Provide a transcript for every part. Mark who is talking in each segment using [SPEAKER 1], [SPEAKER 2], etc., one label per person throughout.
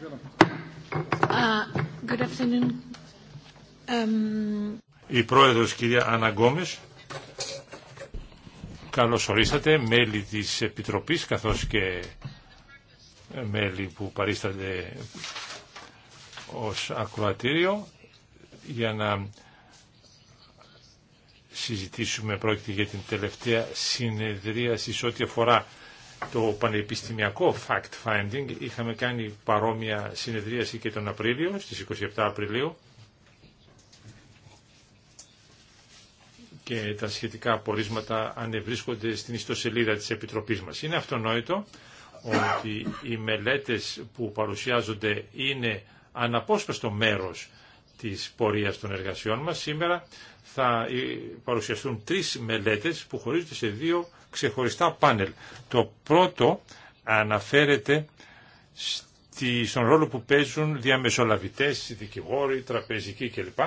[SPEAKER 1] Uh, good afternoon. Um,
[SPEAKER 2] Η πρόεδρος κυρία Άννα Γκόμες. Καλώς ορίσατε μέλη της Επιτροπής καθώς και μέλη που παρίστατε ως ακροατήριο για να συζητήσουμε πρόκειται για την τελευταία συνεδρία σε ό,τι αφορά το πανεπιστημιακό fact-finding. Είχαμε κάνει παρόμοια συνεδρίαση και τον Απρίλιο, στις 27 Απριλίου. Και τα σχετικά απορίσματα ανεβρίσκονται στην ιστοσελίδα της Επιτροπής μας. Είναι αυτονόητο ότι οι μελέτες που παρουσιάζονται είναι αναπόσπαστο μέρος της πορείας των εργασιών μας. Σήμερα θα ε, παρουσιαστούν τρεις μελέτες που χωρίζονται σε δύο ξεχωριστά πάνελ. Το πρώτο αναφέρεται στον ρόλο που παίζουν διαμεσολαβητές, δικηγόροι, τραπεζικοί κλπ.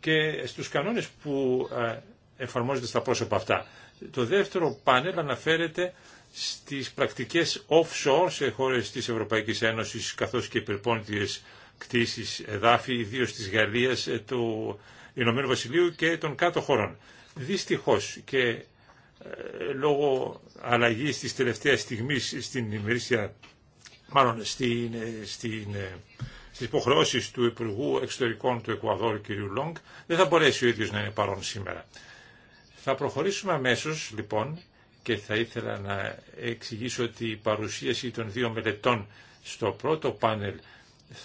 [SPEAKER 2] και στους κανόνες που ε, εφαρμόζονται στα πρόσωπα αυτά. Το δεύτερο πάνελ αναφέρεται στις πρακτικές offshore σε χώρες της Ευρωπαϊκής Ένωσης καθώς και υπερπόνητες κτήσεις εδάφη, ιδίω της Γαλλίας, ε, του Ηνωμένου Βασιλείου και των κάτω χωρών. Δυστυχώς και ε, λόγω αλλαγή της τελευταία στιγμή στην ημερήσια, μάλλον στην, ε, στην, ε, στις του Υπουργού Εξωτερικών του Εκουαδόρου κ. Λόγκ, δεν θα μπορέσει ο ίδιο να είναι παρόν σήμερα. Θα προχωρήσουμε αμέσω λοιπόν και θα ήθελα να εξηγήσω ότι η παρουσίαση των δύο μελετών στο πρώτο πάνελ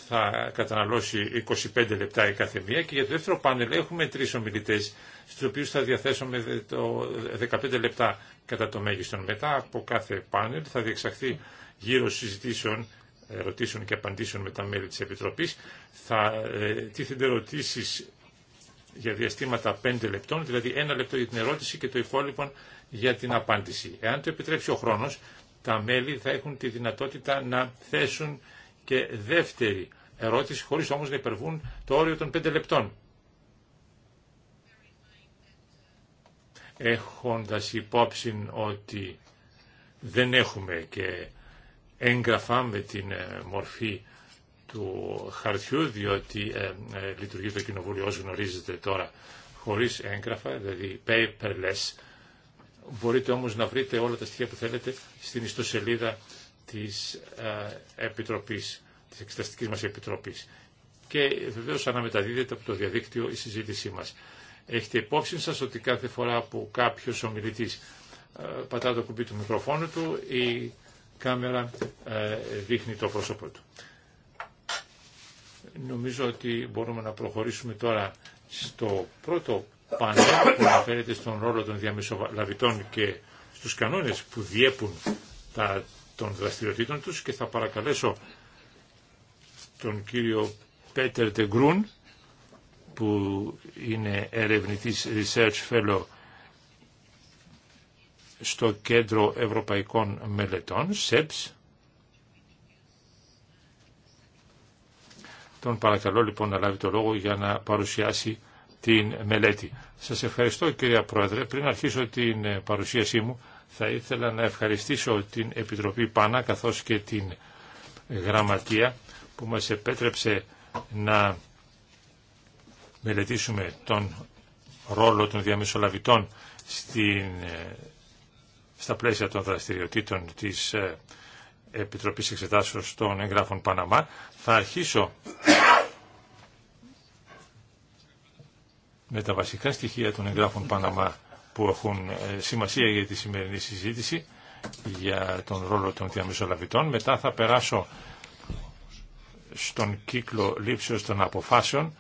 [SPEAKER 2] θα καταναλώσει 25 λεπτά η κάθε μία και για το δεύτερο πάνελ έχουμε τρεις ομιλητές στους οποίους θα διαθέσουμε το 15 λεπτά κατά το μέγιστον. Μετά από κάθε πάνελ θα διεξαχθεί γύρω συζητήσεων, ερωτήσεων και απαντήσεων με τα μέλη της Επιτροπής. Θα ε, τίθενται ερωτήσεις για διαστήματα 5 λεπτών, δηλαδή ένα λεπτό για την ερώτηση και το υπόλοιπο για την απάντηση. Εάν το επιτρέψει ο χρόνος, τα μέλη θα έχουν τη δυνατότητα να θέσουν και δεύτερη ερώτηση, χωρίς όμως να υπερβούν το όριο των πέντε λεπτών. Έχοντας υπόψη ότι δεν έχουμε και έγγραφα με την ε, μορφή του χαρτιού, διότι ε, ε, λειτουργεί το κοινοβούλιο όσο γνωρίζετε τώρα χωρίς έγγραφα, δηλαδή paperless. Μπορείτε όμως να βρείτε όλα τα στοιχεία που θέλετε στην ιστοσελίδα της ε, Επιτροπής, της Εξεταστικής μας Επιτροπής. Και βεβαίως αναμεταδίδεται από το διαδίκτυο η συζήτησή μας. Έχετε υπόψη σας ότι κάθε φορά που κάποιος ομιλητής ε, πατά το κουμπί του μικροφόνου του, η κάμερα ε, δείχνει το πρόσωπό του. Νομίζω ότι μπορούμε να προχωρήσουμε τώρα στο πρώτο πάνελ που αναφέρεται στον ρόλο των διαμεσολαβητών και στους κανόνες που διέπουν τα των δραστηριοτήτων τους και θα παρακαλέσω τον κύριο Πέτερ Τεγκρούν που είναι ερευνητής Research Fellow στο Κέντρο Ευρωπαϊκών Μελετών, ΣΕΠΣ. Τον παρακαλώ λοιπόν να λάβει το λόγο για να παρουσιάσει την μελέτη. Σας ευχαριστώ κύριε Πρόεδρε. Πριν αρχίσω την παρουσίασή μου θα ήθελα να ευχαριστήσω την Επιτροπή Πάνα καθώς και την Γραμματεία που μας επέτρεψε να μελετήσουμε τον ρόλο των διαμεσολαβητών στην, στα πλαίσια των δραστηριοτήτων της ε, Επιτροπής Εξετάσεως των Εγγράφων Παναμά. Θα αρχίσω με τα βασικά στοιχεία των Εγγράφων Παναμά που έχουν ε, σημασία για τη σημερινή συζήτηση για τον ρόλο των διαμεσολαβητών. Μετά θα περάσω στον κύκλο λήψεως των αποφάσεων.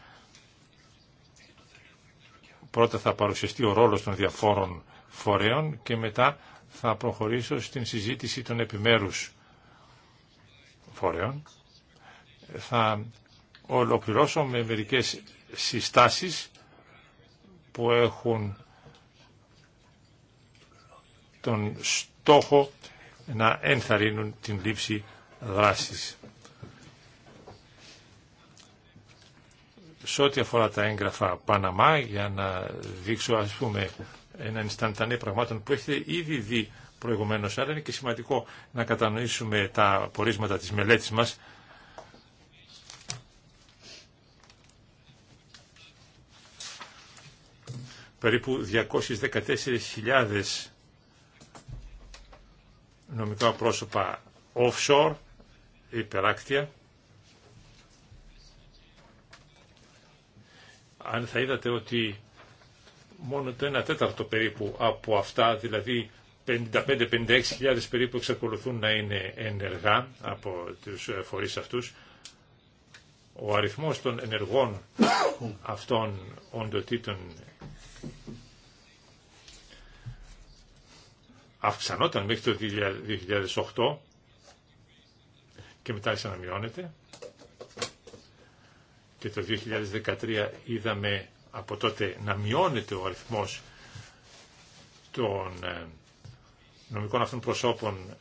[SPEAKER 2] Πρώτα θα παρουσιαστεί ο ρόλος των διαφόρων φορέων και μετά θα προχωρήσω στην συζήτηση των επιμέρους φορέων. Θα ολοκληρώσω με μερικές συστάσεις που έχουν τον στόχο να ενθαρρύνουν την λήψη δράσης. Σε ό,τι αφορά τα έγγραφα Παναμά, για να δείξω ας πούμε έναν ισταντανέ πραγμάτων που έχετε ήδη δει προηγουμένως, αλλά είναι και σημαντικό να κατανοήσουμε τα πορίσματα της μελέτης μας, περίπου 214.000 νομικά πρόσωπα offshore, υπεράκτια. Αν θα είδατε ότι μόνο το 1 τέταρτο περίπου από αυτά, δηλαδή 55-56 περίπου εξακολουθούν να είναι ενεργά από τους φορείς αυτούς, ο αριθμός των ενεργών αυτών οντοτήτων αυξανόταν μέχρι το 2008 και μετά να μειώνεται. Και το 2013 είδαμε από τότε να μειώνεται ο αριθμός των ε, νομικών αυτών προσώπων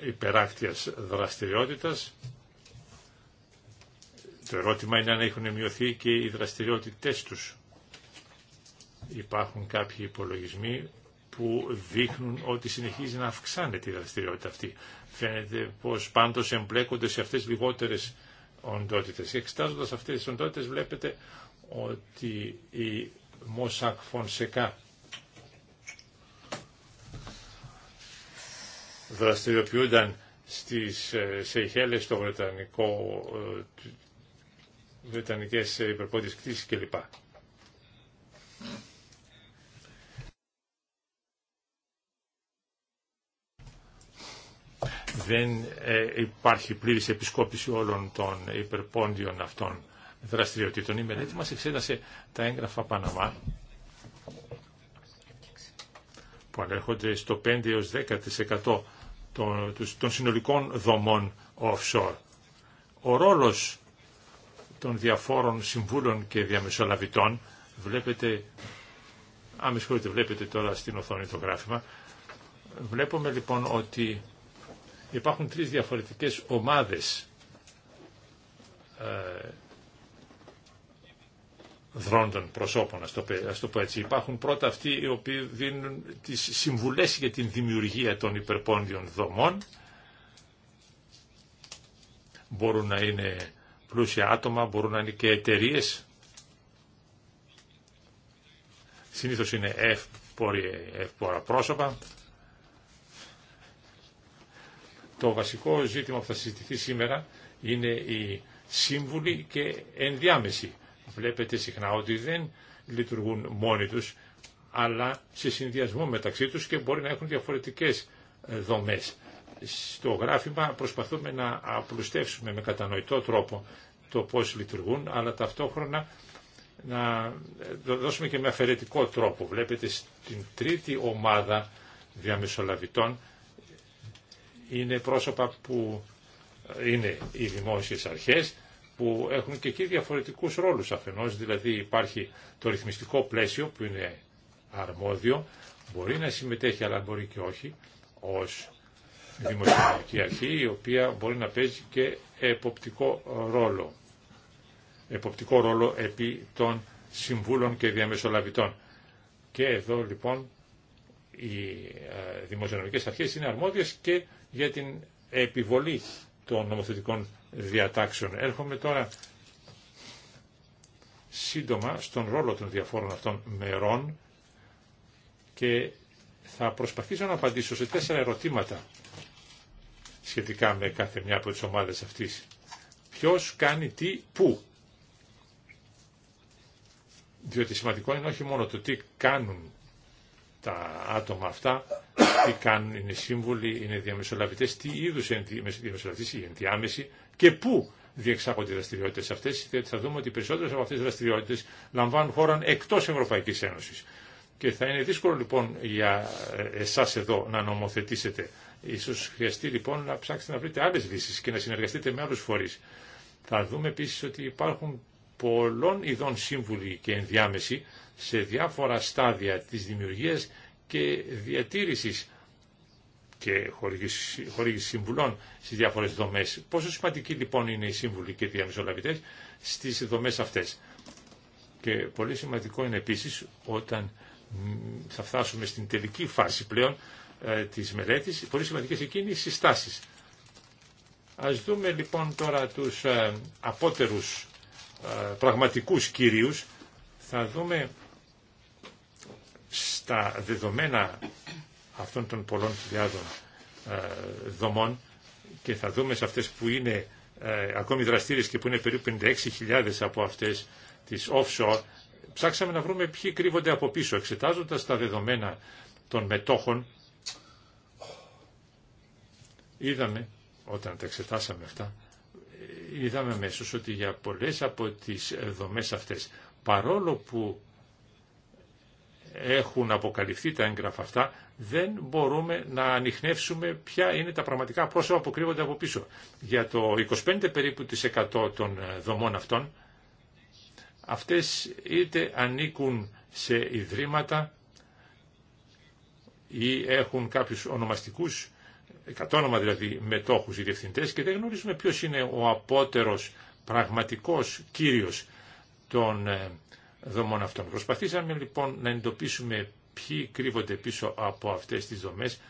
[SPEAKER 2] υπεράκτιας δραστηριότητας. Το ερώτημα είναι αν έχουν μειωθεί και οι δραστηριότητές τους. Υπάρχουν κάποιοι υπολογισμοί που δείχνουν ότι συνεχίζει να αυξάνεται η δραστηριότητα αυτή. Φαίνεται πως πάντως εμπλέκονται σε αυτές λιγότερες οντότητες. Και εξετάζοντας αυτές τις οντότητες βλέπετε ότι η Μοσακ Φονσεκά δραστηριοποιούνταν στις ε, Σεϊχέλες, στο Βρετανικό, ε, Βρετανικές υπερπόδειε κτίσεις κλπ. δεν ε, υπάρχει πλήρης επισκόπηση όλων των υπερπόντιων αυτών δραστηριοτήτων. Η μελέτη μας εξέτασε τα έγγραφα Παναμά που ανέρχονται στο 5 10% των, των συνολικών δομών offshore. Ο ρόλος των διαφόρων συμβούλων και διαμεσολαβητών βλέπετε, αν βλέπετε τώρα στην οθόνη το γράφημα, βλέπουμε λοιπόν ότι Υπάρχουν τρεις διαφορετικές ομάδες ε, δρόντων προσώπων, ας το, πω, ας το έτσι. Υπάρχουν πρώτα αυτοί οι οποίοι δίνουν τις συμβουλές για την δημιουργία των υπερπόνδιων δομών. Μπορούν να είναι πλούσια άτομα, μπορούν να είναι και εταιρείε. Συνήθως είναι εύπορα πρόσωπα. Το βασικό ζήτημα που θα συζητηθεί σήμερα είναι η σύμβουλοι και ενδιάμεση. Βλέπετε συχνά ότι δεν λειτουργούν μόνοι τους, αλλά σε συνδυασμό μεταξύ τους και μπορεί να έχουν διαφορετικές δομές. Στο γράφημα προσπαθούμε να απλουστεύσουμε με κατανοητό τρόπο το πώς λειτουργούν, αλλά ταυτόχρονα να δώσουμε και με αφαιρετικό τρόπο. Βλέπετε στην τρίτη ομάδα διαμεσολαβητών είναι πρόσωπα που είναι οι δημόσιες αρχές που έχουν και εκεί διαφορετικούς ρόλους αφενός, δηλαδή υπάρχει το ρυθμιστικό πλαίσιο που είναι αρμόδιο, μπορεί να συμμετέχει αλλά μπορεί και όχι ως δημοσιονομική αρχή η οποία μπορεί να παίζει και εποπτικό ρόλο εποπτικό ρόλο επί των συμβούλων και διαμεσολαβητών. Και εδώ λοιπόν οι ε, δημοσιονομικές αρχές είναι αρμόδιες και για την επιβολή των νομοθετικών διατάξεων. Έρχομαι τώρα σύντομα στον ρόλο των διαφόρων αυτών μερών και θα προσπαθήσω να απαντήσω σε τέσσερα ερωτήματα σχετικά με κάθε μια από τις ομάδες αυτής. Ποιος κάνει τι, πού. Διότι σημαντικό είναι όχι μόνο το τι κάνουν τα άτομα αυτά, τι κάνουν, είναι σύμβουλοι, είναι διαμεσολαβητές, τι είδους διαμεσολαβητές ή ενδιάμεση και πού διεξάγονται οι δραστηριότητε αυτέ, γιατί θα δούμε ότι οι περισσότερε από αυτέ τι δραστηριότητε λαμβάνουν χώρα εκτό Ευρωπαϊκή Ένωση. Και θα είναι δύσκολο λοιπόν για ε, εσά εδώ να νομοθετήσετε. Ίσως χρειαστεί λοιπόν να ψάξετε να βρείτε άλλε λύσει και να συνεργαστείτε με άλλου φορεί. Θα δούμε επίση ότι υπάρχουν πολλών ειδών σύμβουλοι και ενδιάμεση σε διάφορα στάδια της δημιουργίας και διατήρησης και χορήγηση συμβουλών στις διάφορες δομές. Πόσο σημαντικοί λοιπόν είναι οι σύμβουλοι και οι διαμεσολαβητές στις δομές αυτές. Και πολύ σημαντικό είναι επίσης όταν θα φτάσουμε στην τελική φάση πλέον ε, της μελέτης, πολύ σημαντικές εκείνοι οι συστάσεις. Ας δούμε λοιπόν τώρα τους ε, απότερους ε, πραγματικούς κυρίους. Θα δούμε στα δεδομένα αυτών των πολλών χιλιάδων ε, δομών και θα δούμε σε αυτές που είναι ε, ακόμη δραστήριες και που είναι περίπου 56.000 από αυτές τις offshore, ψάξαμε να βρούμε ποιοι κρύβονται από πίσω. Εξετάζοντας τα δεδομένα των μετόχων, είδαμε, όταν τα εξετάσαμε αυτά, ε, είδαμε αμέσως ότι για πολλές από τις δομές αυτές, παρόλο που έχουν αποκαλυφθεί τα έγγραφα αυτά, δεν μπορούμε να ανοιχνεύσουμε ποια είναι τα πραγματικά πρόσωπα που κρύβονται από πίσω. Για το 25 περίπου της 100 των ε, δομών αυτών, αυτές είτε ανήκουν σε ιδρύματα ή έχουν κάποιους ονομαστικούς, εκατόνομα δηλαδή μετόχους ή διευθυντές και δεν γνωρίζουμε ποιος είναι ο απότερος πραγματικός κύριος των ε, δομών αυτών. Προσπαθήσαμε λοιπόν να εντοπίσουμε ποιοι κρύβονται πίσω από αυτές τις δομές.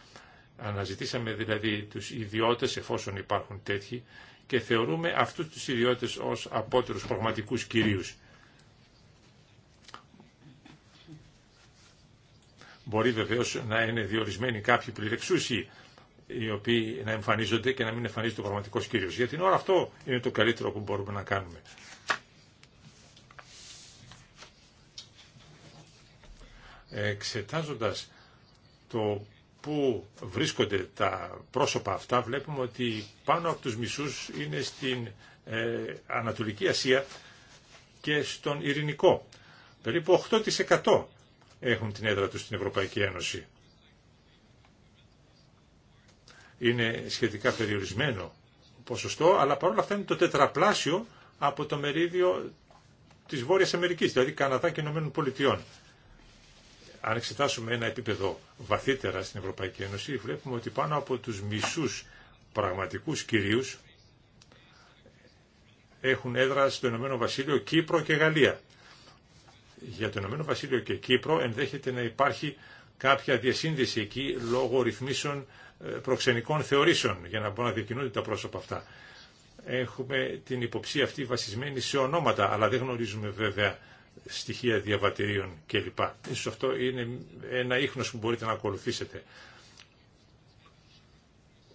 [SPEAKER 2] Αναζητήσαμε δηλαδή τους ιδιώτες εφόσον υπάρχουν τέτοιοι και θεωρούμε αυτούς τους ιδιώτες ως απότερους πραγματικούς κυρίους. Μπορεί βεβαίως να είναι διορισμένοι κάποιοι πληρεξούσιοι οι οποίοι να εμφανίζονται και να μην εμφανίζεται ο πραγματικό κύριο. Για την ώρα αυτό είναι το καλύτερο που μπορούμε να κάνουμε. Εξετάζοντας το που βρίσκονται τα πρόσωπα αυτά βλέπουμε ότι πάνω από τους μισούς είναι στην ε, Ανατολική Ασία και στον Ειρηνικό. Περίπου 8% έχουν την έδρα τους στην Ευρωπαϊκή Ένωση. Είναι σχετικά περιορισμένο ποσοστό, αλλά παρόλα αυτά είναι το τετραπλάσιο από το μερίδιο της Βόρειας Αμερικής, δηλαδή Καναδά και Ηνωμένων Πολιτειών αν εξετάσουμε ένα επίπεδο βαθύτερα στην Ευρωπαϊκή Ένωση, βλέπουμε ότι πάνω από τους μισούς πραγματικούς κυρίους έχουν έδρα στο Ηνωμένο Βασίλειο, Κύπρο και Γαλλία. Για το Ηνωμένο Βασίλειο και Κύπρο ενδέχεται να υπάρχει κάποια διασύνδεση εκεί λόγω ρυθμίσεων ε, προξενικών θεωρήσεων για να μπορούν να διακινούνται τα πρόσωπα αυτά. Έχουμε την υποψία αυτή βασισμένη σε ονόματα, αλλά δεν γνωρίζουμε βέβαια στοιχεία διαβατηρίων κλπ. Ίσως αυτό είναι ένα ίχνος που μπορείτε να ακολουθήσετε.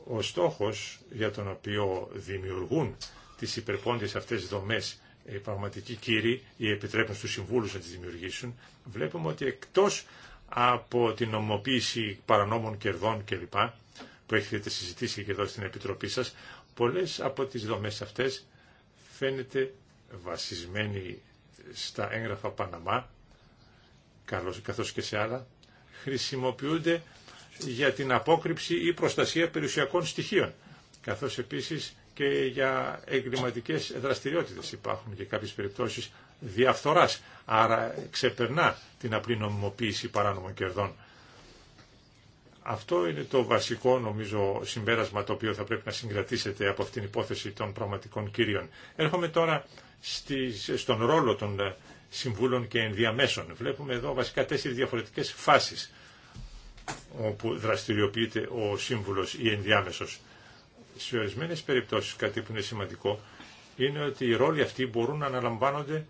[SPEAKER 2] Ο στόχος για τον οποίο δημιουργούν τις υπερπόντιες αυτές δομές οι πραγματικοί κύριοι ή επιτρέπουν στους συμβούλους να τις δημιουργήσουν, βλέπουμε ότι εκτός από την νομοποίηση παρανόμων κερδών κλπ. που έχετε συζητήσει και εδώ στην Επιτροπή σας, πολλές από τις δομές αυτές φαίνεται βασισμένη στα έγγραφα Παναμά, καθώς και σε άλλα, χρησιμοποιούνται για την απόκρυψη ή προστασία περιουσιακών στοιχείων, καθώς επίσης και για εγκληματικές δραστηριότητες. Υπάρχουν και κάποιες περιπτώσεις διαφθοράς, άρα ξεπερνά την απλή νομιμοποίηση παράνομων κερδών. Αυτό είναι το βασικό, νομίζω, συμπέρασμα το οποίο θα πρέπει να συγκρατήσετε από αυτήν την υπόθεση των πραγματικών κύριων. Έρχομαι τώρα στον ρόλο των ε, συμβούλων και ενδιαμέσων. Βλέπουμε εδώ βασικά τέσσερις διαφορετικές φάσεις όπου δραστηριοποιείται ο σύμβουλος ή ενδιάμεσος. Σε ορισμένε περιπτώσεις κάτι που είναι σημαντικό είναι ότι οι ρόλοι αυτοί μπορούν να αναλαμβάνονται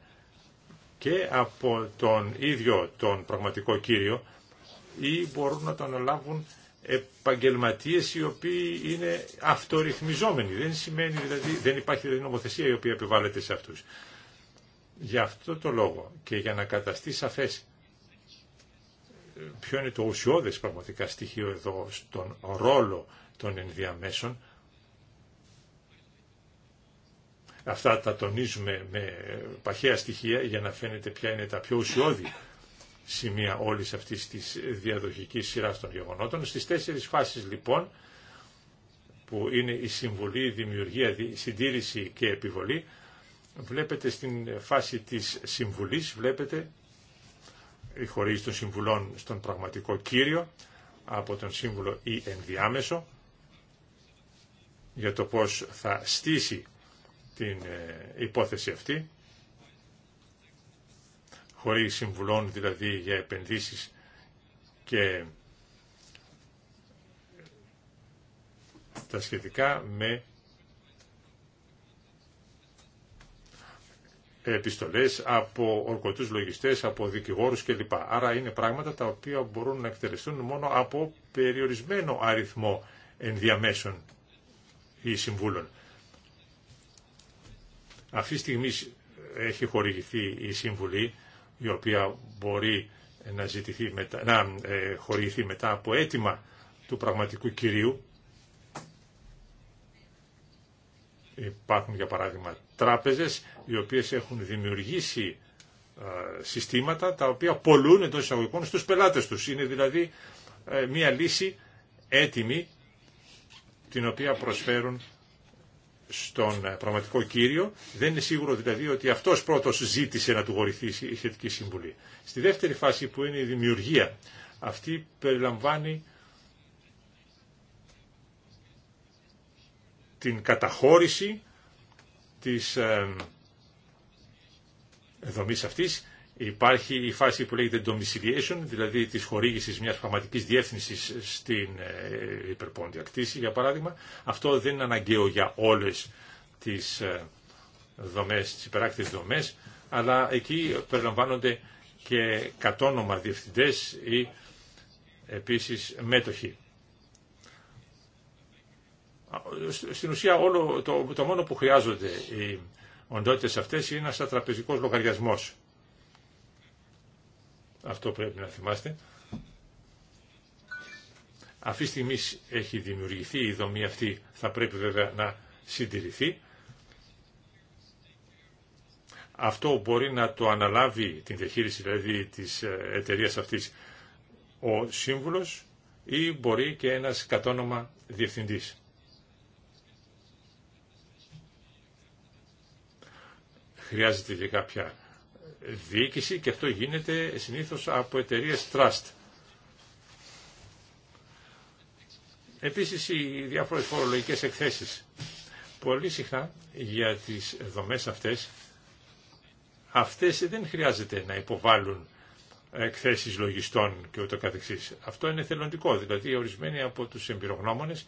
[SPEAKER 2] και από τον ίδιο τον πραγματικό κύριο ή μπορούν να τον αναλάβουν επαγγελματίες οι οποίοι είναι αυτορυθμιζόμενοι. Δεν σημαίνει δηλαδή, δεν υπάρχει δηλαδή νομοθεσία η οποία επιβάλλεται σε αυτούς. Γι' αυτό το λόγο και για να καταστεί σαφές ε, ποιο είναι το ουσιώδες πραγματικά στοιχείο εδώ στον ρόλο των ενδιαμέσων, αυτά τα τονίζουμε με παχαία στοιχεία για να φαίνεται ποια είναι τα πιο ουσιώδη σημεία όλης αυτής της διαδοχικής σειράς των γεγονότων. Στις τέσσερις φάσεις λοιπόν, που είναι η συμβολή, η δημιουργία, η συντήρηση και επιβολή, βλέπετε στην φάση της συμβουλής, βλέπετε η χωρίς των συμβουλών στον πραγματικό κύριο, από τον σύμβουλο ή ενδιάμεσο, για το πώς θα στήσει την ε, υπόθεση αυτή χωρίς συμβουλών δηλαδή για επενδύσεις και τα σχετικά με επιστολές από ορκωτούς λογιστές, από δικηγόρους κλπ. Άρα είναι πράγματα τα οποία μπορούν να εκτελεστούν μόνο από περιορισμένο αριθμό ενδιαμέσων ή συμβούλων. Αυτή τη στιγμή έχει χορηγηθεί η συμβουλή η οποία μπορεί να, ζητηθεί μετα... Ε, χορηγηθεί μετά από αίτημα του πραγματικού κυρίου. Υπάρχουν για παράδειγμα τράπεζες οι οποίες έχουν δημιουργήσει ε, συστήματα τα οποία πολλούν εντός εισαγωγικών στους πελάτες τους. Είναι δηλαδή ε, μια λύση έτοιμη την οποία προσφέρουν στον ε, πραγματικό κύριο, δεν είναι σίγουρο δηλαδή ότι αυτός πρώτος ζήτησε να του γορηθήσει η σχετική συμβουλή. Στη δεύτερη φάση που είναι η δημιουργία, αυτή περιλαμβάνει την καταχώρηση της ε, δομής αυτής Υπάρχει η φάση που λέγεται domiciliation, δηλαδή της χορήγησης μιας πραγματικής διεύθυνσης στην ε, υπερπόντια κτήση, για παράδειγμα. Αυτό δεν είναι αναγκαίο για όλες τις ε, δομές, τις υπεράκτητες δομές, αλλά εκεί περιλαμβάνονται και κατόνομα διευθυντές ή επίσης μέτοχοι. Στην ουσία όλο το, το μόνο που χρειάζονται οι οντότητες αυτές είναι ένας τραπεζικός λογαριασμός. Αυτό πρέπει να θυμάστε. Αυτή τη στιγμή έχει δημιουργηθεί η δομή αυτή, θα πρέπει βέβαια να συντηρηθεί. Αυτό μπορεί να το αναλάβει την διαχείριση δηλαδή της ε, εταιρείας αυτής ο σύμβουλος ή μπορεί και ένας κατόνομα διευθυντής. Χρειάζεται και κάποια διοίκηση και αυτό γίνεται συνήθως από εταιρείε trust. Επίσης οι διάφορες φορολογικές εκθέσεις. Πολύ συχνά για τις δομές αυτές, αυτές δεν χρειάζεται να υποβάλουν εκθέσεις λογιστών και ούτω καθεξής. Αυτό είναι θελοντικό, δηλαδή ορισμένοι από τους εμπειρογνώμονες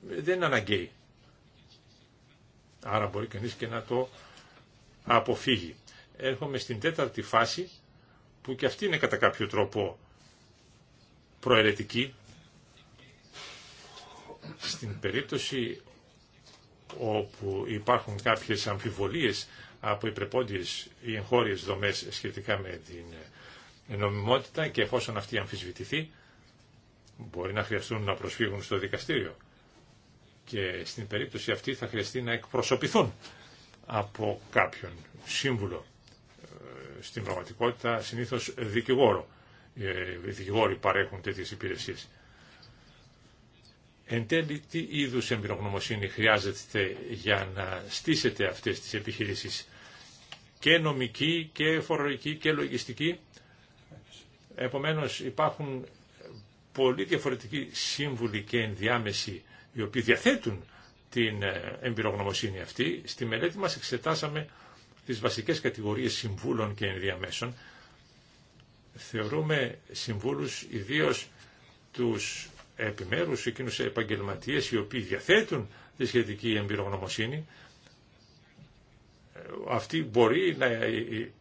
[SPEAKER 2] δεν είναι αναγκαίοι. Άρα μπορεί κανείς και να το αποφύγει έρχομαι στην τέταρτη φάση που και αυτή είναι κατά κάποιο τρόπο προαιρετική. Στην περίπτωση όπου υπάρχουν κάποιες αμφιβολίες από πρεπόντιες ή εγχώριες δομές σχετικά με την νομιμότητα και εφόσον αυτή αμφισβητηθεί μπορεί να χρειαστούν να προσφύγουν στο δικαστήριο και στην περίπτωση αυτή θα χρειαστεί να εκπροσωπηθούν από κάποιον σύμβουλο στην πραγματικότητα συνήθως δικηγόρο. Ε, οι δικηγόροι παρέχουν τέτοιες υπηρεσίες. Εν τέλει, τι είδους εμπειρογνωμοσύνη χρειάζεται για να στήσετε αυτές τις επιχειρήσεις και νομική και φορολογική και λογιστική. Επομένως υπάρχουν πολύ διαφορετικοί σύμβουλοι και ενδιάμεσοι οι οποίοι διαθέτουν την ε, εμπειρογνωμοσύνη αυτή. Στη μελέτη μας εξετάσαμε τις βασικές κατηγορίες συμβούλων και ενδιαμέσων. Θεωρούμε συμβούλους ιδίως τους επιμέρους εκείνους επαγγελματίες οι οποίοι διαθέτουν τη σχετική εμπειρογνωμοσύνη. Αυτοί μπορεί να ε,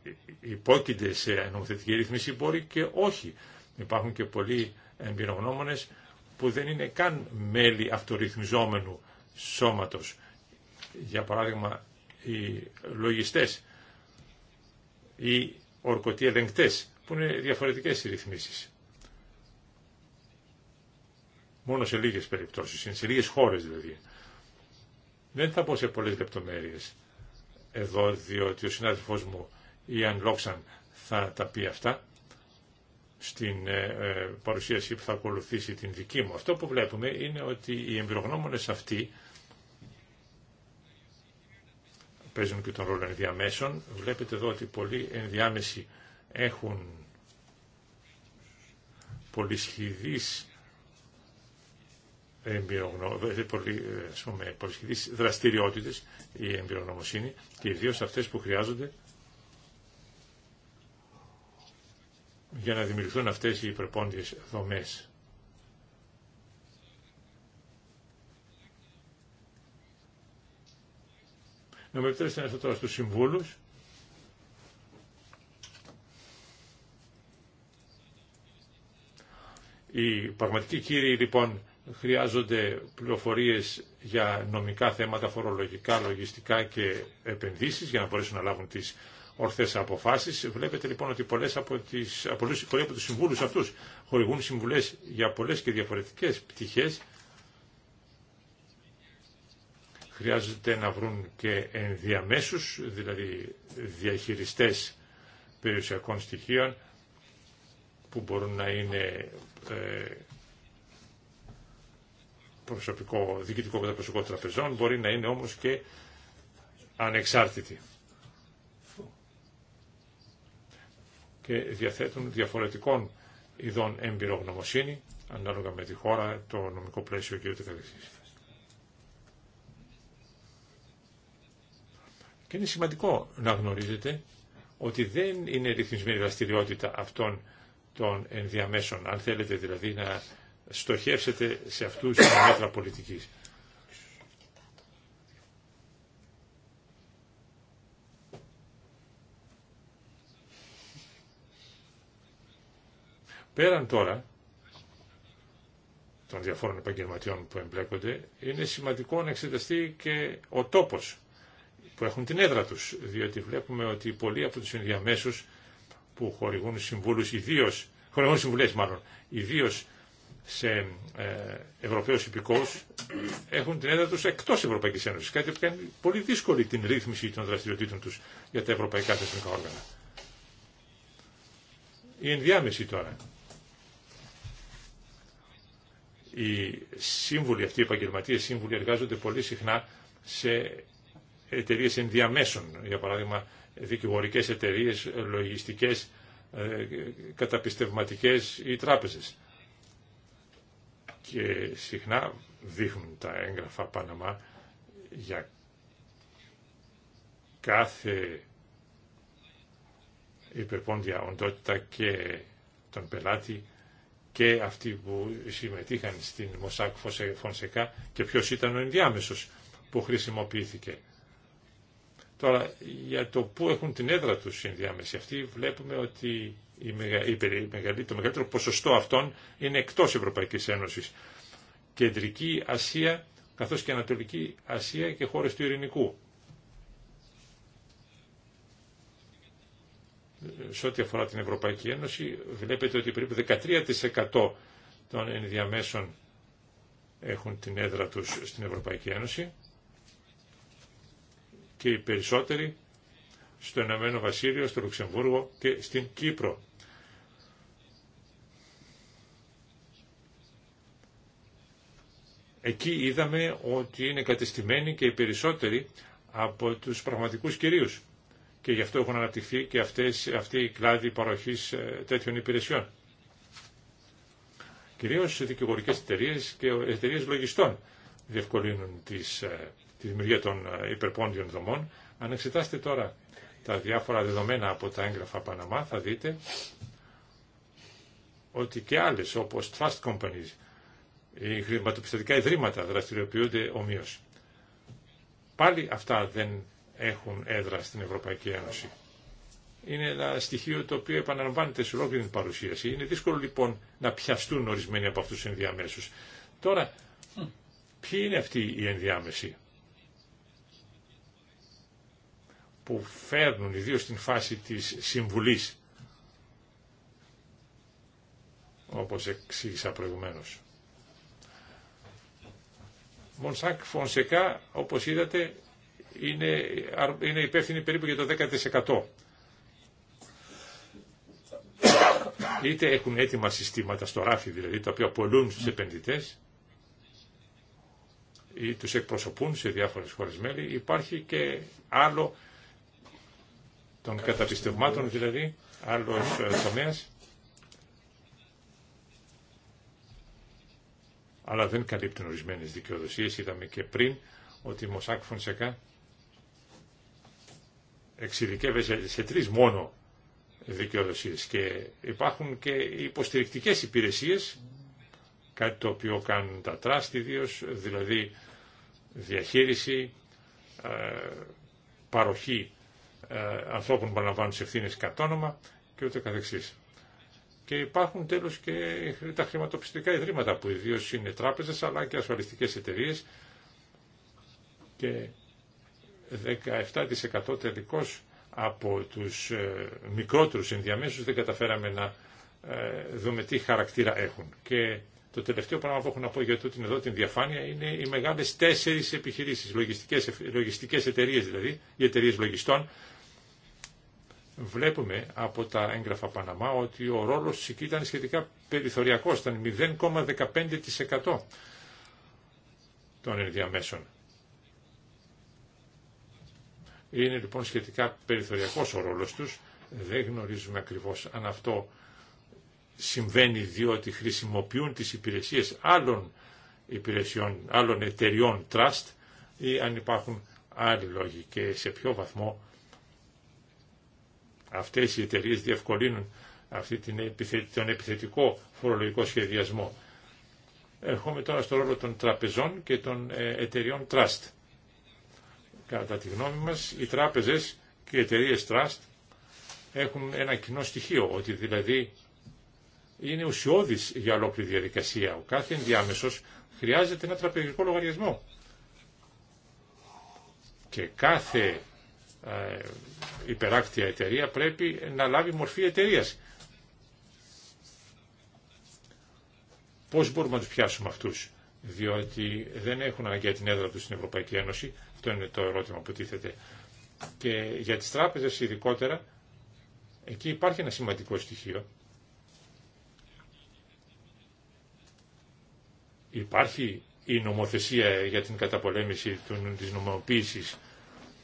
[SPEAKER 2] ε, υπόκειται σε νομοθετική ρύθμιση, μπορεί και όχι. Υπάρχουν και πολλοί εμπειρογνώμονες που δεν είναι καν μέλη αυτορυθμιζόμενου σώματος. Για παράδειγμα, οι λογιστές, οι ορκωτοί ελεγκτές, που είναι διαφορετικές οι ρυθμίσεις. Μόνο σε λίγες περιπτώσεις, σε λίγες χώρες δηλαδή. Δεν θα πω σε πολλές λεπτομέρειες εδώ, διότι ο συνάδελφός μου, Ιαν Λόξαν, θα τα πει αυτά στην ε, ε, παρουσίαση που θα ακολουθήσει την δική μου. Αυτό που βλέπουμε είναι ότι οι εμπειρογνώμονες αυτοί παίζουν και τον ρόλο ενδιαμέσων. Βλέπετε εδώ ότι πολλοί ενδιάμεσοι έχουν πολυσχηδείς ε, δραστηριότητες η εμπειρογνωμοσύνη και ιδίως αυτές που χρειάζονται για να δημιουργηθούν αυτές οι υπερπόντιες δομές. Να με επιτρέψετε να έρθω τώρα στους συμβούλους. Οι πραγματικοί κύριοι λοιπόν χρειάζονται πληροφορίες για νομικά θέματα, φορολογικά, λογιστικά και επενδύσεις για να μπορέσουν να λάβουν τις ορθές αποφάσεις. Βλέπετε λοιπόν ότι πολλές από, τις, πολλοί από τους συμβούλους αυτούς χορηγούν συμβουλές για πολλές και διαφορετικές πτυχές Χρειάζεται να βρουν και ενδιαμέσους, δηλαδή διαχειριστές περιουσιακών στοιχείων που μπορούν να είναι ε, προσωπικό, διοικητικό προσωπικό τραπεζών, μπορεί να είναι όμως και ανεξάρτητοι. Και διαθέτουν διαφορετικών ειδών εμπειρογνωμοσύνη, ανάλογα με τη χώρα, το νομικό πλαίσιο και ούτε καθεξής. Και είναι σημαντικό να γνωρίζετε ότι δεν είναι ρυθμισμένη δραστηριότητα αυτών των ενδιαμέσων, αν θέλετε δηλαδή να στοχεύσετε σε αυτούς τα μέτρα πολιτικής. Πέραν τώρα των διαφόρων επαγγελματιών που εμπλέκονται, είναι σημαντικό να εξεταστεί και ο τόπος που έχουν την έδρα τους, διότι βλέπουμε ότι πολλοί από τους ενδιαμέσους που χορηγούν συμβούλους ιδίως, χορηγούν συμβουλές μάλλον, ιδίως σε ε, Ευρωπαίους υπηκόους έχουν την έδρα τους εκτός Ευρωπαϊκής Ένωσης, κάτι που κάνει πολύ δύσκολη την ρύθμιση των δραστηριοτήτων τους για τα ευρωπαϊκά θεσμικά όργανα. Η ενδιάμεση τώρα. Οι σύμβουλοι αυτοί, οι επαγγελματίε σύμβουλοι εργάζονται πολύ συχνά σε εταιρείε ενδιαμέσων, για παράδειγμα δικηγορικές εταιρείε, λογιστικές, ε, καταπιστευματικές ή τράπεζες. Και συχνά δείχνουν τα έγγραφα Παναμά για κάθε υπερπόντια οντότητα και τον πελάτη και αυτοί που συμμετείχαν στην Μοσάκ Φωνσεκά και ποιος ήταν ο ενδιάμεσος που χρησιμοποιήθηκε. Τώρα, για το πού έχουν την έδρα τους οι ενδιάμεσοι αυτοί, βλέπουμε ότι το μεγαλύτερο ποσοστό αυτών είναι εκτός Ευρωπαϊκής Ένωσης. Κεντρική Ασία, καθώς και Ανατολική Ασία και χώρες του Ειρηνικού. Σε ό,τι αφορά την Ευρωπαϊκή Ένωση, βλέπετε ότι περίπου 13% των ενδιαμέσων έχουν την έδρα τους στην Ευρωπαϊκή Ένωση και οι περισσότεροι στο Ηνωμένο Βασίλειο, στο Λουξεμβούργο και στην Κύπρο. Εκεί είδαμε ότι είναι κατεστημένοι και οι περισσότεροι από τους πραγματικούς κυρίους και γι' αυτό έχουν αναπτυχθεί και αυτές, αυτή η κλάδη παροχής ε, τέτοιων υπηρεσιών. Κυρίως δικηγορικές εταιρείες και εταιρείες λογιστών διευκολύνουν τις ε, τη δημιουργία των ε, υπερπόντιων δομών. Αν εξετάσετε τώρα τα διάφορα δεδομένα από τα έγγραφα Παναμά, θα δείτε ότι και άλλες όπως trust companies, οι χρηματοπιστωτικά ιδρύματα δραστηριοποιούνται ομοίως. Πάλι αυτά δεν έχουν έδρα στην Ευρωπαϊκή Ένωση. Είναι ένα στοιχείο το οποίο επαναλαμβάνεται σε ολόκληρη την παρουσίαση. Είναι δύσκολο λοιπόν να πιαστούν ορισμένοι από αυτούς ενδιαμέσους. Τώρα, ποιοι είναι αυτοί οι ενδιάμεσοι. που φέρνουν ιδίως στην φάση της συμβουλής όπως εξήγησα προηγουμένως. Μονσάκ Φονσεκά, όπως είδατε, είναι, είναι υπεύθυνη περίπου για το 10%. Είτε έχουν έτοιμα συστήματα στο ράφι, δηλαδή, τα οποία πολλούν στους επενδυτές, ή τους εκπροσωπούν σε διάφορες χώρες μέλη, υπάρχει και άλλο των καταπιστευμάτων δηλαδή, άλλος ε, τομέας. Αλλά δεν καλύπτουν ορισμένες δικαιοδοσίες. Είδαμε και πριν ότι η Μοσάκ Φονσεκά εξειδικεύεται σε τρεις μόνο δικαιοδοσίες και υπάρχουν και υποστηρικτικές υπηρεσίες, κάτι το οποίο κάνουν τα τράστη δηλαδή διαχείριση, ε, παροχή ε, ανθρώπων που αναλαμβάνουν τι ευθύνε κατ' όνομα και ούτε καθεξής. Και υπάρχουν τέλο και τα χρηματοπιστικά ιδρύματα που ιδίω είναι τράπεζε αλλά και ασφαλιστικέ εταιρείε και 17% τελικώ από τους ε, μικρότερου ενδιαμέσου δεν καταφέραμε να ε, δούμε τι χαρακτήρα έχουν. Και το τελευταίο πράγμα που έχω να πω για εδώ την διαφάνεια είναι οι μεγάλες τέσσερις επιχειρήσεις, λογιστικέ λογιστικές εταιρείες δηλαδή, οι εταιρείες λογιστών, βλέπουμε από τα έγγραφα Παναμά ότι ο ρόλος εκεί ήταν σχετικά περιθωριακός, ήταν 0,15% των ενδιαμέσων. Είναι λοιπόν σχετικά περιθωριακός ο ρόλος τους. Δεν γνωρίζουμε ακριβώς αν αυτό συμβαίνει διότι χρησιμοποιούν τις υπηρεσίες άλλων υπηρεσιών, άλλων εταιριών trust ή αν υπάρχουν άλλοι λόγοι και σε ποιο βαθμό Αυτές οι εταιρείες διευκολύνουν αυτή την τον επιθετικό φορολογικό σχεδιασμό. Ερχόμαι τώρα στο ρόλο των τραπεζών και των ε, εταιριών Trust. Κατά τη γνώμη μας, οι τράπεζες και οι εταιρείε Trust έχουν ένα κοινό στοιχείο, ότι δηλαδή είναι ουσιώδης για ολόκληρη διαδικασία. Ο κάθε ενδιάμεσος χρειάζεται ένα τραπεζικό λογαριασμό. Και κάθε ε, υπεράκτια εταιρεία πρέπει να λάβει μορφή εταιρεία. Πώς μπορούμε να τους πιάσουμε αυτούς, διότι δεν έχουν αναγκαία την έδρα τους στην Ευρωπαϊκή Ένωση, αυτό είναι το ερώτημα που τίθεται. Και για τις τράπεζες ειδικότερα, εκεί υπάρχει ένα σημαντικό στοιχείο. Υπάρχει η νομοθεσία για την καταπολέμηση της νομοποίησης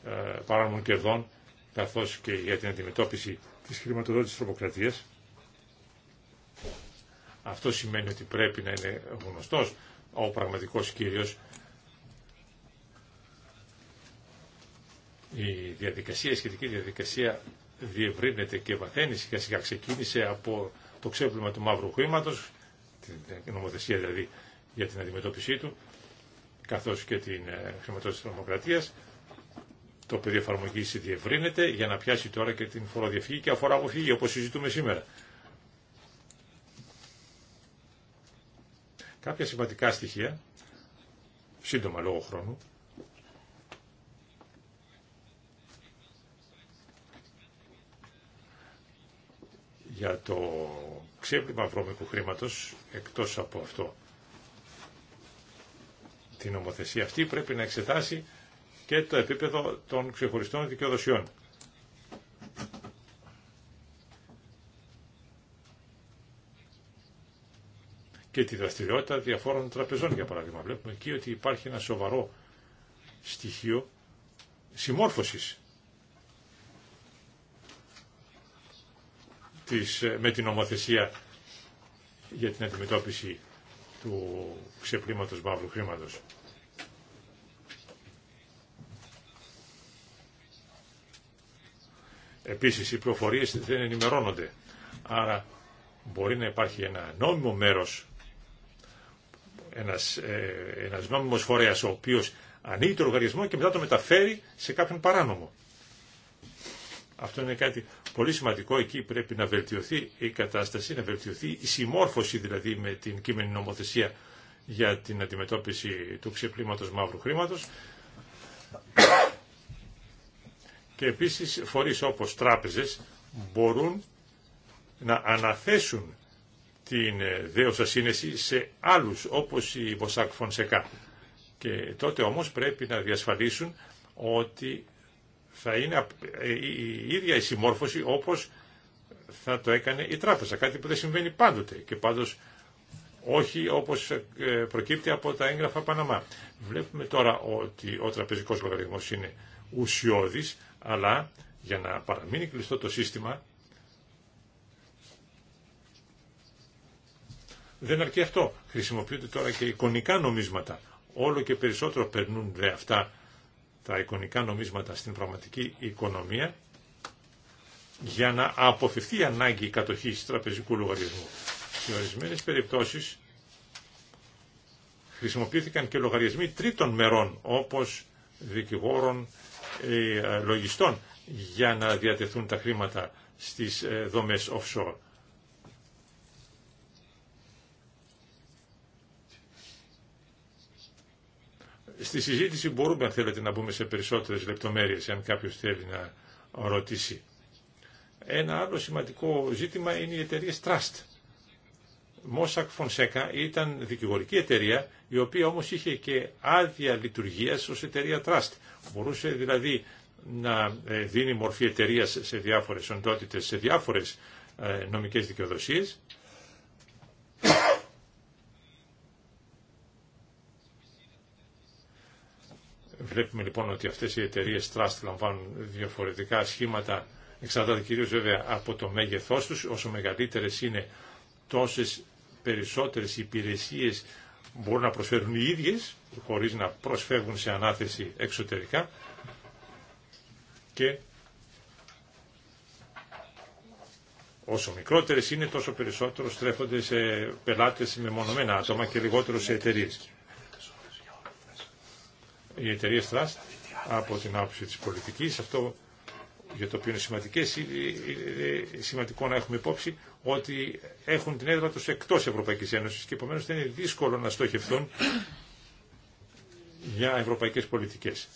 [SPEAKER 2] ε, παράνομων κερδών καθώς και για την αντιμετώπιση της χρηματοδότησης τροποκρατίας Αυτό σημαίνει ότι πρέπει να είναι γνωστός ο πραγματικός κύριος. Η διαδικασία, η σχετική διαδικασία διευρύνεται και βαθαίνει σιγά σιγά. Ξεκίνησε από το ξέπλυμα του μαύρου χρήματος, την νομοθεσία δηλαδή για την αντιμετώπιση του, καθώς και την ε, χρηματοδότηση της το πεδίο εφαρμογή διευρύνεται για να πιάσει τώρα και την φοροδιαφυγή και αφορά αποφύγη όπως συζητούμε σήμερα. Κάποια σημαντικά στοιχεία, σύντομα λόγω χρόνου, για το ξέπλυμα βρώμικου χρήματος εκτός από αυτό. Την νομοθεσία αυτή πρέπει να εξετάσει και το επίπεδο των ξεχωριστών δικαιοδοσιών. και τη δραστηριότητα διαφόρων τραπεζών, για παράδειγμα. Βλέπουμε εκεί ότι υπάρχει ένα σοβαρό στοιχείο συμμόρφωσης ε, με την νομοθεσία για την αντιμετώπιση του ξεπλήματος μαύρου χρήματος. Επίσης, οι πληροφορίες δεν ενημερώνονται. Άρα μπορεί να υπάρχει ένα νόμιμο μέρος, ένας, ε, ένας νόμιμος φορέας ο οποίος ανοίγει το λογαριασμό και μετά το μεταφέρει σε κάποιον παράνομο. Αυτό είναι κάτι πολύ σημαντικό. Εκεί πρέπει να βελτιωθεί η κατάσταση, να βελτιωθεί η συμμόρφωση δηλαδή με την κείμενη νομοθεσία για την αντιμετώπιση του ξεπλήματος μαύρου χρήματος και επίσης φορείς όπως τράπεζες μπορούν να αναθέσουν την ε, δέωσα σύνεση σε άλλους όπως η Μποσάκ Φονσεκά. Και τότε όμως πρέπει να διασφαλίσουν ότι θα είναι ε, η ίδια η συμμόρφωση όπως θα το έκανε η τράπεζα. Κάτι που δεν συμβαίνει πάντοτε και πάντως όχι όπως ε, προκύπτει από τα έγγραφα Παναμά. Βλέπουμε τώρα ότι ο τραπεζικός λογαριασμός είναι ουσιώδης αλλά για να παραμείνει κλειστό το σύστημα δεν αρκεί αυτό. Χρησιμοποιούνται τώρα και εικονικά νομίσματα. Όλο και περισσότερο περνούν δε αυτά τα εικονικά νομίσματα στην πραγματική οικονομία για να αποφευθεί η ανάγκη κατοχής τραπεζικού λογαριασμού. Σε ορισμένε περιπτώσεις χρησιμοποιήθηκαν και λογαριασμοί τρίτων μερών όπως δικηγόρων, ε, λογιστών για να διατεθούν τα χρήματα στις ε, δομές offshore. Στη συζήτηση μπορούμε, αν θέλετε, να μπούμε σε περισσότερες λεπτομέρειες, αν κάποιος θέλει να ρωτήσει. Ένα άλλο σημαντικό ζήτημα είναι οι εταιρείε Trust. Mossack Fonseca ήταν δικηγορική εταιρεία, η οποία όμως είχε και άδεια λειτουργίας ως εταιρεία Trust. Μπορούσε δηλαδή να ε, δίνει μορφή εταιρεία σε διάφορες οντότητες, σε διάφορες ε, νομικές δικαιοδοσίες. Βλέπουμε λοιπόν ότι αυτές οι εταιρείες Trust λαμβάνουν διαφορετικά σχήματα, εξαρτάται κυρίως βέβαια από το μέγεθός τους, όσο μεγαλύτερες είναι τόσες περισσότερες υπηρεσίες μπορούν να προσφέρουν οι ίδιες, χωρίς να προσφεύγουν σε ανάθεση εξωτερικά και όσο μικρότερες είναι τόσο περισσότερο στρέφονται σε πελάτες με μονομένα άτομα και λιγότερο σε εταιρείες. Οι εταιρείε Trust από την άποψη της πολιτικής αυτό για το οποίο είναι σημαντικές, ε, ε, σημαντικό να έχουμε υπόψη ότι έχουν την έδρα τους εκτός Ευρωπαϊκής Ένωσης και επομένως δεν είναι δύσκολο να στοχευθούν για ευρωπαϊκές πολιτικές.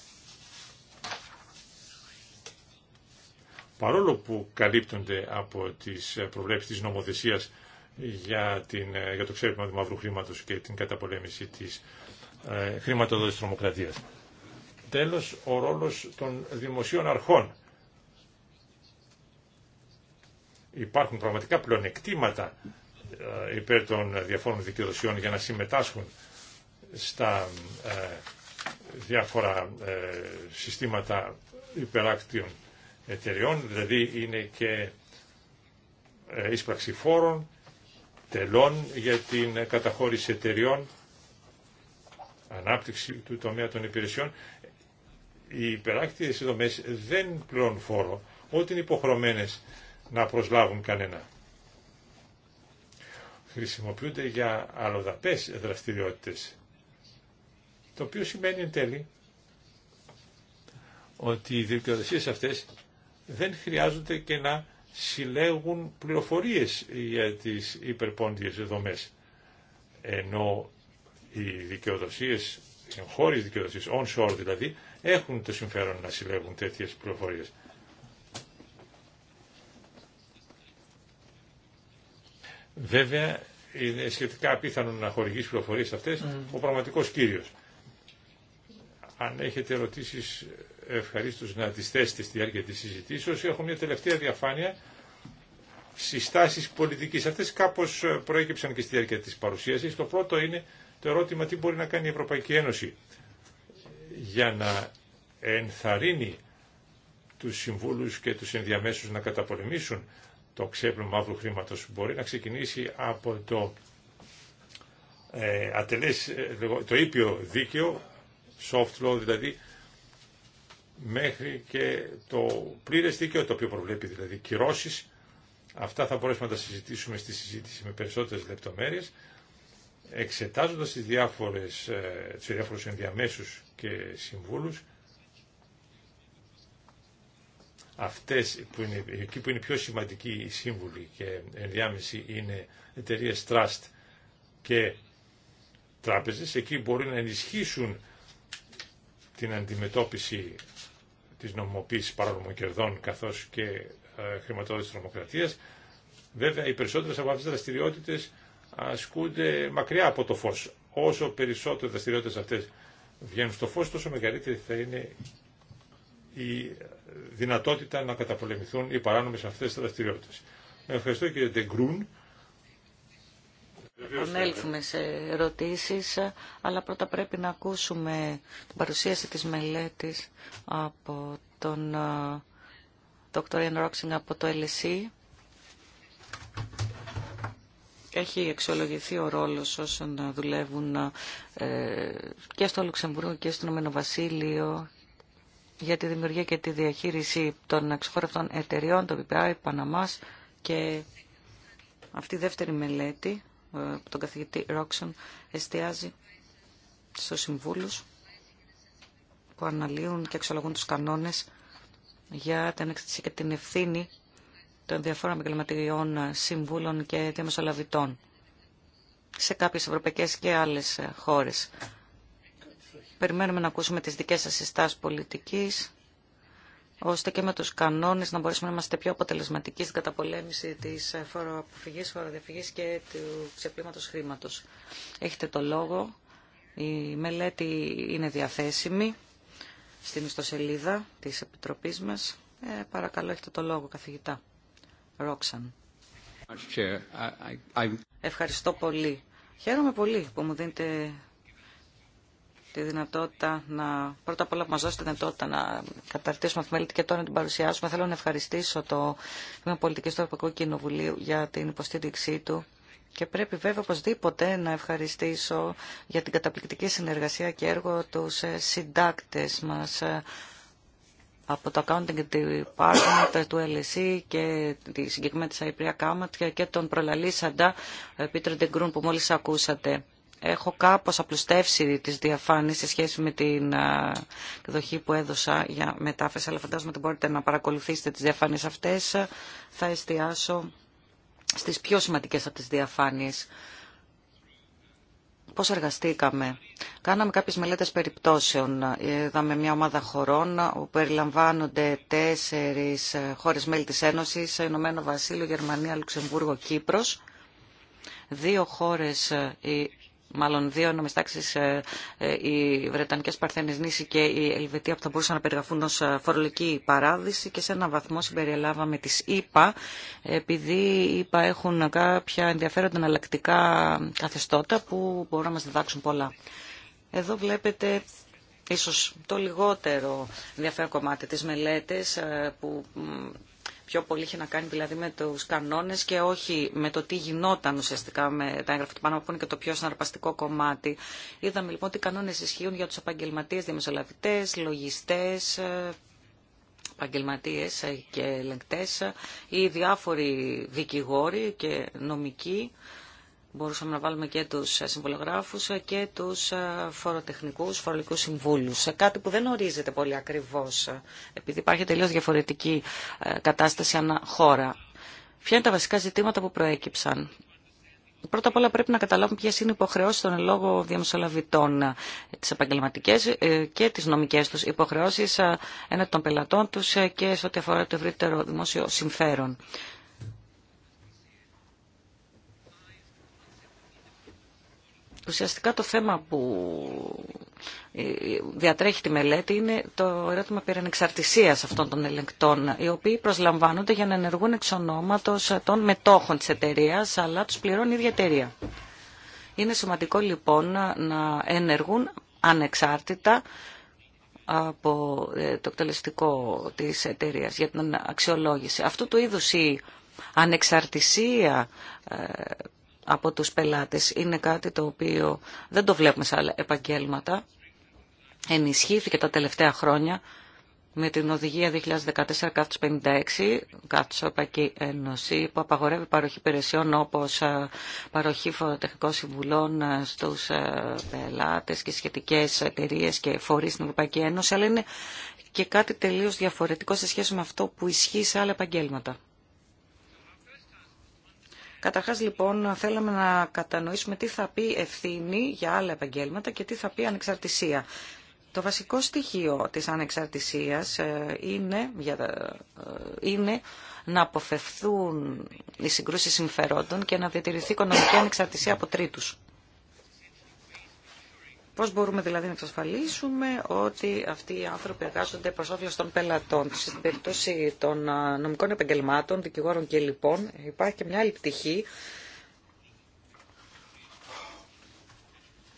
[SPEAKER 2] Παρόλο που καλύπτονται από τις προβλέψεις της νομοθεσίας για, την, για το ξέπλυμα του μαύρου χρήματος και την καταπολέμηση της ε, χρηματοδότησης τρομοκρατίας. Τέλος, ο ρόλος των δημοσίων αρχών υπάρχουν πραγματικά πλεονεκτήματα ε, υπέρ των διαφόρων δικαιοδοσιών για να συμμετάσχουν στα ε, διάφορα ε, συστήματα υπεράκτιων εταιριών, δηλαδή είναι και ίσπραξη φόρων, τελών για την καταχώρηση εταιριών, ανάπτυξη του τομέα των υπηρεσιών. Οι υπεράκτιες δομές δεν πληρώνουν φόρο, ό,τι είναι υποχρεωμένες να προσλάβουν κανένα. Χρησιμοποιούνται για αλλοδαπές δραστηριότητες, το οποίο σημαίνει εν τέλει ότι οι δικαιοδοσίες αυτές δεν χρειάζονται και να συλλέγουν πληροφορίες για τις υπερπόντιες δομές. Ενώ οι δικαιοδοσίες, οι εγχώριες δικαιοδοσίες, on-shore δηλαδή, έχουν το συμφέρον να συλλέγουν τέτοιες πληροφορίες. Βέβαια, είναι σχετικά απίθανο να χορηγήσει πληροφορίες αυτές mm. ο πραγματικός κύριος. Αν έχετε ερωτήσεις, ευχαρίστω να τις θέσετε στη διάρκεια τη συζητήσεω. Έχω μια τελευταία διαφάνεια. Συστάσεις πολιτικής. Αυτές κάπως ε, προέκυψαν και στη διάρκεια της παρουσίασης. Το πρώτο είναι το ερώτημα τι μπορεί να κάνει η Ευρωπαϊκή Ένωση για να ενθαρρύνει τους συμβούλους και τους ενδιαμέσους να καταπολεμήσουν το ξέπλυμα μαύρου χρήματος μπορεί να ξεκινήσει από το ε, ε το ήπιο δίκαιο, soft law δηλαδή, μέχρι και το πλήρες δίκαιο, το οποίο προβλέπει δηλαδή κυρώσεις. Αυτά θα μπορέσουμε να τα συζητήσουμε στη συζήτηση με περισσότερες λεπτομέρειες. Εξετάζοντας τις διάφορες, ε, τις ενδιαμέσους και συμβούλους, Αυτές που είναι, εκεί που είναι πιο σημαντικοί οι σύμβουλοι και ενδιάμεση είναι εταιρείε trust και τράπεζες, εκεί μπορεί να ενισχύσουν την αντιμετώπιση της νομοποίησης παράνομων κερδών καθώς και ε, χρηματοδότηση τρομοκρατίας. Βέβαια, οι περισσότερες από αυτές τις δραστηριότητες ασκούνται μακριά από το φως. Όσο περισσότερες δραστηριότητες αυτές βγαίνουν στο φως, τόσο μεγαλύτερη θα είναι η δυνατότητα να καταπολεμηθούν οι αυτέ αυτές δραστηριότητε. Ευχαριστώ κύριε Ντεγκρούν.
[SPEAKER 3] Επανέλθουμε σε ερωτήσεις, αλλά πρώτα πρέπει να ακούσουμε την παρουσίαση της μελέτης από τον Dr. Ian από το LSE. Έχει εξολογηθεί ο ρόλος όσων δουλεύουν ε, και στο Λουξεμβούργο και στον Ηνωμένο Βασίλειο για τη δημιουργία και τη διαχείριση των εξωχωρευτών εταιριών, το BPI, Παναμάς και αυτή η δεύτερη μελέτη ε, που τον καθηγητή Ρόξον εστιάζει στους συμβούλους που αναλύουν και αξιολογούν τους κανόνες για την έκθεση και την ευθύνη των διαφόρων επαγγελματιών συμβούλων και διαμεσολαβητών σε κάποιες ευρωπαϊκές και άλλες ε, χώρες. Περιμένουμε να ακούσουμε τις δικές σας συστάσεις πολιτικής, ώστε και με τους κανόνες να μπορέσουμε να είμαστε πιο αποτελεσματικοί στην καταπολέμηση της ε, φοροαποφυγής, φοροδιαφυγής και του ξεπλήματος χρήματος. Έχετε το λόγο. Η μελέτη είναι διαθέσιμη στην ιστοσελίδα της Επιτροπής μας. Ε, παρακαλώ, έχετε το λόγο, καθηγητά. Ρόξαν. Ευχαριστώ πολύ. Χαίρομαι πολύ που μου δίνετε τη δυνατότητα να, πρώτα απ' όλα που μας δώσει τη δυνατότητα να καταρτήσουμε αυτή και τώρα να την παρουσιάσουμε. Θέλω να ευχαριστήσω το Τμήμα Πολιτική του Ευρωπαϊκού Κοινοβουλίου για την υποστήριξή του. Και πρέπει βέβαια οπωσδήποτε να ευχαριστήσω για την καταπληκτική συνεργασία και έργο τους ε, συντάκτες μας ε, από το Accounting Department του LSE και τη συγκεκριμένη της Αϊπρία Κάματ και τον προλαλήσαντα Πίτρο ε, Ντεγκρούν που μόλις ακούσατε έχω κάπως απλουστεύσει τις διαφάνειες σε σχέση με την εκδοχή που έδωσα για μετάφραση, αλλά φαντάζομαι ότι μπορείτε να παρακολουθήσετε τις διαφάνειες αυτές. Θα εστιάσω στις πιο σημαντικές από τις διαφάνειες. Πώς εργαστήκαμε. Κάναμε κάποιες μελέτες περιπτώσεων. Είδαμε μια ομάδα χωρών που περιλαμβάνονται τέσσερις χώρες μέλη της Ένωσης, Ηνωμένο Βασίλειο, Γερμανία, Λουξεμβούργο, Κύπρος. Δύο χώρες μάλλον δύο νομιστάξεις, ε, ε, οι βρετανικέ Παρθένε νήσι και η Ελβετία που θα μπορούσαν να περιγραφούν ως ε, φορολογική παράδειση και σε έναν βαθμό συμπεριελάβαμε τις ΙΠΑ, επειδή οι ΗΠΑ έχουν κάποια ενδιαφέροντα εναλλακτικά καθεστώτα που μπορούν να μα διδάξουν πολλά. Εδώ βλέπετε ίσως το λιγότερο ενδιαφέρον κομμάτι της μελέτες ε, που Πιο πολύ είχε να κάνει δηλαδή με του κανόνε και όχι με το τι γινόταν ουσιαστικά με τα έγγραφα του Πάνω, που είναι και το πιο συναρπαστικό κομμάτι. Είδαμε λοιπόν ότι οι κανόνε ισχύουν για του επαγγελματίε, διαμεσολαβητέ, λογιστέ, ε, επαγγελματίε ε, και ελεγκτέ ή ε, διάφοροι δικηγόροι και νομικοί μπορούσαμε να βάλουμε και τους ε, συμβολογράφους ε, και τους ε, φοροτεχνικούς, φορολογικούς συμβούλους. Κάτι που δεν ορίζεται πολύ ακριβώς, επειδή υπάρχει τελείως διαφορετική κατάσταση ανά χώρα. Ποια είναι τα βασικά ζητήματα που προέκυψαν. Πρώτα απ' όλα πρέπει να καταλάβουμε ποιε είναι οι υποχρεώσει των λόγω διαμεσολαβητών, τι επαγγελματικέ και τι νομικέ του υποχρεώσει έναντι των πελατών του και σε ό,τι αφορά το ευρύτερο δημόσιο συμφέρον. Ουσιαστικά το θέμα που ε, διατρέχει τη μελέτη είναι το ερώτημα περί ανεξαρτησίας αυτών των ελεγκτών, οι οποίοι προσλαμβάνονται για να ενεργούν εξ ονόματος των μετόχων της εταιρεία, αλλά τους πληρώνει η ίδια εταιρεία. Είναι σημαντικό λοιπόν να ενεργούν ανεξάρτητα από ε, το εκτελεστικό της εταιρεία για την αξιολόγηση. Αυτού του είδους η ανεξαρτησία ε, από τους πελάτες. Είναι κάτι το οποίο δεν το βλέπουμε σε άλλα επαγγέλματα. Ενισχύθηκε τα τελευταία χρόνια με την οδηγία 2014-56, κάτω Ευρωπαϊκή Ένωση, που απαγορεύει παροχή υπηρεσιών όπως ε, παροχή φοροτεχνικών συμβουλών ε, στους ε, πελάτες και σχετικές εταιρείε και φορείς στην Ευρωπαϊκή Ένωση, αλλά είναι και κάτι τελείως διαφορετικό σε σχέση με αυτό που ισχύει σε άλλα επαγγέλματα. Καταρχάς λοιπόν θέλαμε να κατανοήσουμε τι θα πει ευθύνη για άλλα επαγγέλματα και τι θα πει ανεξαρτησία. Το βασικό στοιχείο της ανεξαρτησίας ε, είναι, ε, είναι να αποφευθούν οι συγκρούσεις συμφερόντων και να διατηρηθεί οικονομική ανεξαρτησία από τρίτους. Πώς μπορούμε δηλαδή να εξασφαλίσουμε ότι αυτοί οι άνθρωποι εργάζονται προς όφελος των πελατών. Στην περίπτωση των νομικών επαγγελμάτων, δικηγόρων και λοιπόν, υπάρχει και μια άλλη πτυχή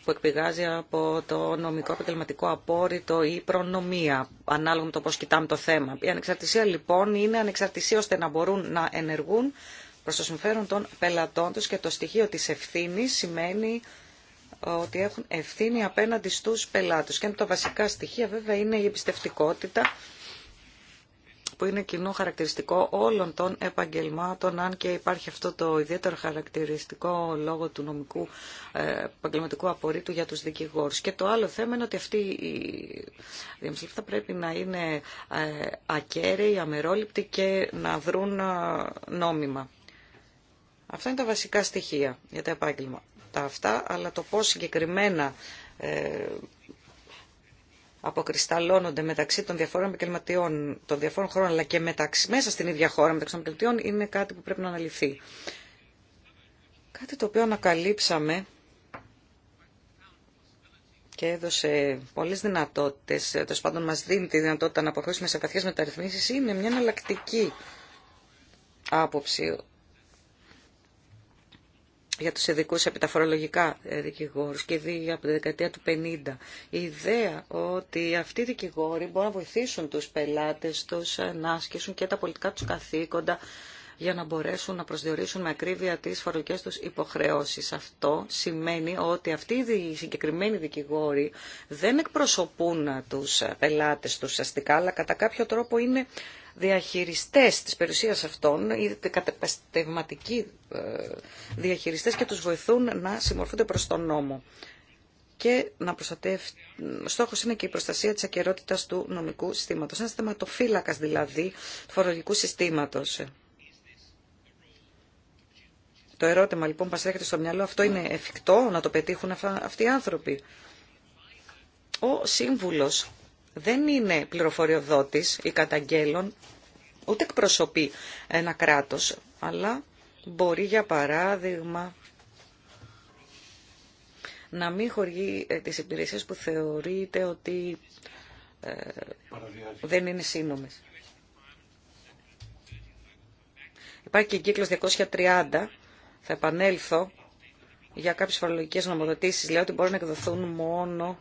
[SPEAKER 3] που εκπηγάζει από το νομικό επαγγελματικό απόρριτο ή προνομία, ανάλογα με το πώς κοιτάμε το θέμα. Η ανεξαρτησία λοιπόν είναι ανεξαρτησία ώστε να μπορούν να ενεργούν προς το συμφέρον των πελατών τους και το στοιχείο της ευθύνης σημαίνει ότι έχουν ευθύνη απέναντι στους πελάτες. Και από τα βασικά στοιχεία βέβαια είναι η εμπιστευτικότητα που είναι κοινό χαρακτηριστικό όλων των επαγγελμάτων, αν και υπάρχει αυτό το ιδιαίτερο χαρακτηριστικό λόγω του νομικού ε, επαγγελματικού απορρίτου για τους δικηγόρους. Και το άλλο θέμα είναι ότι αυτή η διαμεσολάβηση θα πρέπει να είναι ε, ακέραιοι, αμερόληπτοι και να δρούν ε, νόμιμα. Αυτά είναι τα βασικά στοιχεία για το επάγγελμα τα αυτά, αλλά το πώς συγκεκριμένα ε, αποκρισταλώνονται μεταξύ των διαφόρων επικελματιών των διαφόρων χωρών, αλλά και μεταξύ, μέσα στην ίδια χώρα μεταξύ των επικελματιών είναι κάτι που πρέπει να αναλυθεί. Κάτι το οποίο ανακαλύψαμε και έδωσε πολλές δυνατότητες, ε, το πάντων μας δίνει τη δυνατότητα να αποχωρήσουμε σε βαθιές μεταρρυθμίσεις, είναι μια εναλλακτική άποψη για τους ειδικούς επιταφορολογικά ε, δικηγόρους και δι, από τη δεκαετία του 50. Η ιδέα ότι αυτοί οι δικηγόροι μπορούν να βοηθήσουν τους πελάτες τους ε, να ασκήσουν και τα πολιτικά τους καθήκοντα για να μπορέσουν να προσδιορίσουν με ακρίβεια τι φορολογικέ του υποχρεώσει. Αυτό σημαίνει ότι αυτοί οι συγκεκριμένοι δικηγόροι δεν εκπροσωπούν τους πελάτε του αστικά, αλλά κατά κάποιο τρόπο είναι διαχειριστέ τη περιουσία αυτών, είτε κατεπαστευματικοί ε, διαχειριστέ και τους βοηθούν να συμμορφούνται προ τον νόμο και να προστατεύει. Στόχος είναι και η προστασία τη ακαιρότητα του νομικού συστήματο. Ένα θεματοφύλακα δηλαδή του φορολογικού συστήματος. Το ερώτημα λοιπόν που έρχεται στο μυαλό, αυτό είναι εφικτό να το πετύχουν αυτοί οι άνθρωποι. Ο σύμβουλος δεν είναι πληροφοριοδότης ή καταγγέλων, ούτε εκπροσωπεί ένα κράτος, αλλά μπορεί για παράδειγμα να μην χοργεί ε, τις υπηρεσίες που θεωρείται ότι ε, δεν είναι σύνομες. Υπάρχει και κύκλος 230 θα επανέλθω για κάποιες φορολογικές νομοδοτήσεις. Λέω ότι μπορούν να εκδοθούν μόνο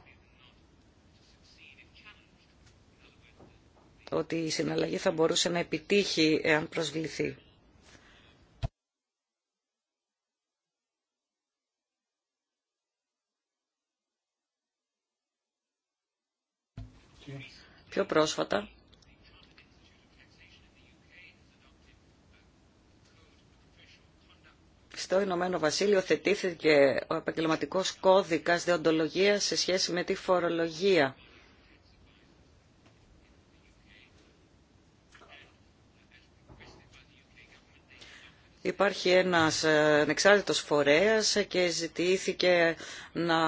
[SPEAKER 3] ότι η συναλλαγή θα μπορούσε να επιτύχει εάν προσβληθεί. Πιο πρόσφατα στο Ηνωμένο Βασίλειο θετήθηκε ο επαγγελματικό κώδικας δεοντολογίας σε σχέση με τη φορολογία. Υπάρχει ένας ε, ανεξάρτητος φορέας και ζητήθηκε να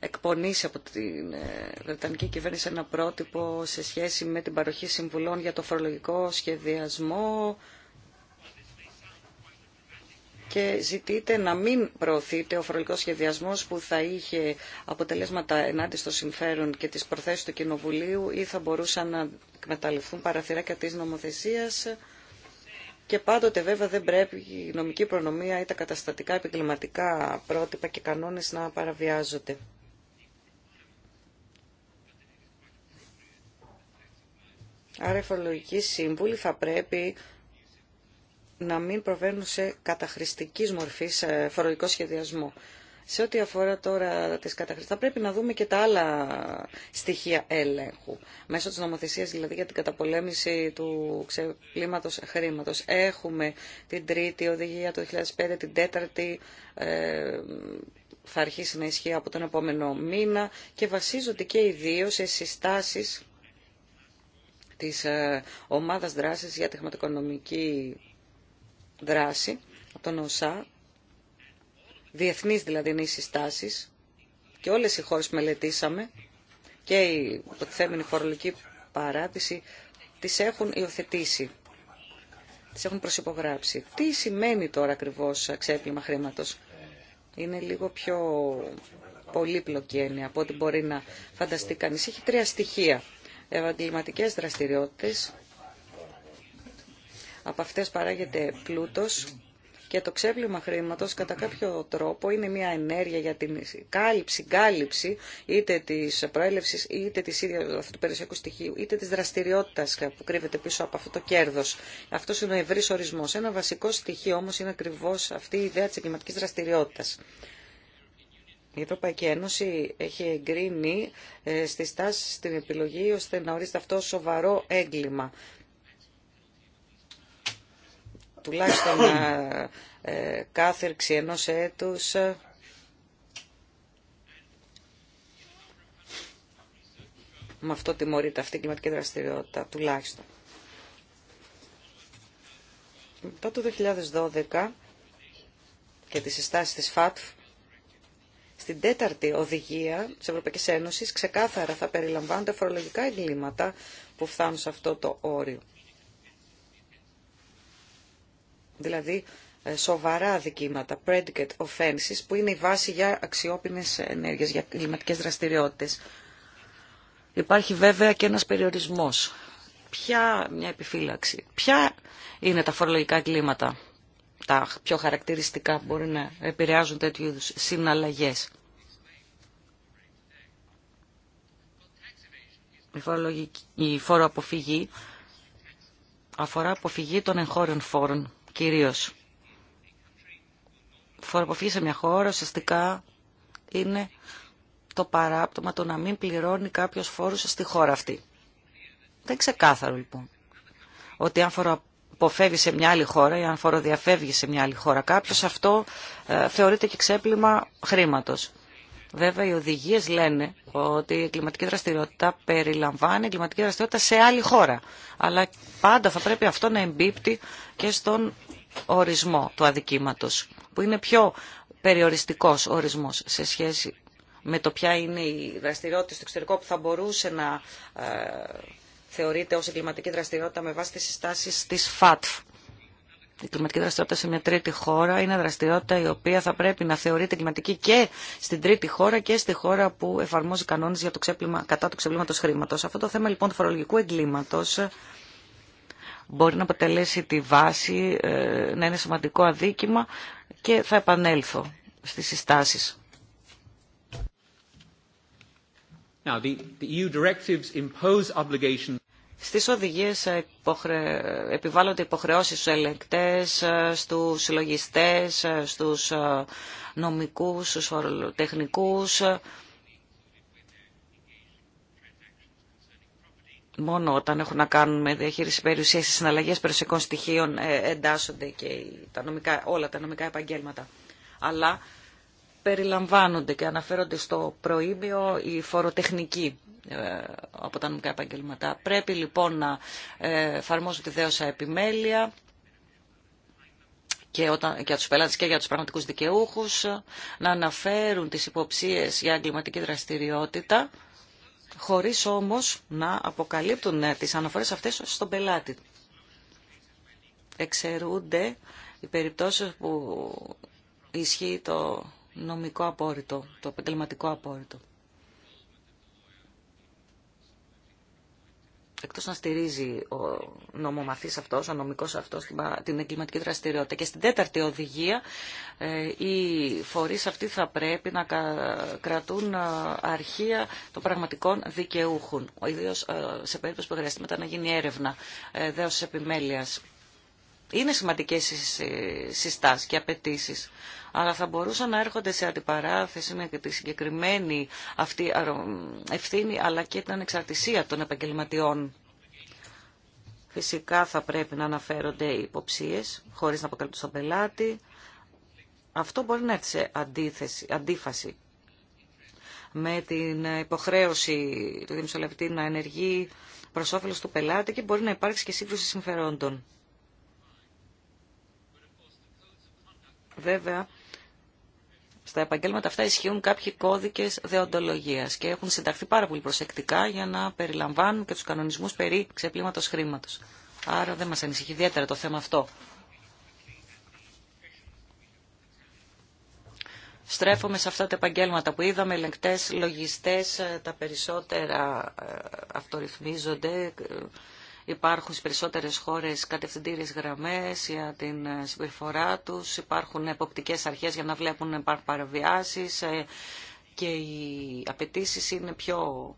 [SPEAKER 3] εκπονήσει από την ε, Βρετανική κυβέρνηση ένα πρότυπο σε σχέση με την παροχή συμβουλών για το φορολογικό σχεδιασμό και ζητείτε να μην προωθείτε ο φορολογικός σχεδιασμός που θα είχε αποτελέσματα ενάντια στο συμφέρον και τις προθέσεις του Κοινοβουλίου ή θα μπορούσαν να εκμεταλλευτούν παραθυράκια της νομοθεσίας και πάντοτε βέβαια δεν πρέπει η νομική προνομία ή τα καταστατικά επικλιματικά πρότυπα και κανόνες να παραβιάζονται. Άρα οι φορολογικοί σύμβουλοι θα πρέπει να μην προβαίνουν σε καταχρηστικής μορφής ε, φορολογικό σχεδιασμό. Σε ό,τι αφορά τώρα τις καταχρήσεις, θα πρέπει να δούμε και τα άλλα στοιχεία έλεγχου. Μέσω της νομοθεσίας, δηλαδή για την καταπολέμηση του ξεπλήματος χρήματος. Έχουμε την τρίτη οδηγία το 2005, την τέταρτη ε, θα αρχίσει να ισχύει από τον επόμενο μήνα και βασίζονται και οι δύο σε συστάσεις της ε, ομάδας δράσης για τη χρηματοοικονομική δράση από τον ΟΣΑ, διεθνείς δηλαδή είναι οι και όλες οι χώρες μελετήσαμε και η υποτιθέμενη φορολογική παράτηση τις έχουν υιοθετήσει, τις έχουν προσυπογράψει. Τι σημαίνει τώρα ακριβώς ξέπλυμα χρήματος. Είναι λίγο πιο πολύπλοκη έννοια από ό,τι μπορεί να φανταστεί κανείς. Έχει τρία στοιχεία. Ευαγγελματικές δραστηριότητες, από αυτές παράγεται πλούτος και το ξέπλυμα χρήματος κατά κάποιο τρόπο είναι μια ενέργεια για την κάλυψη, κάλυψη είτε της προέλευσης είτε της ίδιας αυτού του περιουσιακού στοιχείου είτε της δραστηριότητας που κρύβεται πίσω από αυτό το κέρδος. Αυτό είναι ο ευρύς ορισμός. Ένα βασικό στοιχείο όμως είναι ακριβώς αυτή η ιδέα της εγκληματικής δραστηριότητας. Η Ευρωπαϊκή Ένωση έχει εγκρίνει στη ε, στάση στην επιλογή ώστε να ορίζεται αυτό σοβαρό έγκλημα τουλάχιστον ε, κάθερξη ενός έτους με αυτό τιμωρείται αυτή η κλιματική δραστηριότητα τουλάχιστον. Μετά το 2012 και τις συστάσεις της ΦΑΤΦ στην τέταρτη οδηγία της Ευρωπαϊκής Ένωσης ξεκάθαρα θα περιλαμβάνονται φορολογικά εγκλήματα που φτάνουν σε αυτό το όριο δηλαδή ε, σοβαρά δικήματα, predicate offenses, που είναι η βάση για αξιόπινες ενέργειες, για κλιματικές δραστηριότητες. Υπάρχει βέβαια και ένας περιορισμός. Ποια, μια επιφύλαξη, ποια είναι τα φορολογικά κλίματα, τα πιο χαρακτηριστικά που μπορεί να επηρεάζουν τέτοιου είδους συναλλαγές. Η φοροαποφυγή αφορά αποφυγή των εγχώριων φόρων κυρίως φοροποφύγει σε μια χώρα ουσιαστικά είναι το παράπτωμα το να μην πληρώνει κάποιος φόρους στη χώρα αυτή. Δεν ξεκάθαρο λοιπόν ότι αν φοροποφεύγει σε μια άλλη χώρα ή αν φοροδιαφεύγει σε μια άλλη χώρα κάποιος αυτό ε, θεωρείται και ξέπλυμα χρήματος. Βέβαια, οι οδηγίε λένε ότι η εγκληματική δραστηριότητα περιλαμβάνει εγκληματική δραστηριότητα σε άλλη χώρα. Αλλά πάντα θα πρέπει αυτό να εμπίπτει και στον ορισμό του αδικήματος, που είναι πιο περιοριστικός ορισμός σε σχέση με το ποια είναι η δραστηριότητα στο εξωτερικό που θα μπορούσε να ε, θεωρείται ως εγκληματική δραστηριότητα με βάση τις συστάσεις της ΦΑΤΦ. Η κλιματική δραστηριότητα σε μια τρίτη χώρα είναι δραστηριότητα η οποία θα πρέπει να θεωρείται κλιματική και στην τρίτη χώρα και στη χώρα που εφαρμόζει κανόνες για το ξέπλυμα, κατά του ξεπλήματος χρήματος. Αυτό το θέμα λοιπόν του φορολογικού εγκλήματος μπορεί να αποτελέσει τη βάση, ε, να είναι σημαντικό αδίκημα και θα επανέλθω στις συστάσεις. Now, the, EU e directives impose Στις οδηγίες ε, επιβάλλονται υποχρεώσεις στους ελεγκτές, ε, στους συλλογιστές, στους νομικούς, στους τεχνικούς μόνο όταν έχουν να κάνουν με διαχείριση περιουσίας, συναλλαγές περιουσιακών στοιχείων ε, εντάσσονται και τα νομικά, όλα τα νομικά επαγγέλματα. Αλλά περιλαμβάνονται και αναφέρονται στο προήμιο οι φοροτεχνικοί ε, από τα νομικά επαγγελματά. Πρέπει λοιπόν να ε, εφαρμόζουν τη δέωσα επιμέλεια και, όταν, για τους πελάτες και για τους πραγματικούς δικαιούχους, να αναφέρουν τις υποψίες για εγκληματική δραστηριότητα χωρίς όμως να αποκαλύπτουν ε, τις αναφορές αυτές στον πελάτη. Εξαιρούνται οι περιπτώσεις που ισχύει το νομικό απόρριτο, το επαγγελματικό απόρριτο. εκτός να στηρίζει ο νομομαθής αυτός, ο νομικός αυτός την εγκληματική δραστηριότητα. Και στην τέταρτη οδηγία ε, οι φορείς αυτοί θα πρέπει να κρατούν ε, αρχεία των πραγματικών δικαιούχων, ιδίω ε, σε περίπτωση που χρειαστεί μετά να γίνει έρευνα δέωσης επιμέλειας είναι σημαντικές οι συστάσεις και απαιτήσει, αλλά θα μπορούσαν να έρχονται σε αντιπαράθεση με τη συγκεκριμένη αυτή ευθύνη αλλά και την ανεξαρτησία των επαγγελματιών. Φυσικά θα πρέπει να αναφέρονται οι υποψίες χωρίς να αποκαλύπτουν στον πελάτη. Αυτό μπορεί να έρθει σε αντίθεση, αντίφαση με την υποχρέωση του δημοσιολαβητή να ενεργεί προς όφελος του πελάτη και μπορεί να υπάρξει και σύγκρουση συμφερόντων. Βέβαια, στα επαγγέλματα αυτά ισχύουν κάποιοι κώδικες δεοντολογίας και έχουν συνταχθεί πάρα πολύ προσεκτικά για να περιλαμβάνουν και τους κανονισμούς περί ξεπλήματος χρήματος. Άρα δεν μας ανησυχεί ιδιαίτερα το θέμα αυτό. στρέφομαι σε αυτά τα επαγγέλματα που είδαμε, ελεγκτές, λογιστές, ε, τα περισσότερα ε, αυτορυθμίζονται, ε, Υπάρχουν στι περισσότερε χώρε κατευθυντήριε γραμμέ για την ε, συμπεριφορά τους, Υπάρχουν εποπτικέ αρχές για να βλέπουν να ε, και οι απαιτήσει είναι πιο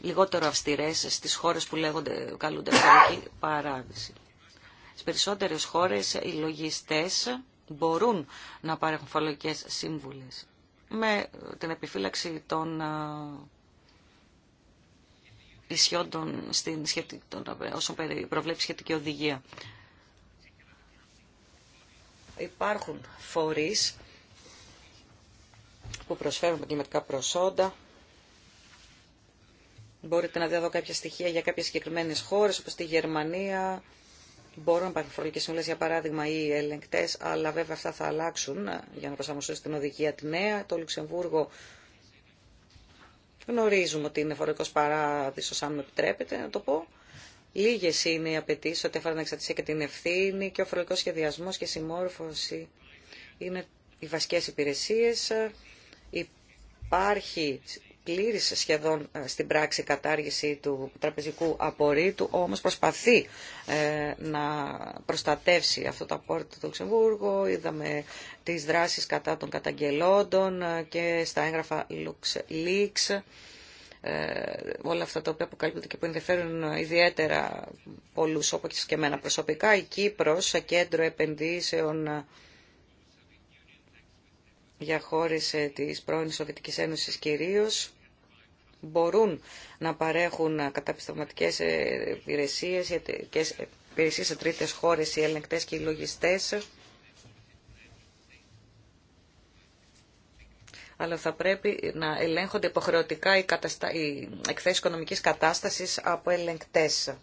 [SPEAKER 3] λιγότερο αυστηρές στις χώρες που λέγονται καλούνται ευρωπαϊκή παράδειση. Στις περισσότερες χώρες οι λογιστές μπορούν να παρέχουν φορολογικές σύμβουλες με την επιφύλαξη των ε, ισιών των, στην σχετική, των, προβλέπει σχετική οδηγία. Υπάρχουν φορείς που προσφέρουν επαγγελματικά προσόντα. Μπορείτε να δείτε εδώ κάποια στοιχεία για κάποιες συγκεκριμένε χώρες, όπως τη Γερμανία. Μπορούν να υπάρχουν φορολογικές συμβουλές, για παράδειγμα, ή ελεγκτές, αλλά βέβαια αυτά θα αλλάξουν ε, για να προσαρμοστούν στην οδηγία τη νέα. Το Λουξεμβούργο Γνωρίζουμε ότι είναι φορικό παράδεισο, αν με επιτρέπετε να το πω. Λίγε είναι οι απαιτήσει ότι αφορά εξαρτησία και την ευθύνη και ο φορικό σχεδιασμό και συμμόρφωση είναι οι βασικέ υπηρεσίε. Υπάρχει πλήρης σχεδόν ε, στην πράξη κατάργηση του τραπεζικού απορρίτου, όμως προσπαθεί ε, να προστατεύσει αυτό το απόρριτο του Λουξεμβούργο. Είδαμε τις δράσεις κατά των καταγγελόντων ε, και στα έγγραφα LuxLeaks όλα αυτά τα οποία αποκαλύπτονται και που ενδιαφέρουν ιδιαίτερα πολλούς όπως και εμένα προσωπικά. Η Κύπρος, κέντρο επενδύσεων για χώρες της πρώην Σοβιετικής Ένωσης κυρίως μπορούν να παρέχουν καταπιστωματικές υπηρεσίες, υπηρεσίες σε τρίτες χώρες, οι ελεγκτές και οι λογιστές. αλλά θα πρέπει να ελέγχονται υποχρεωτικά οι, καταστα... οι εκθέσεις οικονομικής κατάστασης από ελεγκτές.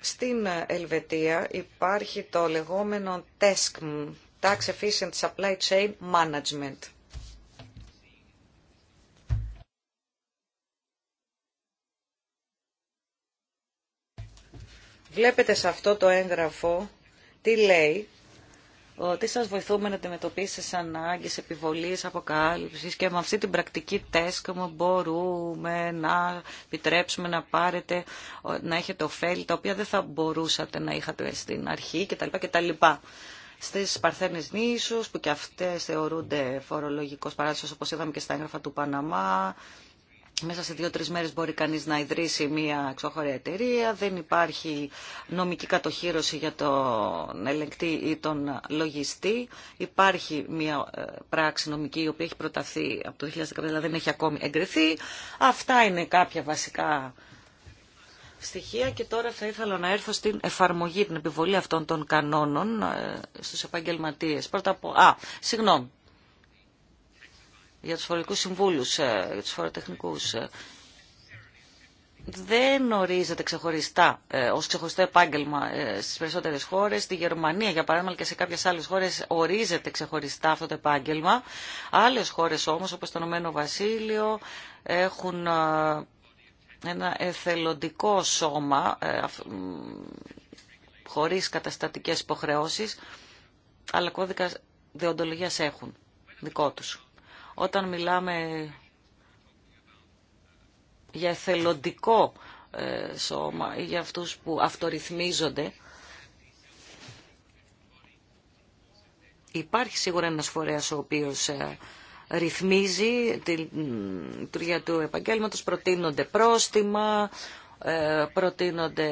[SPEAKER 3] Στην Ελβετία υπάρχει το λεγόμενο TESCM, Tax Efficient Supply Chain Management. Βλέπετε σε αυτό το έγγραφο τι λέει ότι σας βοηθούμε να αντιμετωπίσετε τις ανάγκες επιβολής, αποκάλυψης και με αυτή την πρακτική τεστ μπορούμε να επιτρέψουμε να πάρετε, να έχετε ωφέλη τα οποία δεν θα μπορούσατε να είχατε στην αρχή κτλ. κτλ. Στι Παρθένες νήσου, που και αυτές θεωρούνται φορολογικός παράδεισο, όπως είδαμε και στα έγγραφα του Παναμά. Μέσα σε δύο-τρει μέρε μπορεί κανεί να ιδρύσει μια εξωχωρία εταιρεία. Δεν υπάρχει νομική κατοχήρωση για τον ελεγκτή ή τον λογιστή. Υπάρχει μια ε, πράξη νομική η οποία έχει προταθεί από το 2015, αλλά δεν έχει ακόμη εγκριθεί. Αυτά είναι κάποια βασικά στοιχεία και τώρα θα ήθελα να έρθω στην εφαρμογή, την επιβολή αυτών των κανόνων ε, στους επαγγελματίες. Πρώτα απ' Α, συγγνώμη. Για τους φορολογικούς συμβούλους, ε, για τους φοροτεχνικούς. Ε. Δεν ορίζεται ξεχωριστά, ως ξεχωριστό επάγγελμα στις περισσότερες χώρες. Στη Γερμανία, για παράδειγμα, και σε κάποιες άλλες χώρες ορίζεται ξεχωριστά αυτό το επάγγελμα. Άλλες χώρες όμως, όπως το Ηνωμένο Βασίλειο, έχουν ένα εθελοντικό σώμα ε, χωρίς καταστατικές υποχρεώσεις, αλλά κώδικα διοντολογίας έχουν δικό τους. Όταν μιλάμε για εθελοντικό ε, σώμα ή για αυτούς που αυτορυθμίζονται, υπάρχει σίγουρα ένας φορέας ο οποίος ε, ρυθμίζει τη λειτουργία του επαγγέλματος, προτείνονται πρόστιμα, ε, προτείνονται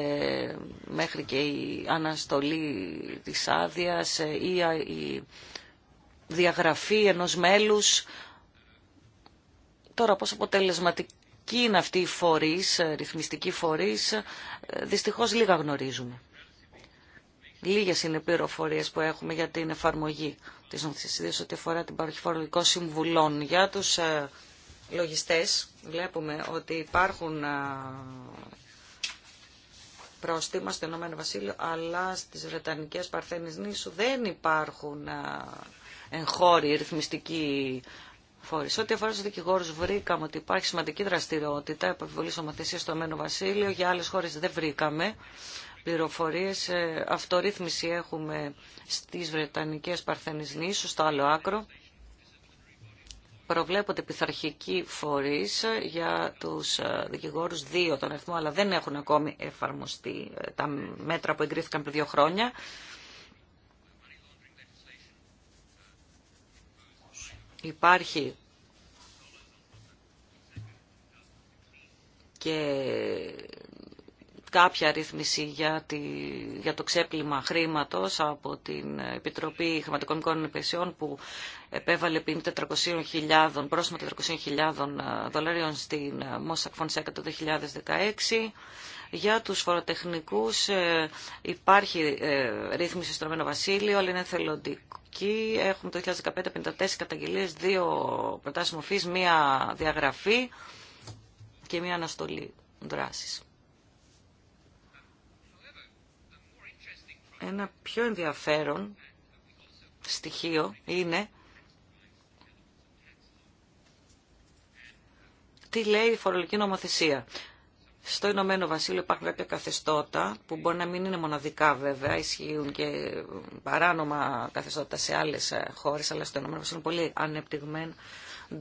[SPEAKER 3] μέχρι και η αναστολή της άδειας ή ε, η διαγραφή ενός μέλους. Τώρα πώς αποτελεσματική είναι αυτή η φορής, ε, ρυθμιστική φορής, δυστυχώς λίγα γνωρίζουμε. Λίγες είναι οι πληροφορίες που έχουμε για την εφαρμογή της νομοθεσίας, ό,τι αφορά την παροχή φορολογικών συμβουλών. Για τους ε, λογιστές βλέπουμε ότι υπάρχουν ε, πρόστιμα στο Ηνωμένο Βασίλειο, αλλά στις Βρετανικές Παρθένες νήσου δεν υπάρχουν ε, εγχώροι ρυθμιστικοί φόροι. ό,τι αφορά του δικηγόρους βρήκαμε ότι υπάρχει σημαντική δραστηριότητα επιβολή ομοθεσίας στο Ηνωμένο Βασίλειο, για άλλες χώρες δεν βρήκαμε πληροφορίες. Ε, αυτορύθμιση έχουμε στις Βρετανικές Παρθένες στο άλλο άκρο. Προβλέπονται πειθαρχικοί φορείς ε, για τους ε, δικηγόρους, δύο τον αριθμό, αλλά δεν έχουν ακόμη εφαρμοστεί τα μέτρα που εγκρίθηκαν πριν δύο χρόνια. Υπάρχει και κάποια ρύθμιση για, τη, για το ξέπλυμα χρήματος από την Επιτροπή Χρηματοοικονομικών Υπηρεσιών που επέβαλε ποινή 400.000, 400.000 ε, δολαρίων στην Mossack ε, Fonseca το 2016. Για τους φοροτεχνικούς ε, υπάρχει ρύθμιση στο Ρωμένο Βασίλειο, αλλά είναι θελοντική. Έχουμε το 2015 54 καταγγελίες, δύο προτάσεις μορφής, μία διαγραφή και μία αναστολή δράσης. Ένα πιο ενδιαφέρον στοιχείο είναι τι λέει η φορολογική νομοθεσία. Στο Ηνωμένο Βασίλειο υπάρχουν κάποια καθεστώτα που μπορεί να μην είναι μοναδικά βέβαια, ισχύουν και παράνομα καθεστώτα σε άλλες ε, χώρες, αλλά στο Ηνωμένο Βασίλειο είναι πολύ ανεπτυγμένο.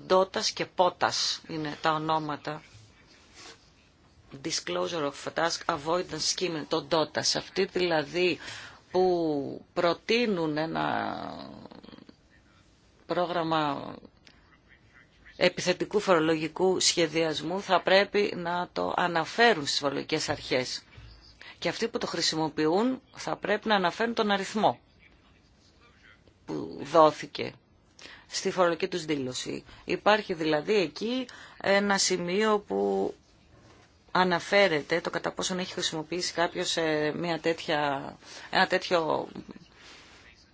[SPEAKER 3] Ντότας και Πότας είναι τα ονόματα. Disclosure of Task Avoidance Scheme, το Ντότας. Αυτή δηλαδή που προτείνουν ένα πρόγραμμα επιθετικού φορολογικού σχεδιασμού θα πρέπει να το αναφέρουν στις φορολογικές αρχές. Και αυτοί που το χρησιμοποιούν θα πρέπει να αναφέρουν τον αριθμό που δόθηκε στη φορολογική τους δήλωση. Υπάρχει δηλαδή εκεί ένα σημείο που αναφέρεται το κατά πόσον έχει χρησιμοποιήσει κάποιος ε, μια τέτοια, ένα τέτοιο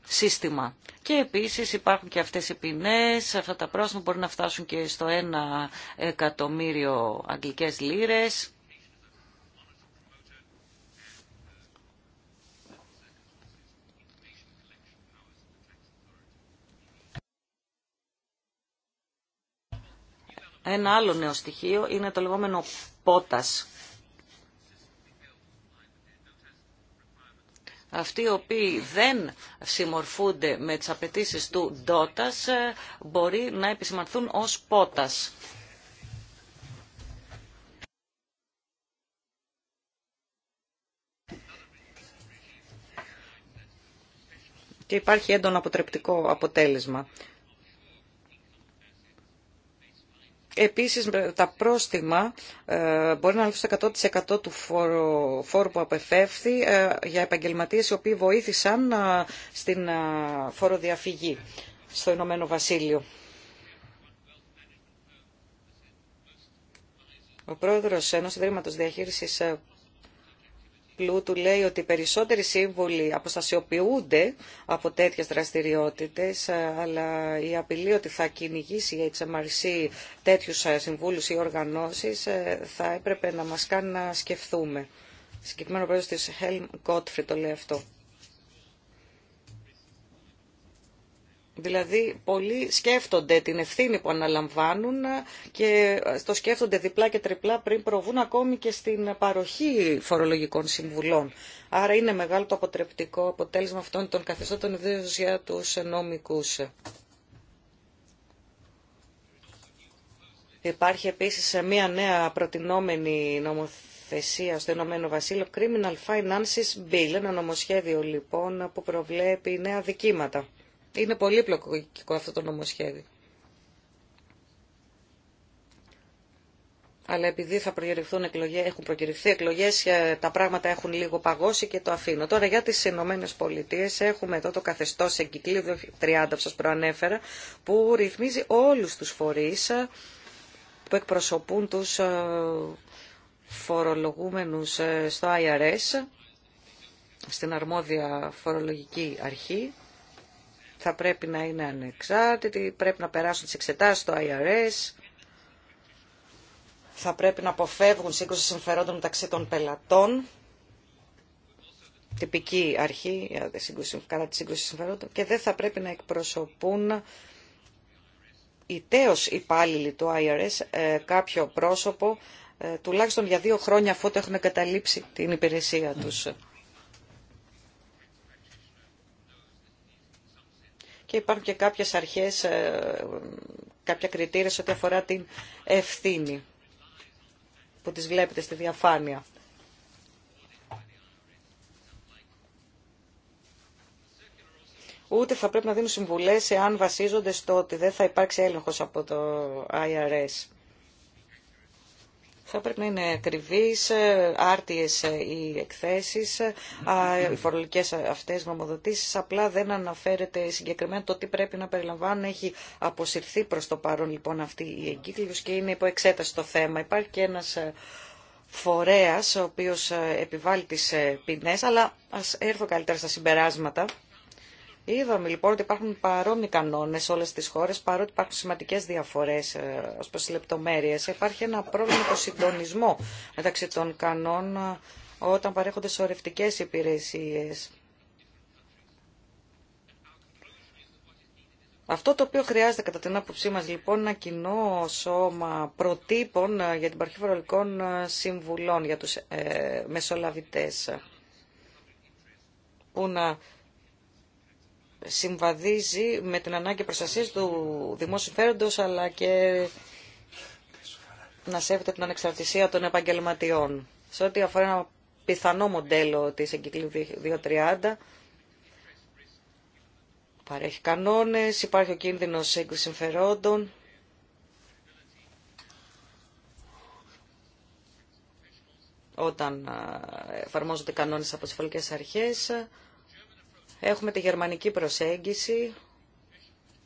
[SPEAKER 3] σύστημα. Και επίσης υπάρχουν και αυτές οι ποινές, αυτά τα πρόσωπα μπορεί να φτάσουν και στο ένα εκατομμύριο αγγλικές λίρες. Ένα άλλο νέο στοιχείο είναι το λεγόμενο πότας. Αυτοί οι οποίοι δεν συμμορφούνται με τις απαιτήσει του ντότας ε, μπορεί να επισημανθούν ως πότας. και υπάρχει έντονο αποτρεπτικό αποτέλεσμα. Επίσης τα πρόστιμα ε, μπορεί να λάβει στο 100% του φόρου, φόρου που απεφεύθη ε, για επαγγελματίες οι οποίοι βοήθησαν ε, στην φοροδιαφυγή στο Ηνωμένο Βασίλειο. Ο πρόεδρος ενός Ιδρύματος Διαχείρισης πλούτου λέει ότι οι περισσότεροι σύμβουλοι αποστασιοποιούνται από τέτοιες δραστηριότητες, αλλά η απειλή ότι θα κυνηγήσει η HMRC τέτοιους ε, συμβούλους ή οργανώσεις ε, θα έπρεπε να μας κάνει να σκεφτούμε. Συγκεκριμένο πρόεδρος της Helm Gottfried το λέει αυτό. Δηλαδή, πολλοί σκέφτονται την ευθύνη που αναλαμβάνουν και το σκέφτονται διπλά και τριπλά πριν προβούν ακόμη και στην παροχή φορολογικών συμβουλών. Άρα είναι μεγάλο το αποτρεπτικό αποτέλεσμα αυτών των καθεστώτων ιδέως για τους νομικούς. Υπάρχει επίσης μια νέα προτινόμενη νομοθεσία στο Ηνωμένο Βασίλειο, Criminal Finances Bill, ένα νομοσχέδιο λοιπόν που προβλέπει νέα δικήματα είναι πολύ πλοκοκικό αυτό το νομοσχέδιο. Αλλά επειδή θα προκυρηθούν εκλογές, έχουν προκυρηθεί εκλογές, ε, τα πράγματα έχουν λίγο παγώσει και το αφήνω. Τώρα για τι Ηνωμένε Πολιτείε έχουμε εδώ το καθεστώς εγκυκλίδιο 30 που σας προανέφερα, που ρυθμίζει όλου του φορεί ε, που εκπροσωπούν του ε, φορολογούμενου στο IRS, στην αρμόδια φορολογική αρχή θα πρέπει να είναι ανεξάρτητοι, πρέπει να περάσουν τις εξετάσεις στο IRS, θα πρέπει να αποφεύγουν σύγκρουση συμφερόντων μεταξύ των πελατών, τυπική αρχή κατά τη σύγκρουση συμφερόντων και δεν θα πρέπει να εκπροσωπούν ιταίως υπάλληλοι του IRS ε, κάποιο πρόσωπο ε, τουλάχιστον για δύο χρόνια αφού το έχουν εγκαταλείψει την υπηρεσία τους. και υπάρχουν και κάποιες αρχές, ε, κάποια κριτήρια σε ό,τι αφορά την ευθύνη που τις βλέπετε στη διαφάνεια. Ούτε θα πρέπει να δίνουν συμβουλές εάν βασίζονται στο ότι δεν θα υπάρξει έλεγχος από το IRS. Θα πρέπει να είναι ακριβείς, άρτιες ε, οι εκθέσεις, ε, οι φορολογικές αυτές γνωμοδοτήσεις. Απλά δεν αναφέρεται συγκεκριμένα το τι πρέπει να περιλαμβάνουν. Έχει αποσυρθεί προς το παρόν λοιπόν αυτή η εγκύκλειος και είναι υπό εξέταση το θέμα. Υπάρχει και ένας ε, φορέας ο οποίος επιβάλλει τις ποινές, αλλά ας έρθω καλύτερα στα συμπεράσματα. Είδαμε λοιπόν ότι υπάρχουν παρόμοιοι κανόνε σε όλε τι χώρε, παρότι υπάρχουν σημαντικέ διαφορέ ε, ω προ τι λεπτομέρειε. Υπάρχει ένα πρόβλημα το συντονισμό μεταξύ των κανόνων ε, όταν παρέχονται σωρευτικέ υπηρεσίε. Αυτό το οποίο χρειάζεται κατά την άποψή μας λοιπόν ένα κοινό σώμα προτύπων ε, για την παρχή φορολογικών συμβουλών για τους ε, μεσολαβητές που να συμβαδίζει με την ανάγκη προστασία του δημόσιου συμφέροντο αλλά και να σέβεται την ανεξαρτησία των επαγγελματιών. Σε ό,τι αφορά ένα πιθανό μοντέλο της εγκυκλίου 230, παρέχει κανόνες, υπάρχει ο κίνδυνος έγκρισης συμφερόντων, όταν ε, εφαρμόζονται κανόνες από τις αρχές Έχουμε τη γερμανική προσέγγιση,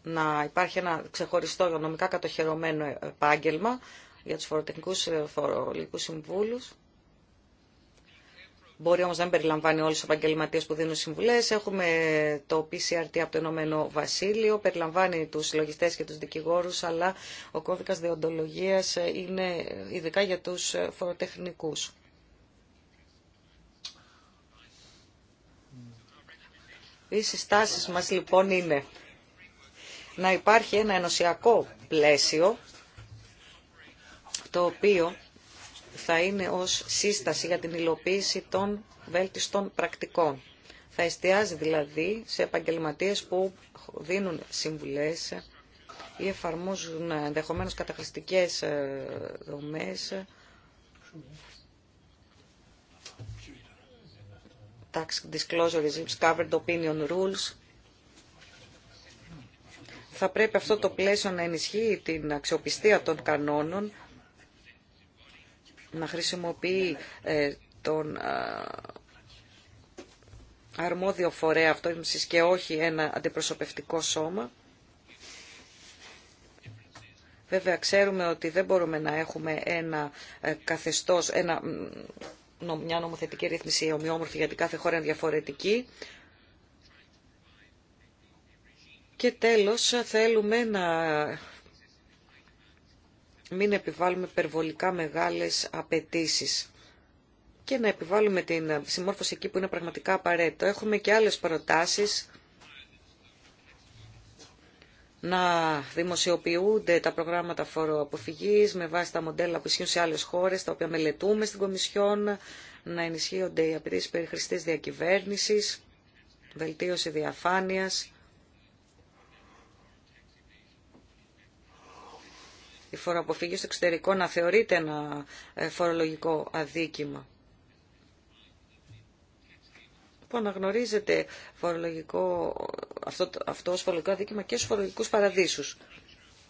[SPEAKER 3] να υπάρχει ένα ξεχωριστό νομικά κατοχυρωμένο επάγγελμα για τους φοροτεχνικούς ε, φορολογικούς συμβούλους. Μπορεί όμως να μην περιλαμβάνει όλους τους επαγγελματίες που δίνουν συμβουλές. Έχουμε το PCRT από το Ενωμένο Βασίλειο, περιλαμβάνει τους συλλογιστές και τους δικηγόρους, αλλά ο κώδικας διοντολογίας ε, είναι ειδικά για τους ε, φοροτεχνικούς. Οι συστάσεις μας λοιπόν είναι να υπάρχει ένα ενωσιακό πλαίσιο το οποίο θα είναι ως σύσταση για την υλοποίηση των βέλτιστων πρακτικών. Θα εστιάζει δηλαδή σε επαγγελματίες που δίνουν συμβουλές ή εφαρμόζουν ενδεχομένως καταχρηστικές ε, δομές tax disclosure regimes, covered opinion rules. Θα πρέπει αυτό το πλαίσιο να ενισχύει την αξιοπιστία των κανόνων, να χρησιμοποιεί ε, τον αρμόδιο φορέα αυτό και όχι ένα αντιπροσωπευτικό σώμα. Βέβαια ξέρουμε ότι δεν μπορούμε να έχουμε ένα ε, καθεστώς, ένα μια νομοθετική ρύθμιση ομοιόμορφη γιατί κάθε χώρα είναι διαφορετική. Και τέλος θέλουμε να μην επιβάλλουμε υπερβολικά μεγάλες απαιτήσεις και να επιβάλλουμε την συμμόρφωση εκεί που είναι πραγματικά απαραίτητο. Έχουμε και άλλες προτάσεις να δημοσιοποιούνται τα προγράμματα φοροαποφυγής με βάση τα μοντέλα που ισχύουν σε άλλες χώρες, τα οποία μελετούμε στην Κομισιόν, να ενισχύονται οι απαιτήσει περί χρηστής διακυβέρνησης, βελτίωση διαφάνειας, η φοροαποφυγή στο εξωτερικό να θεωρείται ένα ε, φορολογικό αδίκημα που αναγνωρίζεται φορολογικό, αυτό, αυτό ως φορολογικό δίκημα και στους φορολογικούς παραδείσους.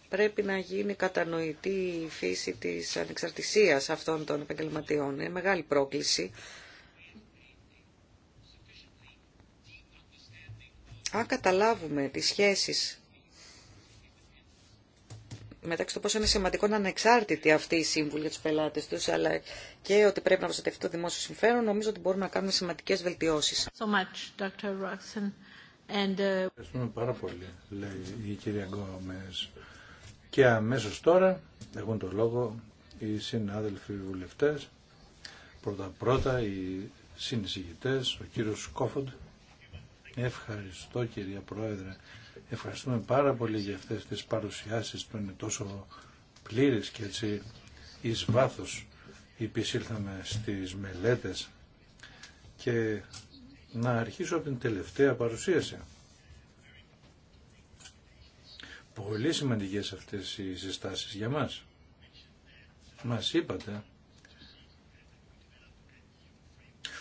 [SPEAKER 3] Πρέπει να γίνει κατανοητή η φύση της ανεξαρτησίας αυτών των επαγγελματιών. Είναι μεγάλη πρόκληση. Αν καταλάβουμε τις σχέσεις μεταξύ το πόσο είναι σημαντικό να είναι ανεξάρτητοι αυτοί οι σύμβουλοι για του πελάτε του, αλλά και ότι πρέπει να προστατευτεί το δημόσιο συμφέρον, νομίζω ότι μπορούμε να κάνουμε σημαντικέ βελτιώσει. So much, And, uh, Ευχαριστούμε πάρα πολύ,
[SPEAKER 1] λέει η κυρία Γκόμε. Και αμέσω τώρα έχουν το λόγο οι συνάδελφοι βουλευτέ. Πρώτα-πρώτα οι συνεισηγητέ, ο κύριο Σκόφοντ. Ευχαριστώ κυρία Πρόεδρε. Ευχαριστούμε πάρα πολύ για αυτές τις παρουσιάσεις που είναι τόσο πλήρες και έτσι εις βάθος υπησύλθαμε στις μελέτες και να αρχίσω από την τελευταία παρουσίαση. Πολύ σημαντικές αυτές οι συστάσεις για μας. Μας είπατε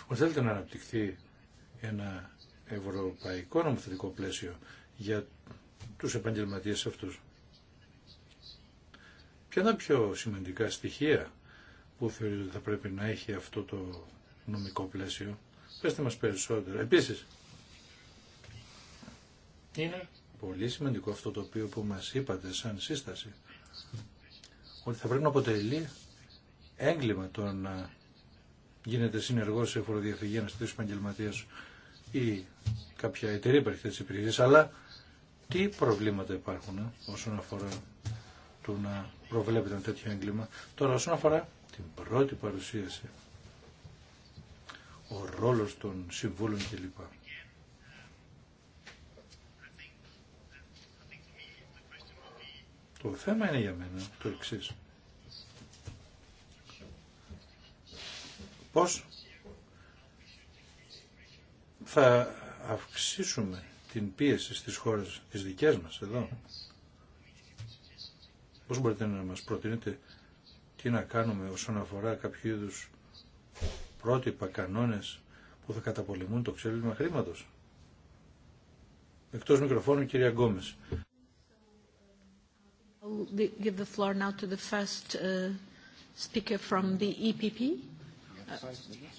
[SPEAKER 1] ότι θέλετε να αναπτυχθεί ένα ευρωπαϊκό νομοθετικό πλαίσιο για τους επαγγελματίες αυτούς. Ποια είναι τα πιο σημαντικά στοιχεία που θεωρείτε ότι θα πρέπει να έχει αυτό το νομικό πλαίσιο. Πεςτε μας περισσότερο. Επίσης, είναι πολύ σημαντικό αυτό το οποίο που μας είπατε σαν σύσταση, ότι θα πρέπει να αποτελεί έγκλημα το να γίνεται συνεργός σε φοροδιαφυγή ένας επαγγελματίας ή κάποια εταιρεία υπάρχει αλλά τι προβλήματα υπάρχουν ε, όσον αφορά το να προβλέπετε ένα τέτοιο έγκλημα. Τώρα όσον αφορά την πρώτη παρουσίαση, ο ρόλος των συμβούλων κλπ. Το θέμα είναι για μένα το εξή. Πώς θα αυξήσουμε την πίεση στις χώρες τις δικές μας εδώ. Πώς μπορείτε να μας προτείνετε τι να κάνουμε όσον αφορά κάποιο είδου πρότυπα, κανόνες που θα καταπολεμούν το ξέλιμα χρήματος. Εκτός μικροφώνου κυρία Γκόμες. Give the floor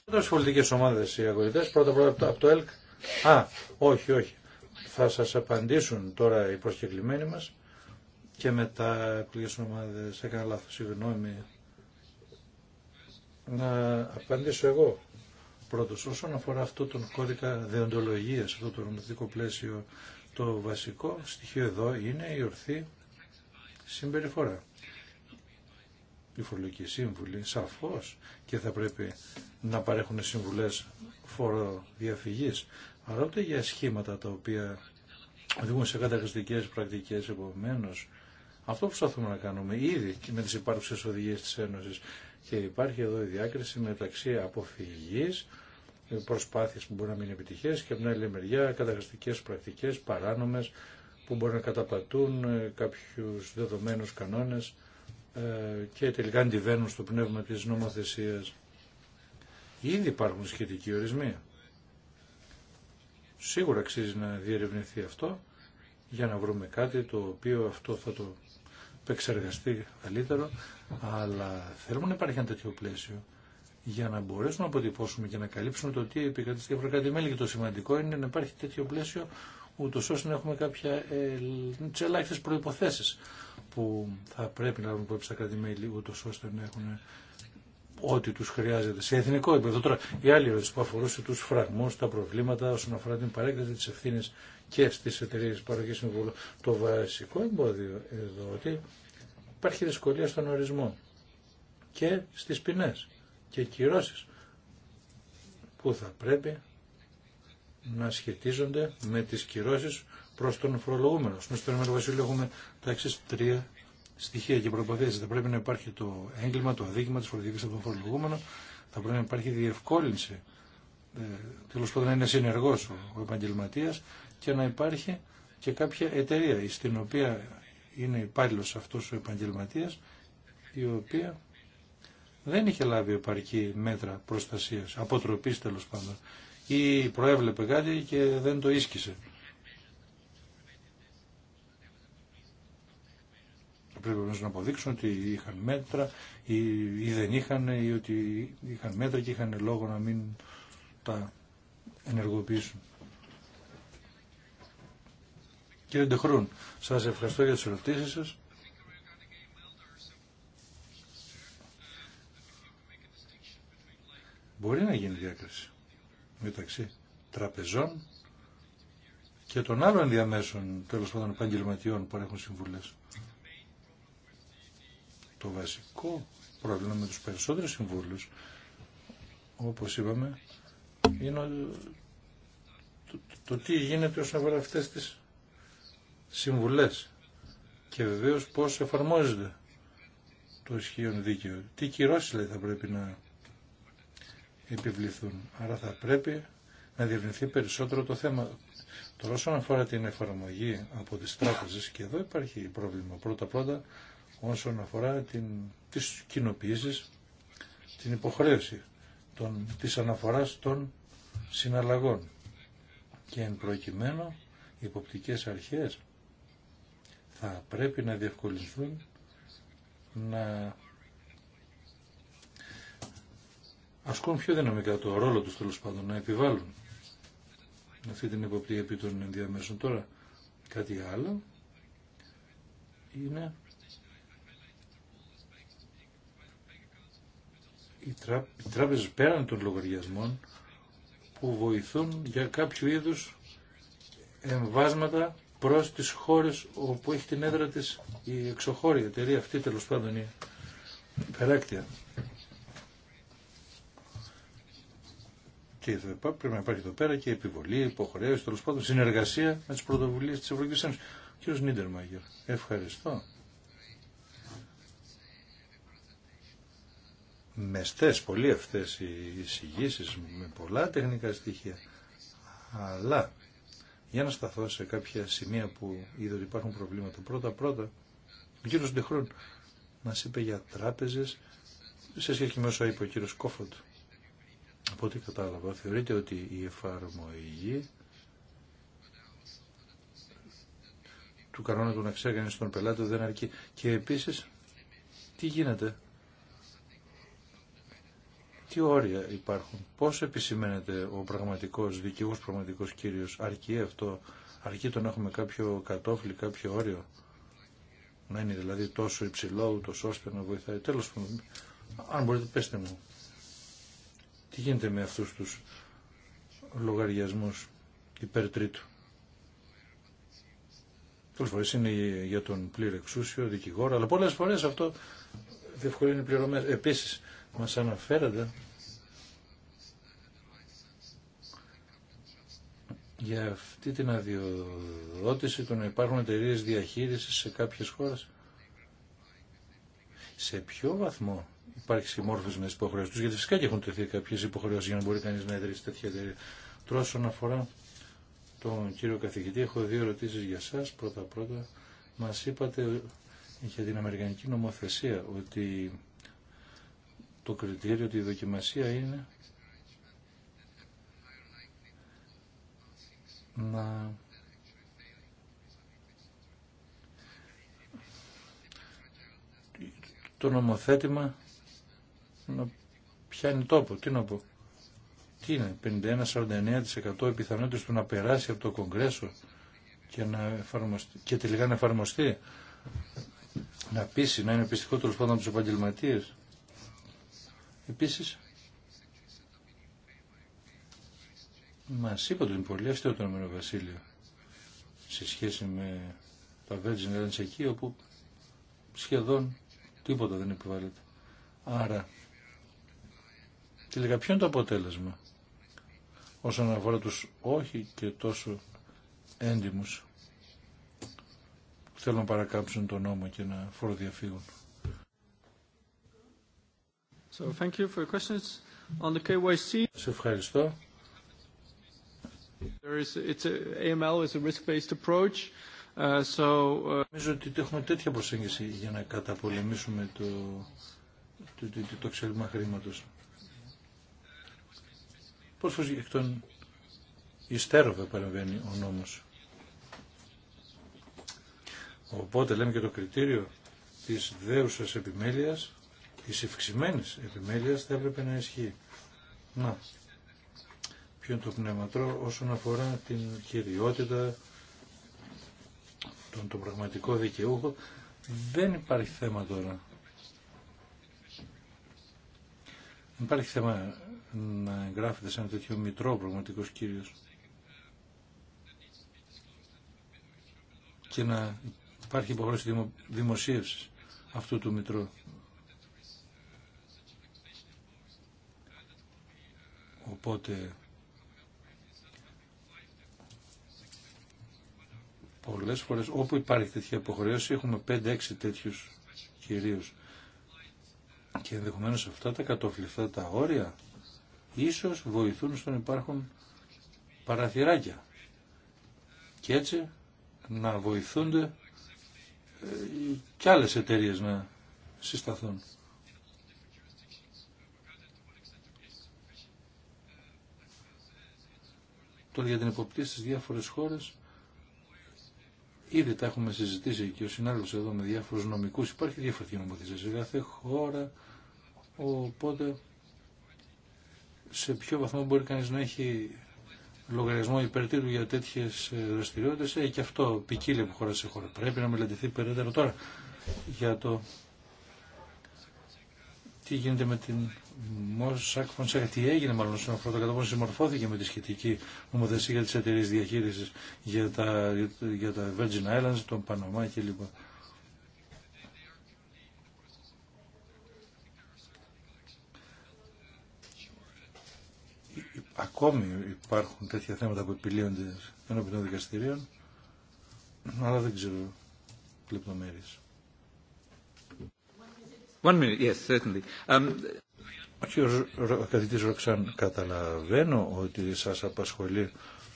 [SPEAKER 1] Πρώτα πολιτικές ομάδες οι αγορητές, πρώτα πρώτα από το ΕΛΚ. Α, όχι, όχι θα σας απαντήσουν τώρα οι προσκεκλημένοι μας και μετά κλείσουμε ομάδες έκανα λάθος, συγγνώμη. Να απαντήσω εγώ πρώτος. Όσον αφορά αυτό τον κώδικα δεοντολογίας, αυτό το νομοθετικό πλαίσιο, το βασικό στοιχείο εδώ είναι η ορθή συμπεριφορά. Οι φορολογικοί σύμβουλοι σαφώς και θα πρέπει να παρέχουν συμβουλές φοροδιαφυγής, αλλά για σχήματα τα οποία οδηγούν σε καταχρηστικές πρακτικές επομένως. Αυτό που προσπαθούμε να κάνουμε ήδη και με τις υπάρχουσες οδηγίες της Ένωσης και υπάρχει εδώ η διάκριση μεταξύ αποφυγής, προσπάθειες που μπορεί να μην είναι επιτυχές και από την άλλη μεριά καταχρηστικές πρακτικές, παράνομες που μπορεί να καταπατούν ε, κάποιους δεδομένους κανόνες ε, και τελικά αντιβαίνουν στο πνεύμα της νομοθεσίας. Ήδη υπάρχουν σχετικοί ορισμοί. Σίγουρα αξίζει να διερευνηθεί αυτό για να βρούμε κάτι το οποίο αυτό θα το επεξεργαστεί καλύτερο, αλλά θέλουμε να υπάρχει ένα τέτοιο πλαίσιο για να μπορέσουμε να αποτυπώσουμε και να καλύψουμε το τι επικρατεί και διαφορετικά μέλη. Και το σημαντικό είναι να υπάρχει τέτοιο πλαίσιο, ούτω ώστε να έχουμε κάποια ε, ελάχιστε προποθέσει που θα πρέπει να λάβουν υπόψη τα κράτη-μέλη, ούτω ώστε να έχουν ό,τι του χρειάζεται σε εθνικό επίπεδο. Τώρα η άλλη ερώτηση που αφορούσε του φραγμού, τα προβλήματα όσον αφορά την παρέκταση τη ευθύνη και στις εταιρείε παροχή συμβούλου. Το βασικό εμπόδιο εδώ ότι υπάρχει δυσκολία στον ορισμό και στι ποινέ και κυρώσει που θα πρέπει να σχετίζονται με τις κυρώσεις προς τον φορολογούμενο. Στον Ιωμένο Βασίλειο έχουμε τα εξής τρία στοιχεία και προποθέσει. Θα πρέπει να υπάρχει το έγκλημα, το αδίκημα τη φορολογική από τον φορολογούμενο. Θα πρέπει να υπάρχει διευκόλυνση. Ε, Τέλο πάντων, να είναι συνεργό ο, ο επαγγελματία και να υπάρχει και κάποια εταιρεία στην οποία είναι υπάλληλο αυτό ο επαγγελματία, η οποία δεν είχε λάβει επαρκή μέτρα προστασία, αποτροπή τέλο πάντων, ή προέβλεπε κάτι και δεν το ίσκησε. Πρέπει όμως να αποδείξουν ότι είχαν μέτρα ή, ή δεν είχαν ή ότι είχαν μέτρα και είχαν λόγο να μην τα ενεργοποιήσουν. Κύριε Ντεχρούν, σας ευχαριστώ για τις ερωτήσεις σας. Μπορεί να γίνει διάκριση μεταξύ τραπεζών και των άλλων διαμέσων, τέλος πάντων, επαγγελματιών που έχουν συμβουλές το βασικό πρόβλημα με τους περισσότερους συμβούλους, όπως είπαμε, είναι το, το, τι γίνεται όσον αφορά αυτές τις συμβουλές και βεβαίως πώς εφαρμόζεται το ισχύον δίκαιο. Τι κυρώσεις λέει, θα πρέπει να επιβληθούν. Άρα θα πρέπει να διευρυνθεί περισσότερο το θέμα. Τώρα όσον αφορά την εφαρμογή από τις τράπεζες και εδώ υπάρχει πρόβλημα. Πρώτα-πρώτα όσον αφορά την, τις κοινοποίησεις, την υποχρέωση των, της αναφοράς των συναλλαγών και εν προκειμένου οι υποπτικές αρχές θα πρέπει να διευκολυνθούν να ασκούν πιο δυναμικά το ρόλο τους τέλο πάντων, να επιβάλλουν αυτή την υποπτή επί των ενδιαμέσων. Τώρα κάτι άλλο είναι οι, τρά, τράπεζες πέραν των λογαριασμών που βοηθούν για κάποιο είδους εμβάσματα προς τις χώρες όπου έχει την έδρα της η εξωχώρια εταιρεία αυτή τέλος πάντων η περάκτια. Και εδώ πρέπει να υπάρχει εδώ πέρα και επιβολή, υποχρέωση, τέλο πάντων συνεργασία με τι πρωτοβουλίε τη Ευρωπαϊκή Ένωση. Κύριο Νίντερμαγερ, ευχαριστώ. μεστές πολύ αυτές οι εισηγήσει με πολλά τεχνικά στοιχεία. Αλλά για να σταθώ σε κάποια σημεία που είδα ότι υπάρχουν προβλήματα. Πρώτα πρώτα, ο κύριος Ντεχρούν μας είπε για τράπεζες σε σχέση με όσο είπε ο κύριος Κόφοντ. Από ό,τι κατάλαβα, θεωρείται ότι η εφαρμογή του κανόνα του να ξέρει στον πελάτη δεν αρκεί. Και επίσης, τι γίνεται τι όρια υπάρχουν, πώς επισημαίνεται ο πραγματικός, δικηγός πραγματικός κύριος, αρκεί αυτό, αρκεί το να έχουμε κάποιο κατόφλι, κάποιο όριο, να είναι δηλαδή τόσο υψηλό, ούτως ώστε να βοηθάει. Τέλος πάντων, αν μπορείτε πέστε μου, τι γίνεται με αυτούς τους λογαριασμούς υπερτρίτου. τρίτου. Πολλές φορές είναι για τον πλήρε εξούσιο, δικηγόρο, αλλά πολλές φορές αυτό διευκολύνει πληρωμές. Επίσης, μας αναφέρατε για αυτή την αδειοδότηση του να υπάρχουν εταιρείε διαχείρισης σε κάποιες χώρες. Σε ποιο βαθμό υπάρχει συμμόρφωση με τις υποχρεώσει τους, γιατί φυσικά και έχουν τεθεί κάποιες υποχρεώσεις για να μπορεί κανείς να ιδρύσει τέτοια εταιρεία. Τώρα, όσον αφορά τον κύριο καθηγητή, έχω δύο ερωτήσεις για σας πρωτα Πρώτα-πρώτα, μας είπατε για την Αμερικανική νομοθεσία ότι το κριτήριο ότι η δοκιμασία είναι να το νομοθέτημα να πιάνει τόπο. Τι να πω. Τι είναι, 51-49% οι πιθανότητες του να περάσει από το Κογκρέσο και, να εφαρμοστεί, και τελικά να εφαρμοστεί. Να πείσει, να είναι πιστικό τέλο πάντων από του επαγγελματίε. Επίσης, μας ότι είναι πολύ αυστηρό το Ηνωμένο Βασίλειο σε σχέση με τα Virgin Islands εκεί όπου σχεδόν τίποτα δεν επιβάλλεται. Άρα, τελικά ποιο είναι το αποτέλεσμα όσον αφορά τους όχι και τόσο έντιμους που θέλουν να παρακάμψουν τον νόμο και να φοροδιαφύγουν. So, ευχαριστώ. Νομίζω ότι έχουμε τέτοια προσέγγιση για να καταπολεμήσουμε το, το, το, χρήματος. Πώς εκ των υστέροβε παρεμβαίνει ο νόμος. Οπότε λέμε και το κριτήριο της δέουσας επιμέλειας Τη ευξημένης επιμέλεια θα έπρεπε να ισχύει. Να, ποιο είναι το πνεύματρο όσον αφορά την κυριότητα, των το πραγματικό δικαιούχο, δεν υπάρχει θέμα τώρα. Δεν υπάρχει θέμα να εγγράφεται σε ένα τέτοιο μητρό πραγματικό κύριο. Και να υπάρχει υποχρέωση δημοσίευση αυτού του μητρού. Οπότε πολλές φορές όπου υπάρχει τέτοια υποχρέωση έχουμε 5-6 τέτοιους κυρίους και ενδεχομένως αυτά τα κατόφληφτα τα όρια ίσως βοηθούν στον υπάρχουν παραθυράκια και έτσι να βοηθούνται ε, και άλλες εταιρείες να συσταθούν. Τώρα για την εποπτεία στις διάφορες χώρες ήδη τα έχουμε συζητήσει και ο συνάδελφος εδώ με διάφορους νομικούς. Υπάρχει διαφορετική νομοθεσία σε κάθε χώρα, οπότε σε ποιο βαθμό μπορεί κανείς να έχει λογαριασμό υπερτήρου για τέτοιες ε, δραστηριότητες. Ε, και αυτό ποικίλει από χώρα σε χώρα. Πρέπει να μελετηθεί περαιτέρω τώρα για το τι γίνεται με την Μόσακ άκουσα τι έγινε μάλλον στον αφορά το κατά πόσο συμμορφώθηκε με τη σχετική νομοθεσία για τι εταιρείε διαχείριση για τα, για τα Virgin Islands, τον Παναμά κλπ. Ακόμη υπάρχουν τέτοια θέματα που επιλύονται ενώπιν των δικαστηρίων, αλλά δεν ξέρω λεπτομέρειες. One minute, yes, certainly. Um... Όχι ο καθηγητής Ροξάν, καταλαβαίνω ότι σας απασχολεί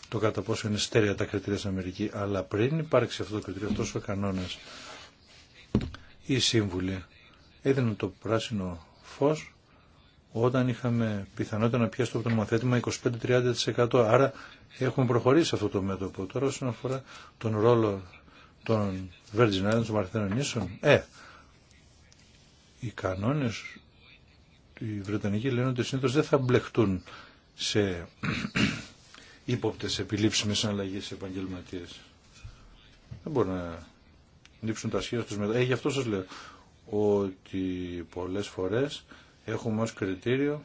[SPEAKER 1] το κατά πόσο είναι στέρεα τα κριτήρια στην Αμερική, αλλά πριν υπάρξει αυτό το κριτήριο, αυτός ο κανόνας, οι σύμβουλοι έδιναν το πράσινο φως όταν είχαμε πιθανότητα να πιάσουμε από το νομοθέτημα 25-30%. Άρα έχουμε προχωρήσει σε αυτό το μέτωπο. Τώρα όσον αφορά τον ρόλο των Virgin Islands, των Μαρθένων Νήσων, ε, οι κανόνες οι Βρετανικοί λένε ότι συνήθω δεν θα μπλεχτούν σε ύποπτες επιλήψιμε αλλαγή σε επαγγελματίες. Δεν μπορούν να νύψουν τα σχέδια του μετά. Ε, γι' αυτό σας λέω ότι πολλέ φορέ έχουμε ω κριτήριο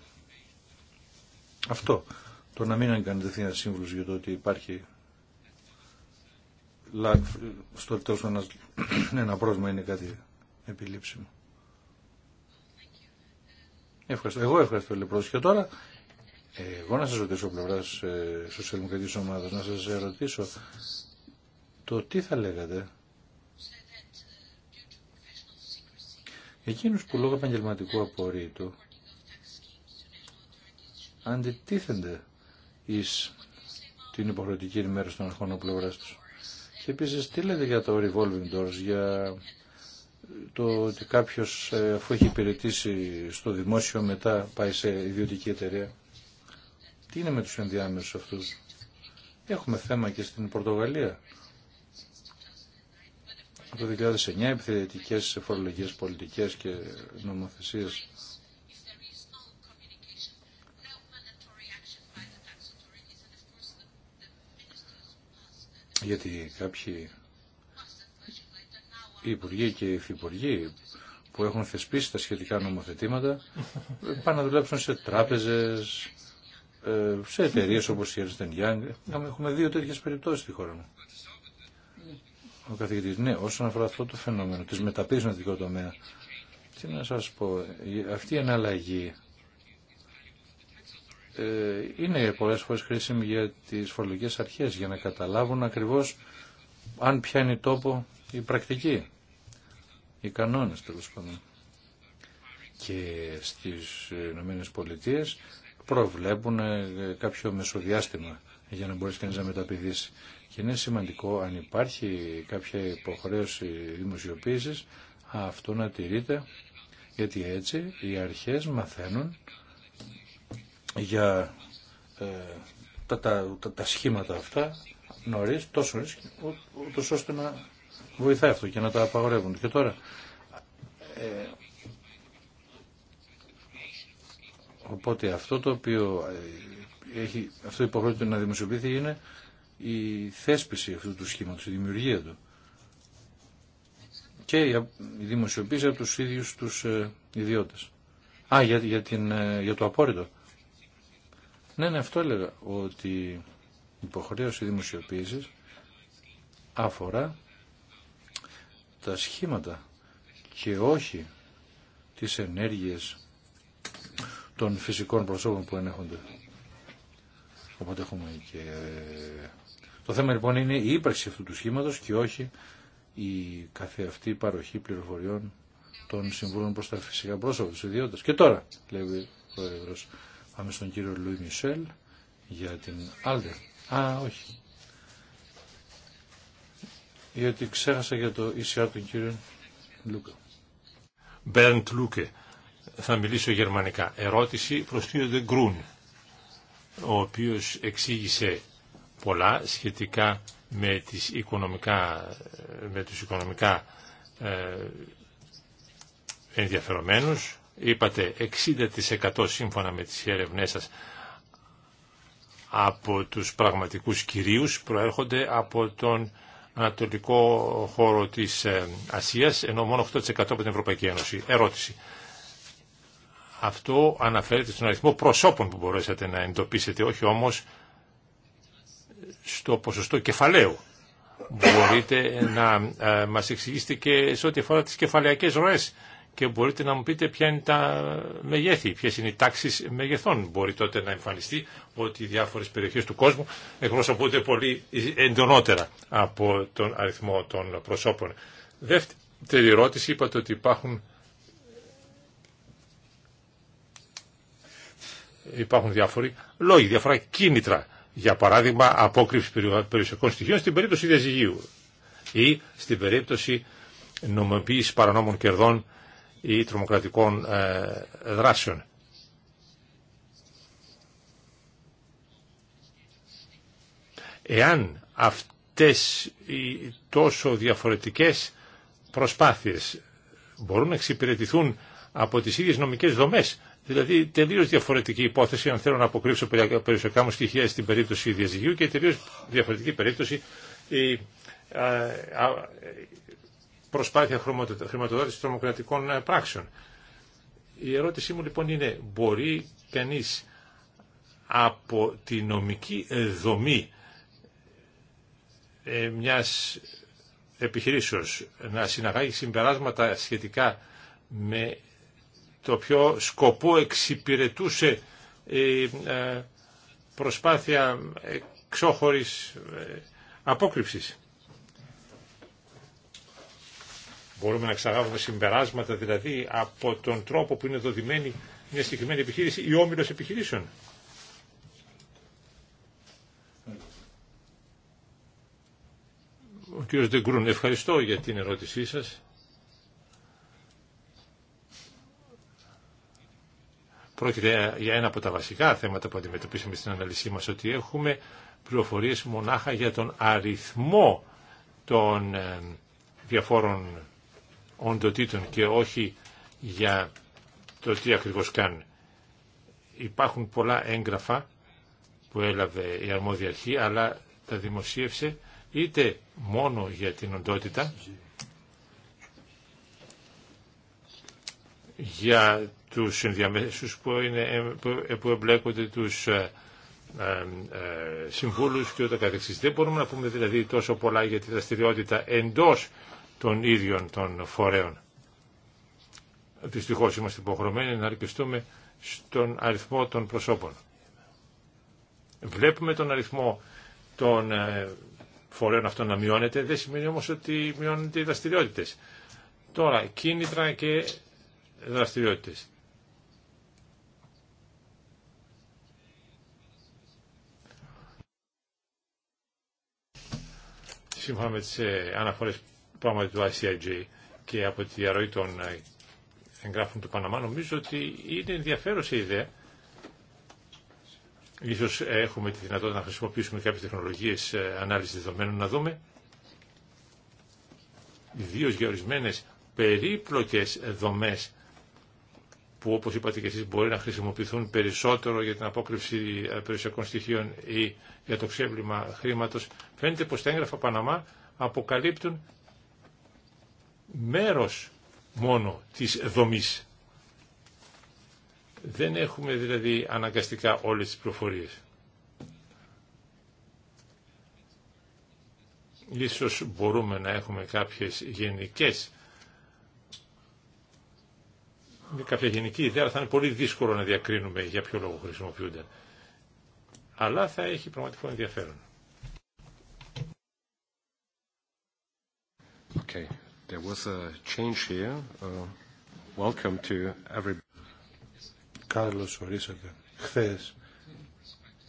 [SPEAKER 1] αυτό. Το να μην αγκαντεθεί ένα σύμβουλο για το ότι υπάρχει στο τέλο ένα πρόβλημα είναι κάτι επιλήψιμο. Ευχαριστώ. Εγώ ευχαριστώ λοιπόν. Και τώρα, εγώ να σας ρωτήσω πλευρά ε, σοσιαλδημοκρατικής ομάδας, να σας ρωτήσω το τι θα λέγατε. Εκείνους που λόγω επαγγελματικού απορρίτου αντιτίθενται εις την υποχρεωτική ενημέρωση των αρχών ο πλευράς τους. Και επίσης τι λέτε για το revolving doors, για το ότι κάποιος ε, αφού έχει υπηρετήσει στο δημόσιο μετά πάει σε ιδιωτική εταιρεία. Τι είναι με τους ενδιάμεσους αυτούς. Έχουμε θέμα και στην Πορτογαλία. Από το 2009 επιθετικές φορολογικέ πολιτικές και νομοθεσίες. Γιατί κάποιοι οι υπουργοί και οι υφυπουργοί που έχουν θεσπίσει τα σχετικά νομοθετήματα πάνε να δουλέψουν σε τράπεζες, ε, σε εταιρείε όπως η Ernst Young. Έχουμε δύο τέτοιε περιπτώσεις στη χώρα μου. Ο καθηγητή, ναι, όσον αφορά αυτό το φαινόμενο της μεταπίσης στον δικό τομέα, τι να σας πω, αυτή η εναλλαγή ε, είναι πολλέ φορέ χρήσιμη για τις φορολογικέ αρχές για να καταλάβουν ακριβώ αν πιάνει τόπο η πρακτική οι κανόνες τέλο πάντων. Και στις Ηνωμένε Πολιτείε προβλέπουν ε, κάποιο μεσοδιάστημα για να μπορείς κανείς να μεταπηδήσει. Και είναι σημαντικό αν υπάρχει κάποια υποχρέωση δημοσιοποίησης αυτό να τηρείται γιατί έτσι οι αρχές μαθαίνουν για ε, τα, τα, τα, σχήματα αυτά νωρίς, τόσο νωρίς, ούτως ώστε να βοηθάει αυτό και να τα απαγορεύουν. Και τώρα, ε, οπότε αυτό το οποίο ε, έχει, αυτό υποχρεώτη να δημοσιοποιηθεί είναι η θέσπιση αυτού του σχήματος, η δημιουργία του. Και η δημοσιοποίηση από τους ίδιους τους ε, ιδιώτες. Α, για, για, την, ε, για το απόρριτο. Ναι, ναι, αυτό έλεγα, ότι η υποχρέωση δημοσιοποίησης αφορά τα σχήματα και όχι τις ενέργειες των φυσικών προσώπων που ενέχονται. Οπότε έχουμε και... Το θέμα λοιπόν είναι η ύπαρξη αυτού του σχήματος και όχι η καθεαυτή παροχή πληροφοριών των συμβούλων προς τα φυσικά πρόσωπα, τους ιδιώτες. Και τώρα, λέει ο Πρόεδρος, πάμε στον κύριο Λουί Μισελ για την Άλτερ. Α, όχι γιατί ξέχασα
[SPEAKER 2] για το ECR του κύριου Λούκα. Μπέρντ Λούκε. Θα μιλήσω γερμανικά. Ερώτηση προς τον Γκρούν, ο οποίος εξήγησε πολλά σχετικά με, τις οικονομικά, με τους οικονομικά ε, ενδιαφερομένους. Είπατε 60% σύμφωνα με τις έρευνές σας από τους πραγματικούς κυρίους προέρχονται από τον ανατολικό χώρο της ε, Ασίας, ενώ μόνο 8% από την Ευρωπαϊκή Ένωση. Ερώτηση. Αυτό αναφέρεται στον αριθμό προσώπων που μπορέσατε να εντοπίσετε, όχι όμως στο ποσοστό κεφαλαίου. Μπορείτε να ε, μας εξηγήσετε και σε ό,τι αφορά τις κεφαλαιακές ροές και μπορείτε να μου πείτε ποια είναι τα μεγέθη, ποιες είναι οι τάξεις μεγεθών. Μπορεί τότε να εμφανιστεί ότι οι διάφορες περιοχές του κόσμου εκπροσωπούνται πολύ εντονότερα από τον αριθμό των προσώπων. Δεύτερη ερώτηση, είπατε ότι υπάρχουν, υπάρχουν διάφοροι λόγοι, διάφορα κίνητρα. Για παράδειγμα, απόκρυψη περιουσιακών στοιχείων στην περίπτωση διαζυγίου ή στην περίπτωση νομοποίηση παρανόμων κερδών ή τρομοκρατικών ε, δράσεων. Εάν αυτές οι τόσο διαφορετικές προσπάθειες μπορούν να εξυπηρετηθούν από τις ίδιες νομικές δομές, δηλαδή τελείως διαφορετική υπόθεση αν θέλω να αποκρύψω περιουσιακά μου στοιχεία στην περίπτωση διαζυγίου και τελείως διαφορετική περίπτωση η ε, προσπάθεια χρηματοδότησης τρομοκρατικών ε, πράξεων. Η ερώτησή μου λοιπόν είναι, μπορεί κανείς από τη νομική δομή ε, μιας επιχειρήσεως να συναγάγει συμπεράσματα σχετικά με το ποιο σκοπό εξυπηρετούσε η ε, προσπάθεια εξόχωρης απόκρυψης. Μπορούμε να εξαγάγουμε συμπεράσματα δηλαδή από τον τρόπο που είναι δοδημένη μια συγκεκριμένη επιχείρηση ή όμιλος επιχειρήσεων. Ο κύριος Ντεγκρούν, ευχαριστώ για την ερώτησή σας. Πρόκειται για ένα από τα βασικά θέματα που αντιμετωπίσαμε στην αναλυσή μας, ότι έχουμε πληροφορίες μονάχα για τον αριθμό των ε, διαφόρων οντοτήτων και όχι για το τι ακριβώς κάνουν. Υπάρχουν πολλά έγγραφα που έλαβε η αρμόδια αρχή, αλλά τα δημοσίευσε είτε μόνο για την οντότητα, για τους συνδιαμέσους που, είναι, που εμπλέκονται τους ε, ε, ε, συμβούλους και ούτω καθεξής. Δεν μπορούμε να πούμε δηλαδή τόσο πολλά για τη δραστηριότητα εντός των ίδιων των φορέων. Δυστυχώς είμαστε υποχρεωμένοι να αρκεστούμε στον αριθμό των προσώπων. Βλέπουμε τον αριθμό των ε, φορέων αυτών να μειώνεται, δεν σημαίνει όμως ότι μειώνονται οι δραστηριότητες. Τώρα, κίνητρα και δραστηριότητες. Σύμφωνα με τις ε, αναφορές από του ICIJ και από τη διαρροή των ε, εγγράφων του Παναμά, νομίζω ότι είναι ενδιαφέρουσα η ιδέα. Ίσως έχουμε τη δυνατότητα να χρησιμοποιήσουμε κάποιες τεχνολογίες ε, ανάλυσης δεδομένων να δούμε Δύο για περίπλοκες δομές που όπως είπατε και εσείς μπορεί να χρησιμοποιηθούν περισσότερο για την απόκριψη ε, περιουσιακών στοιχείων ή για το ξέβλημα χρήματος. Φαίνεται πως τα έγγραφα Παναμά αποκαλύπτουν μέρος μόνο της δομής. Δεν έχουμε δηλαδή αναγκαστικά όλες τις προφορίες. Ίσως μπορούμε να έχουμε κάποιες γενικές κάποια γενική ιδέα, αλλά θα είναι πολύ δύσκολο να διακρίνουμε για ποιο λόγο χρησιμοποιούνται. Αλλά θα έχει πραγματικό ενδιαφέρον.
[SPEAKER 1] Okay. There was a change here. Uh, welcome to everybody. Carlos ορίσατε. Χθες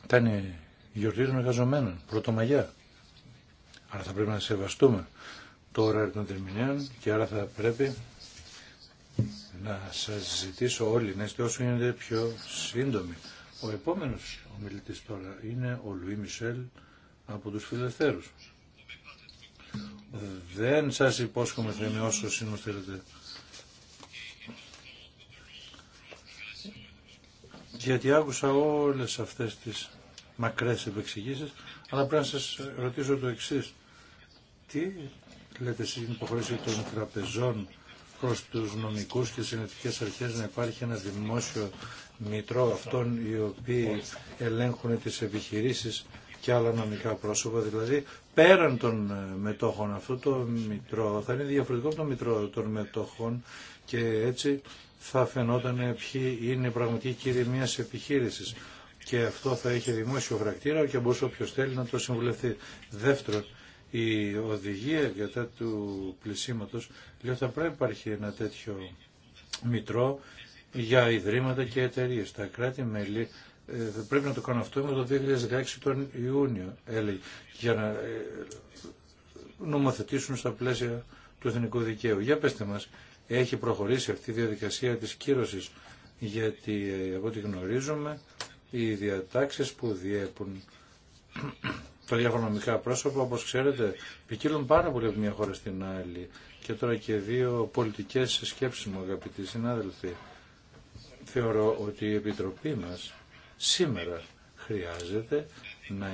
[SPEAKER 1] ήταν η γιορτή των εργαζομένων, πρωτομαγιά. Άρα θα πρέπει να σεβαστούμε το ώρα των τερμηνέων και άρα θα πρέπει να σας ζητήσω όλοι να είστε όσο γίνεται πιο σύντομοι. Ο επόμενος ομιλητής τώρα είναι ο Λουί Μισελ από τους Φιλελευθέρους. Δεν σας υπόσχομαι θα είμαι όσο σύνος θέλετε. Γιατί άκουσα όλες αυτές τις μακρές επεξηγήσεις, αλλά πρέπει να σας ρωτήσω το εξής. Τι λέτε στην υποχρέωση των τραπεζών προς τους νομικούς και συνετικές αρχές να υπάρχει ένα δημόσιο μητρό αυτών οι οποίοι ελέγχουν τις επιχειρήσεις και άλλα νομικά πρόσωπα, δηλαδή πέραν των ε, μετόχων αυτό το μητρό θα είναι διαφορετικό από το μητρό των μετόχων και έτσι θα φαινόταν ποιοι είναι οι πραγματικοί κύριοι μια επιχείρηση. και αυτό θα έχει δημόσιο χαρακτήρα και μπορούσε όποιο θέλει να το συμβουλευτεί. Δεύτερον, η οδηγία κατά του πλησίματος λέει ότι θα πρέπει να υπάρχει ένα τέτοιο μητρό για ιδρύματα και εταιρείε. Τα κράτη-μέλη ε, πρέπει να το κάνω αυτό με το 2016 τον Ιούνιο, έλεγε, για να ε, νομοθετήσουν στα πλαίσια του εθνικού δικαίου. Για πέστε μας, έχει προχωρήσει αυτή η διαδικασία της κύρωσης, γιατί ε, από ό,τι γνωρίζουμε οι διατάξεις που διέπουν τα διαφορονομικά πρόσωπα, όπως ξέρετε, ποικίλουν πάρα πολύ από μια χώρα στην άλλη. Και τώρα και δύο πολιτικές σκέψεις μου, αγαπητοί συνάδελφοι. Θεωρώ ότι η Επιτροπή μας Σήμερα χρειάζεται να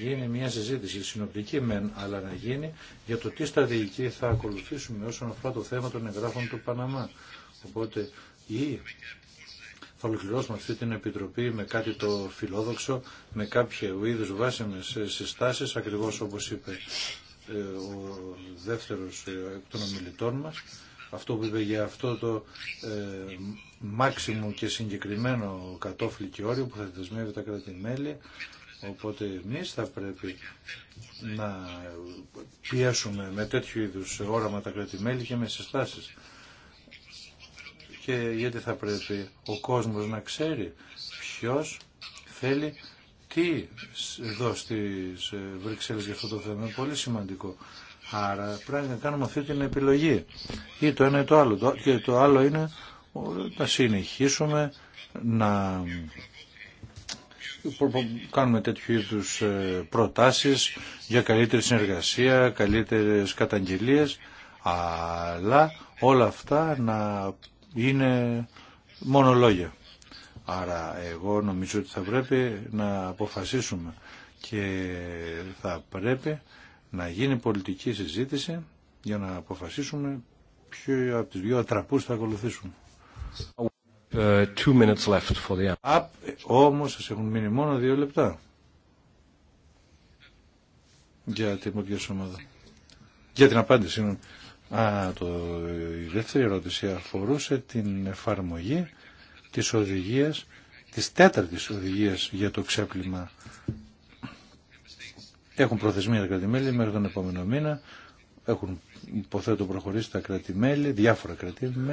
[SPEAKER 1] γίνει μια συζήτηση συνοπτική μεν, αλλά να γίνει για το τι στρατηγική θα ακολουθήσουμε όσον αφορά το θέμα των εγγράφων του Παναμά. Οπότε ή θα ολοκληρώσουμε αυτή την επιτροπή με κάτι το φιλόδοξο, με κάποια είδους βάσιμες συστάσεις, ακριβώς όπως είπε ε, ο δεύτερος εκ των ομιλητών μας, αυτό που είπε για αυτό το ε, μάξιμου και συγκεκριμένο κατόφλι και όριο που θα δεσμεύει τα κράτη-μέλη. Οπότε εμεί θα πρέπει να πιέσουμε με τέτοιου είδου όραμα τα κράτη-μέλη και με συστάσεις. Και γιατί θα πρέπει ο κόσμο να ξέρει ποιο θέλει τι εδώ στι Βρυξέλλε για αυτό το θέμα. Είναι πολύ σημαντικό. Άρα πρέπει να κάνουμε αυτή την επιλογή. Ή το ένα ή το άλλο. Και το άλλο είναι να συνεχίσουμε να κάνουμε τέτοιου είδους ε, προτάσεις για καλύτερη συνεργασία, καλύτερες καταγγελίες, αλλά όλα αυτά να είναι μόνο λόγια. Άρα εγώ νομίζω ότι θα πρέπει να αποφασίσουμε και θα πρέπει να γίνει πολιτική συζήτηση για να αποφασίσουμε ποιο από τις δύο ατραπούς θα ακολουθήσουμε. Uh, two minutes left for the όμως σας έχουν μείνει μόνο δύο λεπτά. Για την ποια Για την απάντηση, Α, το, η δεύτερη ερώτηση αφορούσε την εφαρμογή της οδηγίας, της τέταρτης οδηγίας για το ξέπλυμα. Έχουν προθεσμία τα κρατημέλη μέχρι τον επόμενο μήνα έχουν υποθέτω προχωρήσει τα μελη διάφορα Έχουν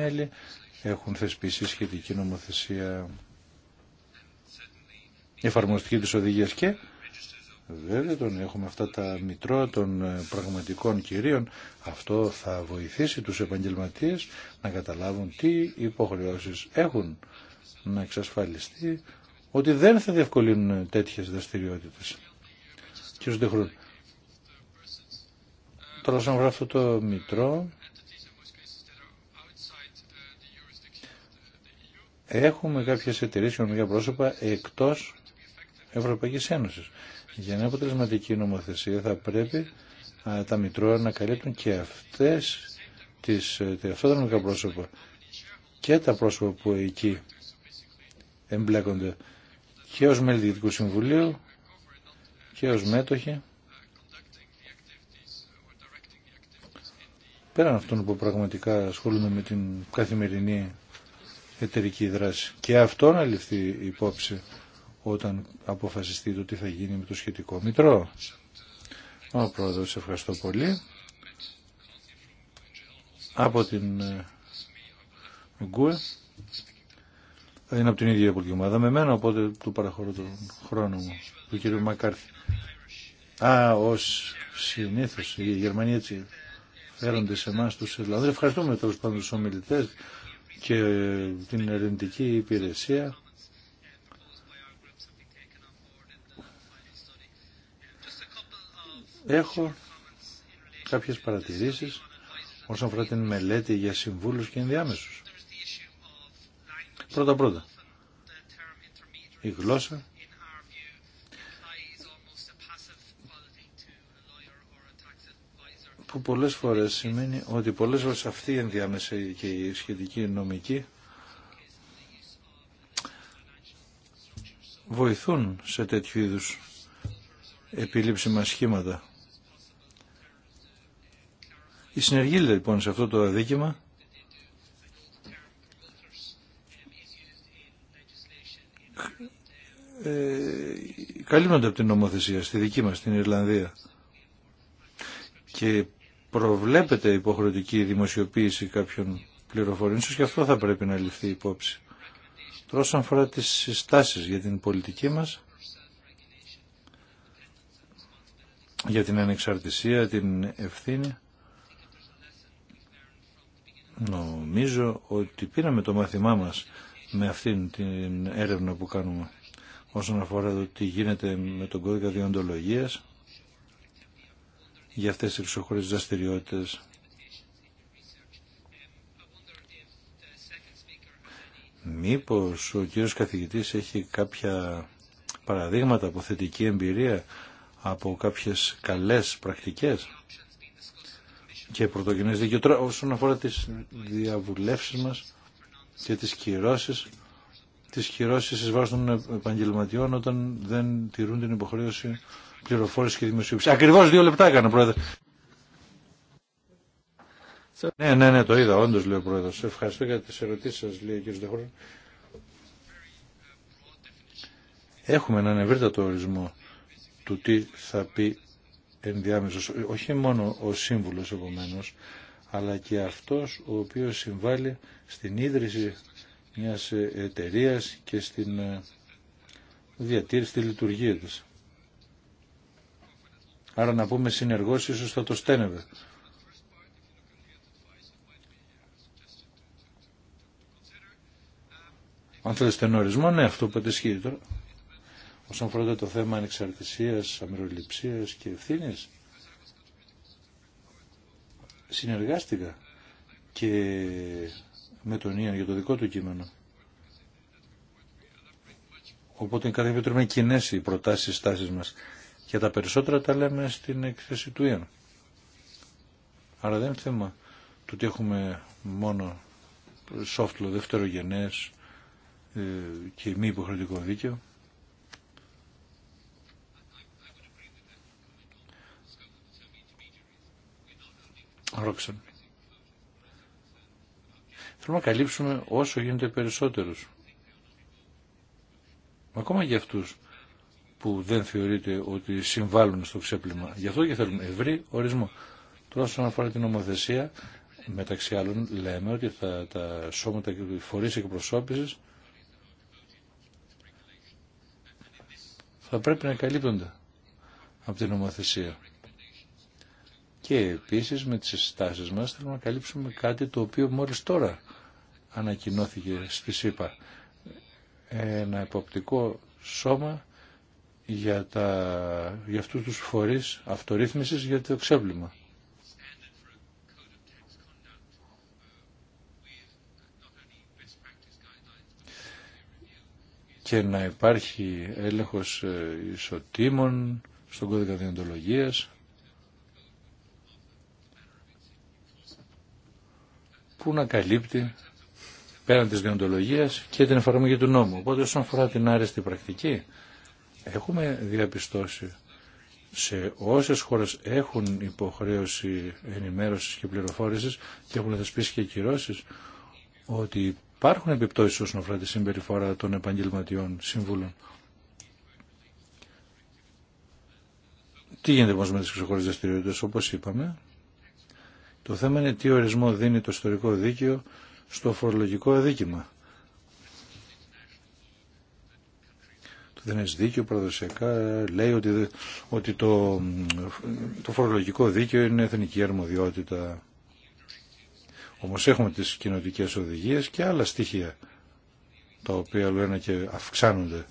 [SPEAKER 1] έχουν θεσπίσει σχετική νομοθεσία εφαρμοστική της οδηγίας και βέβαια τον έχουμε αυτά τα μητρώα των ε, πραγματικών κυρίων αυτό θα βοηθήσει τους επαγγελματίες να καταλάβουν τι υποχρεώσεις έχουν να εξασφαλιστεί ότι δεν θα διευκολύνουν τέτοιες δραστηριότητες. Τώρα όσον αφορά αυτό το μητρό, έχουμε κάποιες εταιρείες νομικά πρόσωπα εκτός Ευρωπαϊκής Ένωσης. Για να αποτελεσματική νομοθεσία θα πρέπει τα μητρώα να καλύπτουν και αυτές τις, αυτά τα νομικά πρόσωπα και τα πρόσωπα που εκεί εμπλέκονται και ως μέλη Συμβουλίου και ως μέτοχοι πέραν αυτών που πραγματικά ασχολούνται με την καθημερινή εταιρική δράση. Και αυτό να ληφθεί υπόψη όταν αποφασιστεί το τι θα γίνει με το σχετικό μητρό. Ο Πρόεδρος, ευχαριστώ πολύ. Από την ε, Γκουε, είναι από την ίδια πολιτική ομάδα με εμένα, οπότε του παραχωρώ τον χρόνο μου, του κύριου Μακάρθη. Α, ως συνήθως, η Γερμανία έτσι γέρονται σε εμά του Ευχαριστούμε τέλο πάντων και την ερευνητική υπηρεσία. Έχω κάποιες παρατηρήσεις όσον αφορά την μελέτη για συμβούλους και ενδιάμεσους. Πρώτα πρώτα, η γλώσσα που πολλές φορές σημαίνει ότι πολλές φορές αυτή η ενδιάμεση και η σχετική νομική βοηθούν σε τέτοιου είδους επιλήψιμα σχήματα. Η συνεργή λοιπόν σε αυτό το αδίκημα ε, καλύπτονται από την νομοθεσία στη δική μας, στην Ιρλανδία. Και προβλέπεται υποχρεωτική δημοσιοποίηση κάποιων πληροφοριών. Ίσως και αυτό θα πρέπει να ληφθεί υπόψη. Τώρα όσον αφορά τις συστάσεις για την πολιτική μας, για την ανεξαρτησία, την ευθύνη, νομίζω ότι πήραμε το μάθημά μας με αυτήν την έρευνα που κάνουμε όσον αφορά το τι γίνεται με τον κώδικα διοντολογίας για αυτές τις εξωχωρές δραστηριότητε. Μήπως ο κύριος καθηγητής έχει κάποια παραδείγματα από θετική εμπειρία από κάποιες καλές πρακτικές και πρωτογενές δικαιωτρά όσον αφορά τις διαβουλεύσεις μας και τις κυρώσεις τις κυρώσεις εις βάρος των επαγγελματιών όταν δεν τηρούν την υποχρέωση πληροφόρηση και δημοσιοποίηση. Ακριβώς δύο λεπτά έκανα, Πρόεδρε. Ναι, ναι, ναι, το είδα, όντως, λέει ο Πρόεδρος. Ευχαριστώ για τις ερωτήσεις σας, λέει ο κ. Δεχόρων. Έχουμε έναν ευρύτατο ορισμό του τι θα πει ενδιάμεσος, όχι μόνο ο σύμβουλος επομένω, αλλά και αυτός ο οποίος συμβάλλει στην ίδρυση μιας εταιρείας και στην ε, διατήρηση, τη λειτουργία της. Άρα να πούμε συνεργώς ίσως θα το στένευε. Αν θέλετε στενορισμό, ναι, αυτό που ισχύει τώρα. Όσον αφορά το θέμα ανεξαρτησίας, αμεροληψίας και ευθύνη. συνεργάστηκα και με τον Ιαν για το δικό του κείμενο. Οπότε κάθε επιτροπή είναι κοινέ οι προτάσεις, οι στάσεις μας. Για τα περισσότερα τα λέμε στην εκθέση του Ιαν. Άρα δεν είναι θέμα του ότι έχουμε μόνο σόφτλο, δευτερογενές ε, και μη υποχρεωτικό δίκαιο. Ρόξαν. Θέλουμε να καλύψουμε όσο γίνεται περισσότερους. Ακόμα για αυτούς που δεν θεωρείται ότι συμβάλλουν στο ξέπλυμα. Γι' αυτό και θέλουμε ευρύ ορισμό. Τώρα όσον αφορά την νομοθεσία, μεταξύ άλλων λέμε ότι τα, τα σώματα και οι φορείς εκπροσώπησης θα πρέπει να καλύπτονται από την νομοθεσία. Και επίσης με τις συστάσεις μας θέλουμε να καλύψουμε κάτι το οποίο μόλις τώρα ανακοινώθηκε στη ΣΥΠΑ. Ένα υποπτικό σώμα για, τα, για αυτούς τους φορείς αυτορύθμισης για το ξέπλυμα. Και να υπάρχει έλεγχος ε, ισοτήμων στον κώδικα διοντολογίας που να καλύπτει πέραν της διοντολογίας και την εφαρμογή του νόμου. Οπότε όσον αφορά την άρεστη πρακτική Έχουμε διαπιστώσει σε όσες χώρες έχουν υποχρέωση ενημέρωσης και πληροφόρησης και έχουν θεσπίσει και κυρώσεις ότι υπάρχουν επιπτώσεις όσον αφορά τη συμπεριφορά των επαγγελματιών συμβούλων. Τι γίνεται όμως με τις ξεχωριστές δραστηριότητες, όπως είπαμε. Το θέμα είναι τι ορισμό δίνει το ιστορικό δίκαιο στο φορολογικό αδίκημα. δεν έχει δίκιο παραδοσιακά λέει ότι, ότι το, το φορολογικό δίκαιο είναι εθνική αρμοδιότητα. Όμως έχουμε τις κοινοτικέ οδηγίες και άλλα στοιχεία τα οποία λένε και αυξάνονται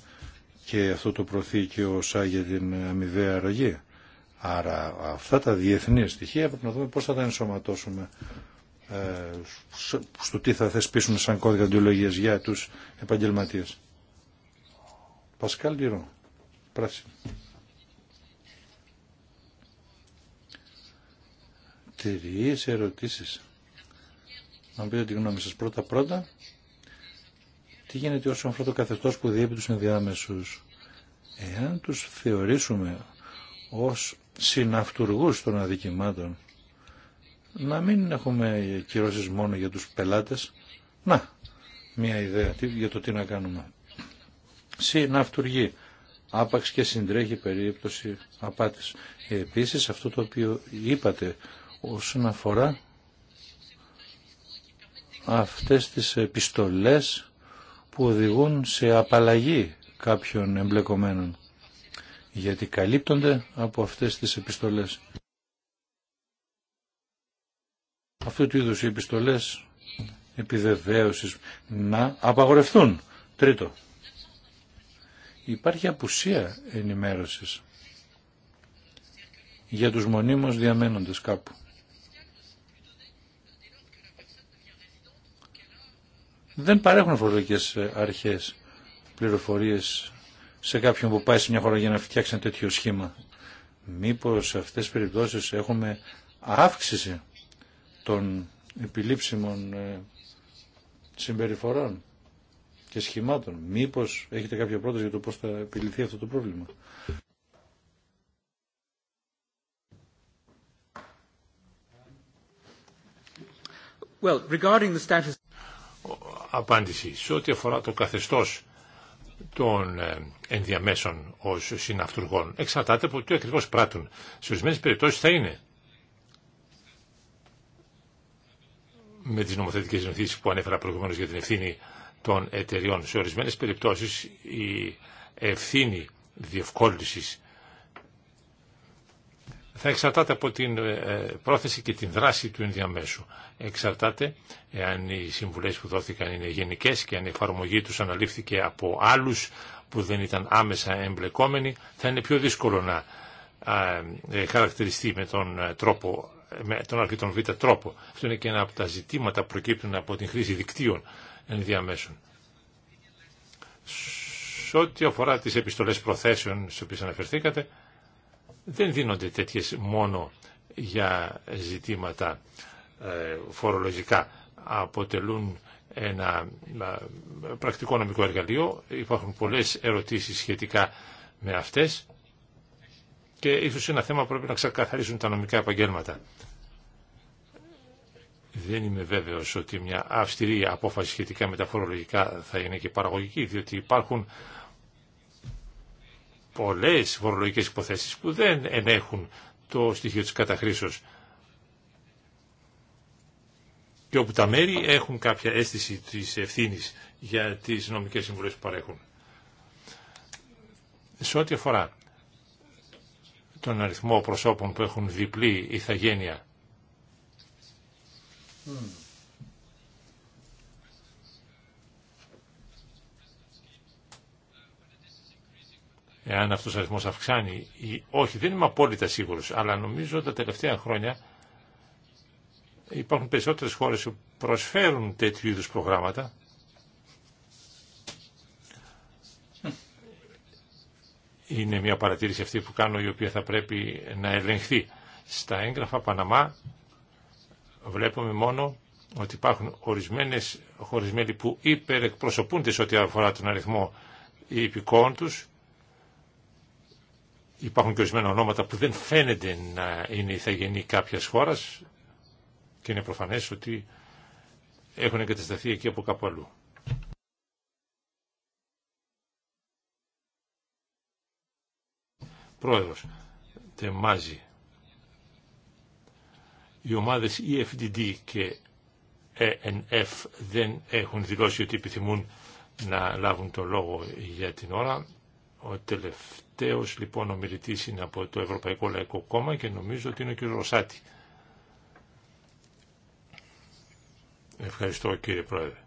[SPEAKER 1] και αυτό το προωθεί και για την αμοιβαία αρρωγή. Άρα αυτά τα διεθνή στοιχεία πρέπει να δούμε πώς θα τα ενσωματώσουμε ε, στο τι θα θεσπίσουν σαν κώδικα αντιολογίας για τους επαγγελματίες. Πασκάλ Τυρό. Πράσινο. Τρεις ερωτήσεις. Να μου πείτε τη γνώμη σας. Πρώτα πρώτα, τι γίνεται όσον αφορά το καθεστώς που διέπει τους ενδιάμεσους. Εάν τους θεωρήσουμε ως συναυτουργούς των αδικημάτων, να μην έχουμε κυρώσεις μόνο για τους πελάτες. Να, μια ιδέα για το τι να κάνουμε συναυτουργεί άπαξ και συντρέχει περίπτωση απάτης. Επίσης αυτό το οποίο είπατε όσον αφορά αυτές τις επιστολές που οδηγούν σε απαλλαγή κάποιων εμπλεκομένων γιατί καλύπτονται από αυτές τις επιστολές. Αυτού του είδους οι επιστολές επιβεβαίωσης να απαγορευτούν. Τρίτο υπάρχει απουσία ενημέρωσης για τους μονίμως διαμένοντες κάπου. Δεν παρέχουν φορολογικές ε, αρχές πληροφορίες σε κάποιον που πάει σε μια χώρα για να φτιάξει ένα τέτοιο σχήμα. Μήπως σε αυτές τις περιπτώσεις έχουμε αύξηση των επιλήψιμων ε, συμπεριφορών και σχημάτων. Μήπως έχετε κάποια πρόταση για το πώς θα επιληθεί αυτό το πρόβλημα.
[SPEAKER 2] Well, Απάντηση. Σε ό,τι αφορά το καθεστώς των ε, ενδιαμέσων ως συναυτουργών, εξαρτάται από τι ακριβώς πράττουν. Σε ορισμένε περιπτώσεις θα είναι με τις νομοθετικές νοθήσεις που ανέφερα προηγουμένως για την ευθύνη των εταιριών. Σε ορισμένες περιπτώσεις η ευθύνη διευκόλυνσης θα εξαρτάται από την ε, ε, πρόθεση και την δράση του ενδιαμέσου. Εξαρτάται εάν οι συμβουλές που δόθηκαν είναι γενικές και αν η εφαρμογή τους αναλήφθηκε από άλλους που δεν ήταν άμεσα εμπλεκόμενοι, θα είναι πιο δύσκολο να ε, χαρακτηριστεί με τον τρόπο με τον αρκετόν β' τρόπο. Αυτό είναι και ένα από τα ζητήματα που προκύπτουν από την χρήση δικτύων ενδιαμέσων. Σε ό,τι αφορά τις επιστολές προθέσεων στις οποίες αναφερθήκατε, δεν δίνονται τέτοιες μόνο για ζητήματα ε, φορολογικά. Αποτελούν ένα ε, πρακτικό νομικό εργαλείο. Υπάρχουν πολλές ερωτήσεις σχετικά με αυτές και ίσως ένα θέμα πρέπει να ξεκαθαρίσουν τα νομικά επαγγέλματα δεν είμαι βέβαιο ότι μια αυστηρή απόφαση σχετικά με τα φορολογικά θα είναι και παραγωγική, διότι υπάρχουν πολλές φορολογικέ υποθέσει που δεν ενέχουν το στοιχείο της καταχρήσεω. και όπου τα μέρη έχουν κάποια αίσθηση της ευθύνη για τις νομικές συμβουλές που παρέχουν. Σε ό,τι αφορά τον αριθμό προσώπων που έχουν διπλή ηθαγένεια Mm. Εάν αυτός ο αριθμός αυξάνει ή όχι, δεν είμαι απόλυτα σίγουρος, αλλά νομίζω τα τελευταία χρόνια υπάρχουν περισσότερες χώρες που προσφέρουν τέτοιου είδους προγράμματα. Είναι μια παρατήρηση αυτή που κάνω οποία θα πρέπει να ελεγχθεί. Στα έγγραφα Παναμά βλέπουμε μόνο ότι υπάρχουν ορισμένες χωρισμένοι που υπερεκπροσωπούνται σε ό,τι αφορά τον αριθμό υπηκόων τους. Υπάρχουν και ορισμένα ονόματα που δεν φαίνεται να είναι ηθαγενή κάποιας χώρας και είναι προφανές ότι έχουν εγκατασταθεί εκεί από κάπου αλλού. Πρόεδρος, τεμάζει. Οι ομάδες EFDD και ENF δεν έχουν δηλώσει ότι επιθυμούν να λάβουν το λόγο για την ώρα. Ο τελευταίος λοιπόν ομιλητής είναι από το Ευρωπαϊκό Λαϊκό Κόμμα και νομίζω ότι είναι ο κ. Ρωσάτη. Ευχαριστώ κύριε Πρόεδρε.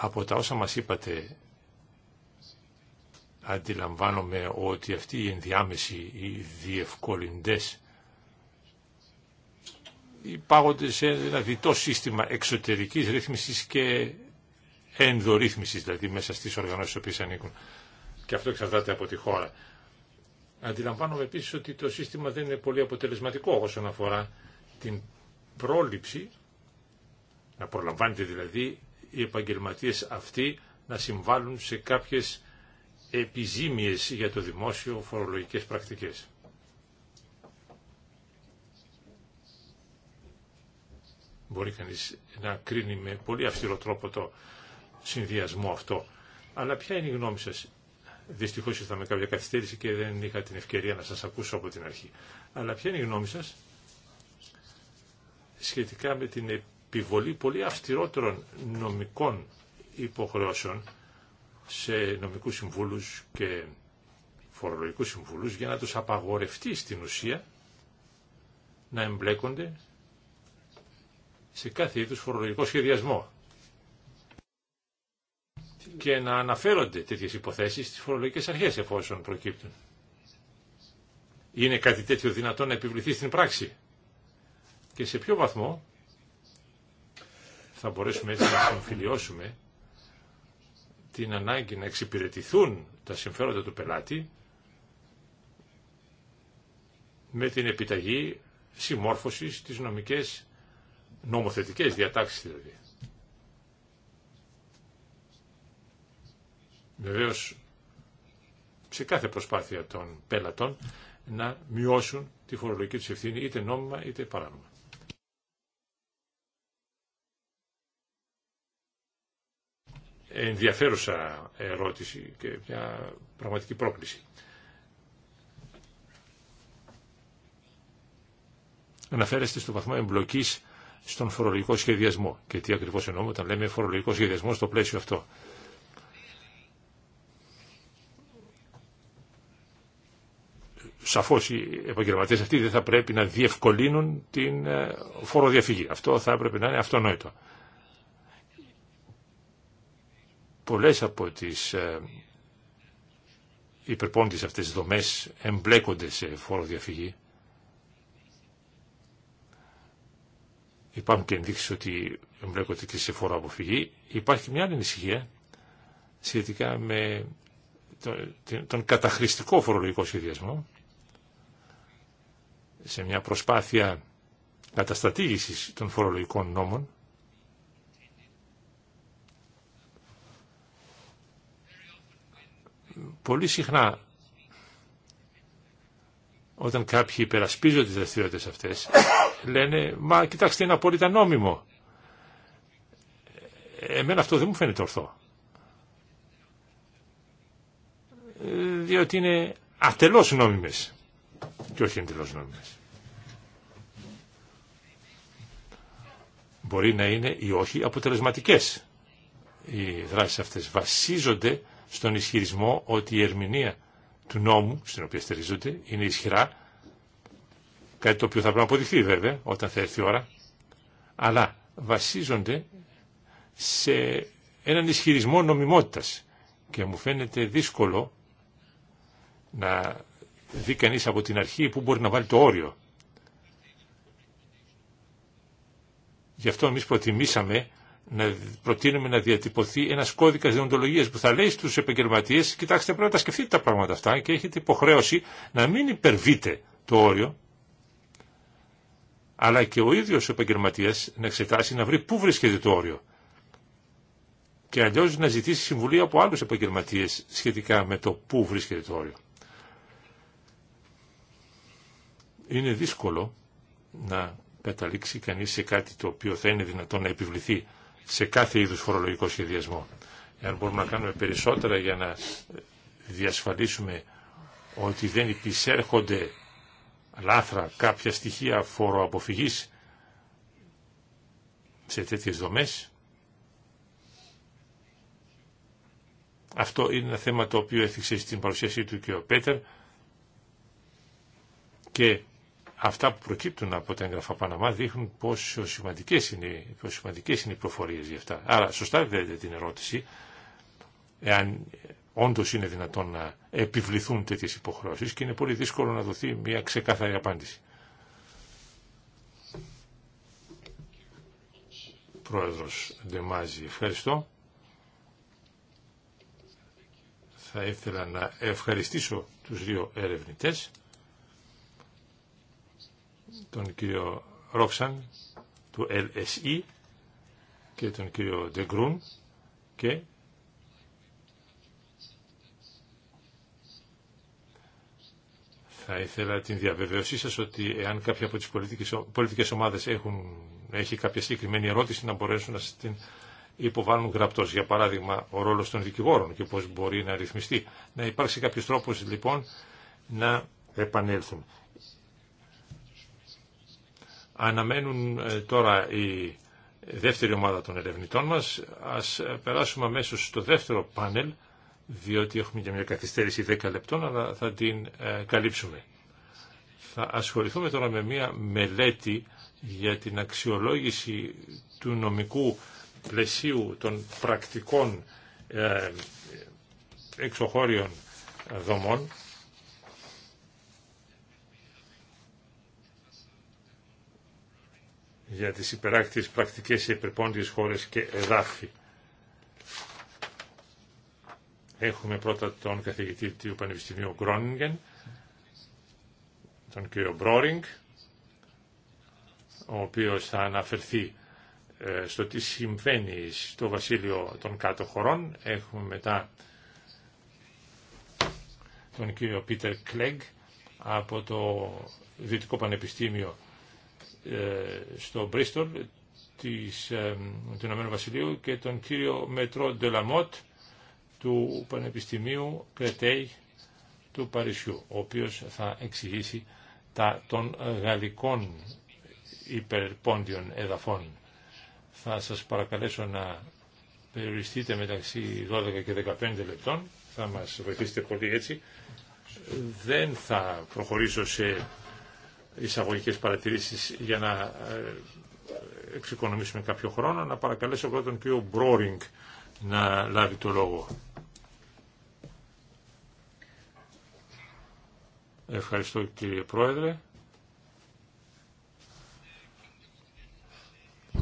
[SPEAKER 2] Από τα όσα μας είπατε αντιλαμβάνομαι ότι αυτοί οι ενδιάμεσοι, οι διευκολυντές υπάγονται σε ένα διτό σύστημα εξωτερικής ρύθμισης και ενδορύθμισης, δηλαδή μέσα στις οργανώσεις που οποίες ανήκουν. Και αυτό εξαρτάται από τη χώρα. Αντιλαμβάνομαι επίσης ότι το σύστημα δεν είναι πολύ αποτελεσματικό όσον αφορά την πρόληψη, να προλαμβάνεται δηλαδή οι επαγγελματίες αυτοί να συμβάλλουν σε κάποιες επιζήμιες για το δημόσιο φορολογικές πρακτικές. Μπορεί κανείς να κρίνει με πολύ αυστηρό τρόπο το συνδυασμό αυτό. Αλλά ποια είναι η γνώμη σας. Δυστυχώς ήρθαμε κάποια καθυστέρηση και δεν είχα την ευκαιρία να σας ακούσω από την αρχή. Αλλά ποια είναι η γνώμη σας σχετικά με την επιβολή πολύ αυστηρότερων νομικών υποχρεώσεων σε νομικούς συμβούλους και φορολογικούς συμβούλους για να τους απαγορευτεί στην ουσία να εμπλέκονται σε κάθε είδους φορολογικό σχεδιασμό και να αναφέρονται τέτοιες υποθέσεις στις φορολογικές αρχές εφόσον προκύπτουν. Είναι κάτι τέτοιο δυνατό να επιβληθεί στην πράξη και σε ποιο βαθμό θα μπορέσουμε έτσι να συμφιλιώσουμε την ανάγκη να εξυπηρετηθούν τα συμφέροντα του πελάτη με την επιταγή συμμόρφωσης της νομικές νομοθετικές διατάξεις δηλαδή. Βεβαίω, σε κάθε προσπάθεια των πέλατων να μειώσουν τη φορολογική του ευθύνη είτε νόμιμα είτε παράνομα. ενδιαφέρουσα ερώτηση και μια πραγματική πρόκληση. Αναφέρεστε στο βαθμό εμπλοκή στον φορολογικό σχεδιασμό. Και τι ακριβώς εννοούμε όταν λέμε φορολογικό σχεδιασμό στο πλαίσιο αυτό. Σαφώς οι επαγγελματίε αυτοί δεν θα πρέπει να διευκολύνουν την ε, φοροδιαφυγή. Αυτό θα έπρεπε να είναι αυτονόητο. πολλές από τις ε, υπερπόντες αυτές τις δομές εμπλέκονται σε φόρο διαφυγή. Υπάρχουν και ενδείξεις ότι εμπλέκονται και σε φόρο αποφυγή. Υπάρχει μια άλλη ανησυχία σχετικά με τον καταχρηστικό φορολογικό σχεδιασμό σε μια προσπάθεια καταστατήγησης των φορολογικών νόμων Πολύ συχνά όταν κάποιοι υπερασπίζονται τις δραστηριότητες αυτές λένε «Μα κοιτάξτε είναι απόλυτα νόμιμο». Εμένα αυτό δεν μου φαίνεται ορθό. Διότι είναι ατελώς νόμιμες και όχι εντελώς νόμιμες. Μπορεί να είναι ή όχι αποτελεσματικές οι δράσεις αυτές. Βασίζονται στον ισχυρισμό ότι η ερμηνεία του νόμου, στην οποία στηρίζονται, είναι ισχυρά, κάτι το οποίο θα πρέπει να αποδειχθεί βέβαια όταν θα έρθει η ώρα, αλλά βασίζονται σε έναν ισχυρισμό νομιμότητας και μου φαίνεται δύσκολο να δει κανείς από την αρχή που μπορεί να βάλει το όριο. Γι' αυτό εμείς προτιμήσαμε να προτείνουμε να διατυπωθεί ένα κώδικα διοντολογία που θα λέει στου επαγγελματίε, κοιτάξτε πρέπει να τα σκεφτείτε τα πράγματα αυτά και έχετε υποχρέωση να μην υπερβείτε το όριο, αλλά και ο ίδιο ο επαγγελματία να εξετάσει να βρει πού βρίσκεται το όριο. Και αλλιώ να ζητήσει συμβουλή από άλλου επαγγελματίε σχετικά με το πού βρίσκεται το όριο. Είναι δύσκολο να καταλήξει κανείς σε κάτι το οποίο θα είναι δυνατόν να επιβληθεί σε κάθε είδους φορολογικό σχεδιασμό. Εάν μπορούμε να κάνουμε περισσότερα για να διασφαλίσουμε ότι δεν υπησέρχονται λάθρα κάποια στοιχεία φοροαποφυγής σε τέτοιες δομές, Αυτό είναι ένα θέμα το οποίο έθιξε στην παρουσίασή του και ο Πέτερ και Αυτά που προκύπτουν από τα έγγραφα Παναμά δείχνουν πόσο σημαντικές είναι, είναι οι προφορίες για αυτά. Άρα σωστά δέτε την ερώτηση, εάν όντως είναι δυνατόν να επιβληθούν τέτοιες υποχρεώσεις και είναι πολύ δύσκολο να δοθεί μια ξεκάθαρη απάντηση. Πρόεδρος Ντεμάζη, ευχαριστώ. Θα ήθελα να ευχαριστήσω τους δύο ερευνητές τον κύριο Ρόξαν του LSE και τον κύριο Ντεγκρούν και θα ήθελα την διαβεβαίωσή σας ότι εάν κάποια από τις πολιτικές, πολιτικές ομάδες έχουν, έχει κάποια συγκεκριμένη ερώτηση να μπορέσουν να την υποβάλουν γραπτός. Για παράδειγμα, ο ρόλος των δικηγόρων και πώς μπορεί να ρυθμιστεί. Να υπάρξει κάποιος τρόπος λοιπόν να επανέλθουν. Αναμένουν ε, τώρα η δεύτερη ομάδα των ερευνητών μας. Ας ε, περάσουμε αμέσως στο δεύτερο πάνελ, διότι έχουμε και μια καθυστέρηση 10 λεπτών, αλλά θα την ε, καλύψουμε. Θα ασχοληθούμε τώρα με μια μελέτη για την αξιολόγηση του νομικού πλαισίου των πρακτικών εξωχώριων δομών για τις υπεράκτητες πρακτικές σε υπερπόντιες χώρες και εδάφη. Έχουμε πρώτα τον καθηγητή του Πανεπιστημίου Γκρόνιγκεν, τον κύριο Μπρόρινγκ, ο οποίος θα αναφερθεί ε, στο τι συμβαίνει στο βασίλειο των κάτω χωρών. Έχουμε μετά τον κύριο Πίτερ Κλέγκ από το Δυτικό Πανεπιστήμιο ε, στο Μπρίστολ της, ε, του Ηνωμένου Βασιλείου και τον κύριο Μετρό Ντελαμότ του Πανεπιστημίου Κρετέι του Παρισιού, ο οποίος θα εξηγήσει τα των γαλλικών υπερπόντιων εδαφών. Θα σας παρακαλέσω να περιοριστείτε μεταξύ 12 και 15 λεπτών, θα μας βοηθήσετε πολύ έτσι. Δεν θα προχωρήσω σε Εισαγωγικέ παρατηρήσεις για να ε, εξοικονομήσουμε κάποιο χρόνο, να παρακαλέσω πρώτα τον κύριο Μπρόρινγκ να λάβει το λόγο. Ευχαριστώ κύριε Πρόεδρε.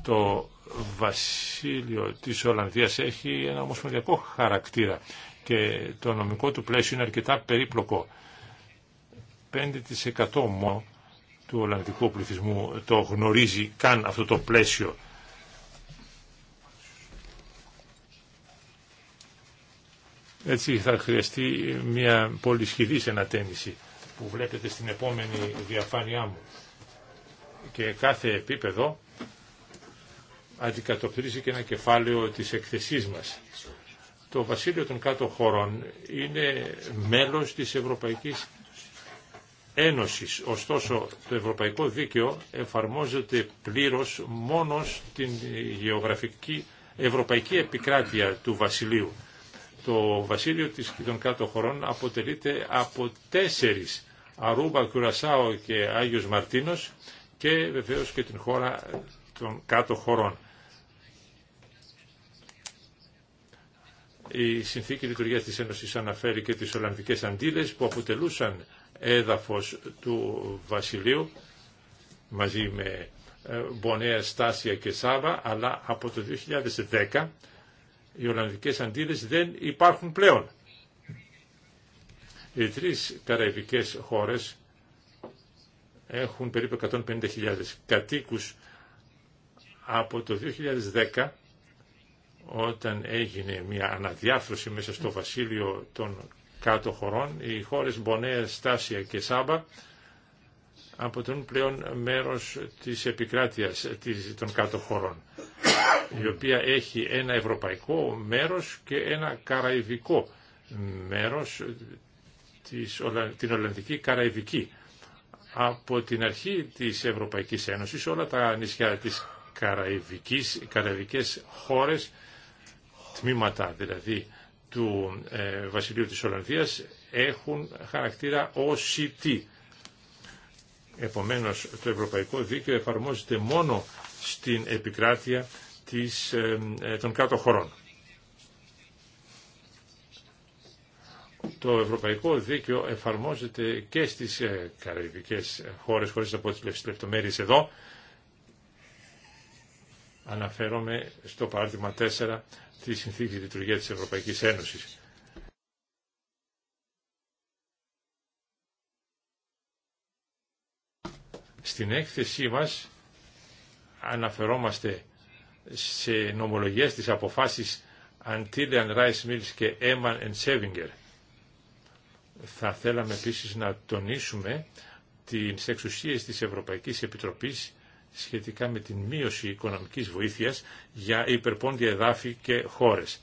[SPEAKER 2] Το βασίλειο της Ολλανδίας έχει ένα ομοσπονδιακό χαρακτήρα και το νομικό του πλαίσιο είναι αρκετά περίπλοκο. 5% μόνο του Ολλανδικού πληθυσμού το γνωρίζει καν αυτό το πλαίσιο. Έτσι θα χρειαστεί μια πολυσχηδής ανατένιση που βλέπετε στην επόμενη διαφάνειά μου. Και κάθε επίπεδο αντικατοπτρίζει και ένα κεφάλαιο της εκθεσής μας. Το βασίλειο των κάτω χωρών είναι μέλος της Ευρωπαϊκής Ένωσης. Ωστόσο, το ευρωπαϊκό δίκαιο εφαρμόζεται πλήρως μόνο στην γεωγραφική ευρωπαϊκή επικράτεια του βασιλείου. Το βασίλειο της, των κάτω χωρών αποτελείται από τέσσερις Αρούμπα, Κουρασάο και Άγιος Μαρτίνος και βεβαίως και την χώρα των κάτω χωρών. Η συνθήκη λειτουργίας της Ένωσης αναφέρει και τις Ολλανδικές Αντίλες που αποτελούσαν έδαφος του βασιλείου μαζί με ε, Μπονέα, Στάσια και Σάβα, αλλά από το 2010 οι Ολλανδικές Αντίλες δεν υπάρχουν πλέον. Οι τρεις καραϊβικές χώρες έχουν περίπου 150.000 κατοίκους από το 2010 όταν έγινε μια αναδιάφρωση μέσα στο βασίλειο των κάτω χωρών. Οι χώρες Μπονέα, Στάσια και Σάμπα αποτελούν πλέον μέρος της επικράτειας των κάτω χωρών, η οποία έχει ένα ευρωπαϊκό μέρος και ένα καραϊβικό μέρος, της, την Ολλανδική Καραϊβική. Από την αρχή της Ευρωπαϊκής Ένωσης όλα τα νησιά της Καραϊβικής, οι Καραϊβικές χώρες, τμήματα δηλαδή του ε, Βασιλείου της Ολλανδίας έχουν χαρακτήρα OCT. Επομένως, το ευρωπαϊκό δίκαιο εφαρμόζεται μόνο στην επικράτεια της, ε, ε, των κάτω χωρών. Το ευρωπαϊκό δίκαιο εφαρμόζεται και στις καραϊβικές χώρες, χωρίς από τις λεπτομέρειες εδώ. Αναφέρομαι στο παράδειγμα 4 τη συνθήκη λειτουργία της Ευρωπαϊκής Ένωσης. Στην έκθεσή μας αναφερόμαστε σε νομολογίες της αποφάσεις Antillian Rice Mills και Eman and Sevinger. Θα θέλαμε επίσης να τονίσουμε τις εξουσίες της Ευρωπαϊκής Επιτροπής σχετικά με την μείωση οικονομικής βοήθειας για υπερπόντια εδάφη και χώρες.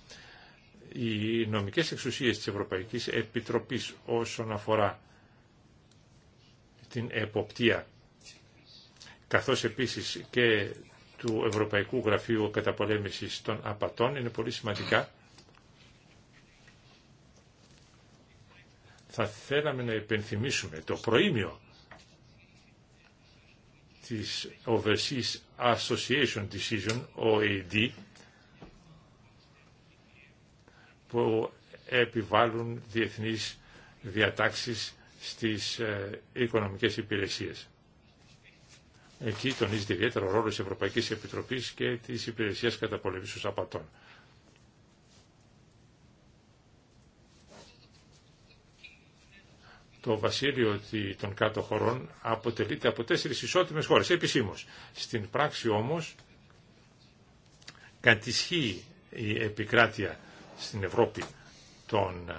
[SPEAKER 2] Οι νομικές εξουσίες της Ευρωπαϊκής Επιτροπής όσον αφορά την εποπτεία, καθώς επίσης και του Ευρωπαϊκού Γραφείου Καταπολέμησης των Απατών, είναι πολύ σημαντικά. Θα θέλαμε να υπενθυμίσουμε το προήμιο της Overseas Association Decision, OAD, που επιβάλλουν διεθνείς διατάξεις στις ε, οικονομικές υπηρεσίες. Εκεί τονίζεται ιδιαίτερο ρόλο της Ευρωπαϊκής Επιτροπής και της Υπηρεσίας Καταπολεμής Απατών. το βασίλειο των κάτω χωρών αποτελείται από τέσσερις ισότιμες χώρες, επισήμως. Στην πράξη όμως κατησχύει η επικράτεια στην Ευρώπη των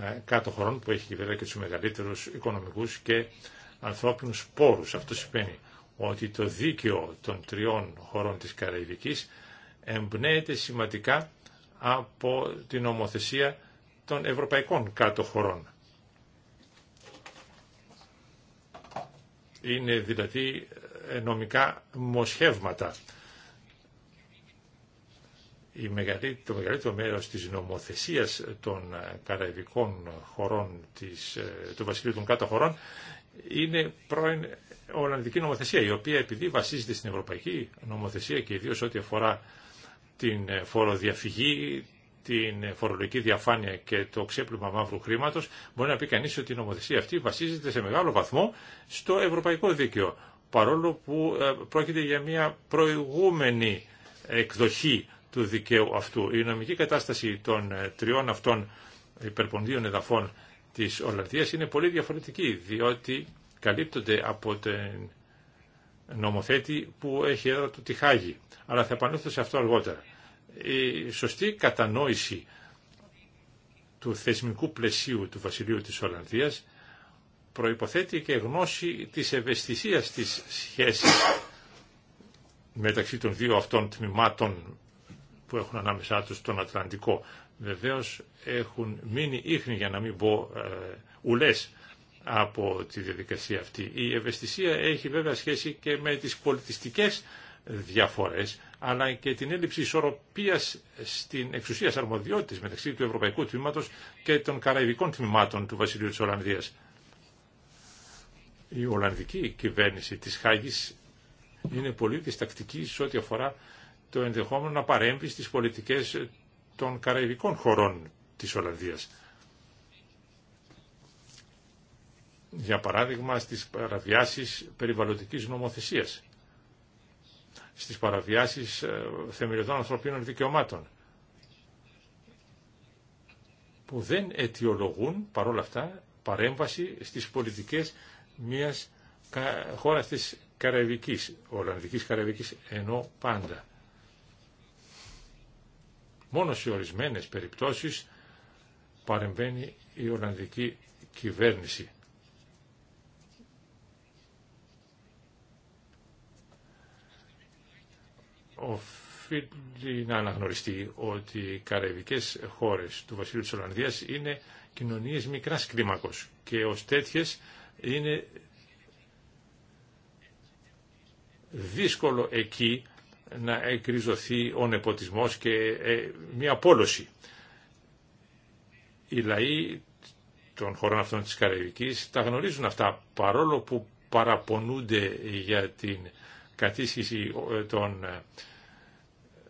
[SPEAKER 2] ε, κάτω χωρών που έχει βέβαια και τους μεγαλύτερους οικονομικούς και ανθρώπινους πόρους. Αυτό σημαίνει ότι το δίκαιο των τριών χωρών της Καραϊβικής εμπνέεται σημαντικά από την ομοθεσία των ευρωπαϊκών κάτω χωρών. είναι δηλαδή ε, νομικά μοσχεύματα. Η το μεγαλύτερο μέρος της νομοθεσίας των ε, καραϊβικών χωρών της, ε, του βασιλείου των κάτω χωρών είναι πρώην Ολλανδική νομοθεσία, η οποία επειδή βασίζεται στην Ευρωπαϊκή νομοθεσία και ιδίως ό,τι αφορά την φοροδιαφυγή, την φορολογική διαφάνεια και το ξέπλυμα μαύρου χρήματο, μπορεί να πει κανεί ότι η νομοθεσία αυτή βασίζεται σε μεγάλο βαθμό στο ευρωπαϊκό δίκαιο. Παρόλο που ε, πρόκειται για μια προηγούμενη εκδοχή του δικαίου αυτού. Η νομική κατάσταση των ε, τριών αυτών υπερπονδίων εδαφών της Ολλανδίας είναι πολύ διαφορετική, διότι καλύπτονται από τον νομοθέτη που έχει έδρα του τη Αλλά θα επανέλθω σε αυτό αργότερα η σωστή κατανόηση του θεσμικού πλαισίου του Βασιλείου της Ολλανδίας προϋποθέτει και γνώση της ευαισθησίας της σχέσης μεταξύ των δύο αυτών τμήματων που έχουν ανάμεσά τους τον Ατλαντικό. Βεβαίως έχουν μείνει ίχνη για να μην πω ε, ουλές από τη διαδικασία αυτή. Η ευαισθησία έχει βέβαια σχέση και με τις πολιτιστικές διαφορές αλλά και την έλλειψη ισορροπία στην εξουσία αρμοδιότητας μεταξύ του Ευρωπαϊκού Τμήματο και των Καραϊβικών Τμήματων του Βασιλείου τη Ολλανδίας. Η Ολλανδική κυβέρνηση της Χάγης είναι πολύ διστακτική σε ό,τι αφορά το ενδεχόμενο να παρέμβει στις πολιτικές των καραϊβικών χωρών της Ολλανδίας. Για παράδειγμα στις παραβιάσεις περιβαλλοντικής νομοθεσίας στις παραβιάσεις ε, θεμελιωδών ανθρωπίνων δικαιωμάτων που δεν αιτιολογούν παρόλα αυτά παρέμβαση στις πολιτικές μιας χώρας της Καραϊβικής, Ολλανδικής Καραϊβικής, ενώ πάντα. Μόνο σε ορισμένες περιπτώσεις παρεμβαίνει η Ολλανδική κυβέρνηση. οφείλει να αναγνωριστεί ότι οι καραϊβικές χώρες του Βασιλείου της Ολλανδίας είναι κοινωνίες μικράς κλίμακος και ως τέτοιες είναι δύσκολο εκεί να εκριζωθεί ο νεποτισμός και ε, μια πόλωση. Οι λαοί των χωρών αυτών της Καραϊβικής τα γνωρίζουν αυτά παρόλο που παραπονούνται για την κατήσχηση ε, των ε,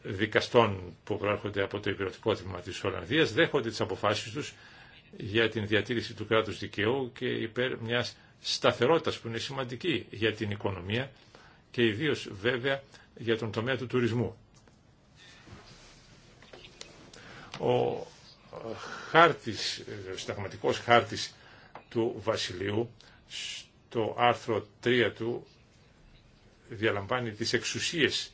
[SPEAKER 2] δικαστών που προέρχονται από το υπηρετικό τμήμα της Ολλανδίας δέχονται τις αποφάσεις τους για την διατήρηση του κράτους δικαίου και υπέρ μιας σταθερότητας που είναι σημαντική για την οικονομία και ιδίως βέβαια για τον τομέα του τουρισμού. Ο χάρτης, ο χάρτης του Βασιλείου στο άρθρο 3 του διαλαμβάνει τις εξουσίες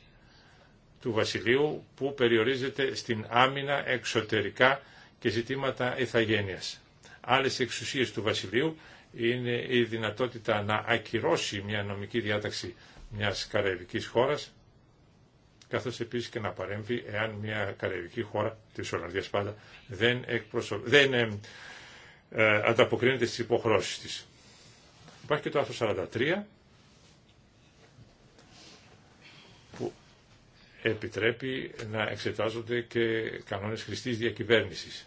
[SPEAKER 2] του Βασιλείου που περιορίζεται στην άμυνα εξωτερικά και ζητήματα ηθαγένειας. Άλλες εξουσίες του Βασιλείου είναι η δυνατότητα να ακυρώσει μια νομική διάταξη μιας καραϊβικής χώρας, καθώς επίσης και να παρέμβει εάν μια καραϊβική χώρα, της Ολλανδίας πάντα, δεν, εκπροσω... δεν ε, ε, ανταποκρίνεται στις υποχρώσεις της. Υπάρχει και το άρθρο 43, επιτρέπει να εξετάζονται και κανόνες χρηστής διακυβέρνησης.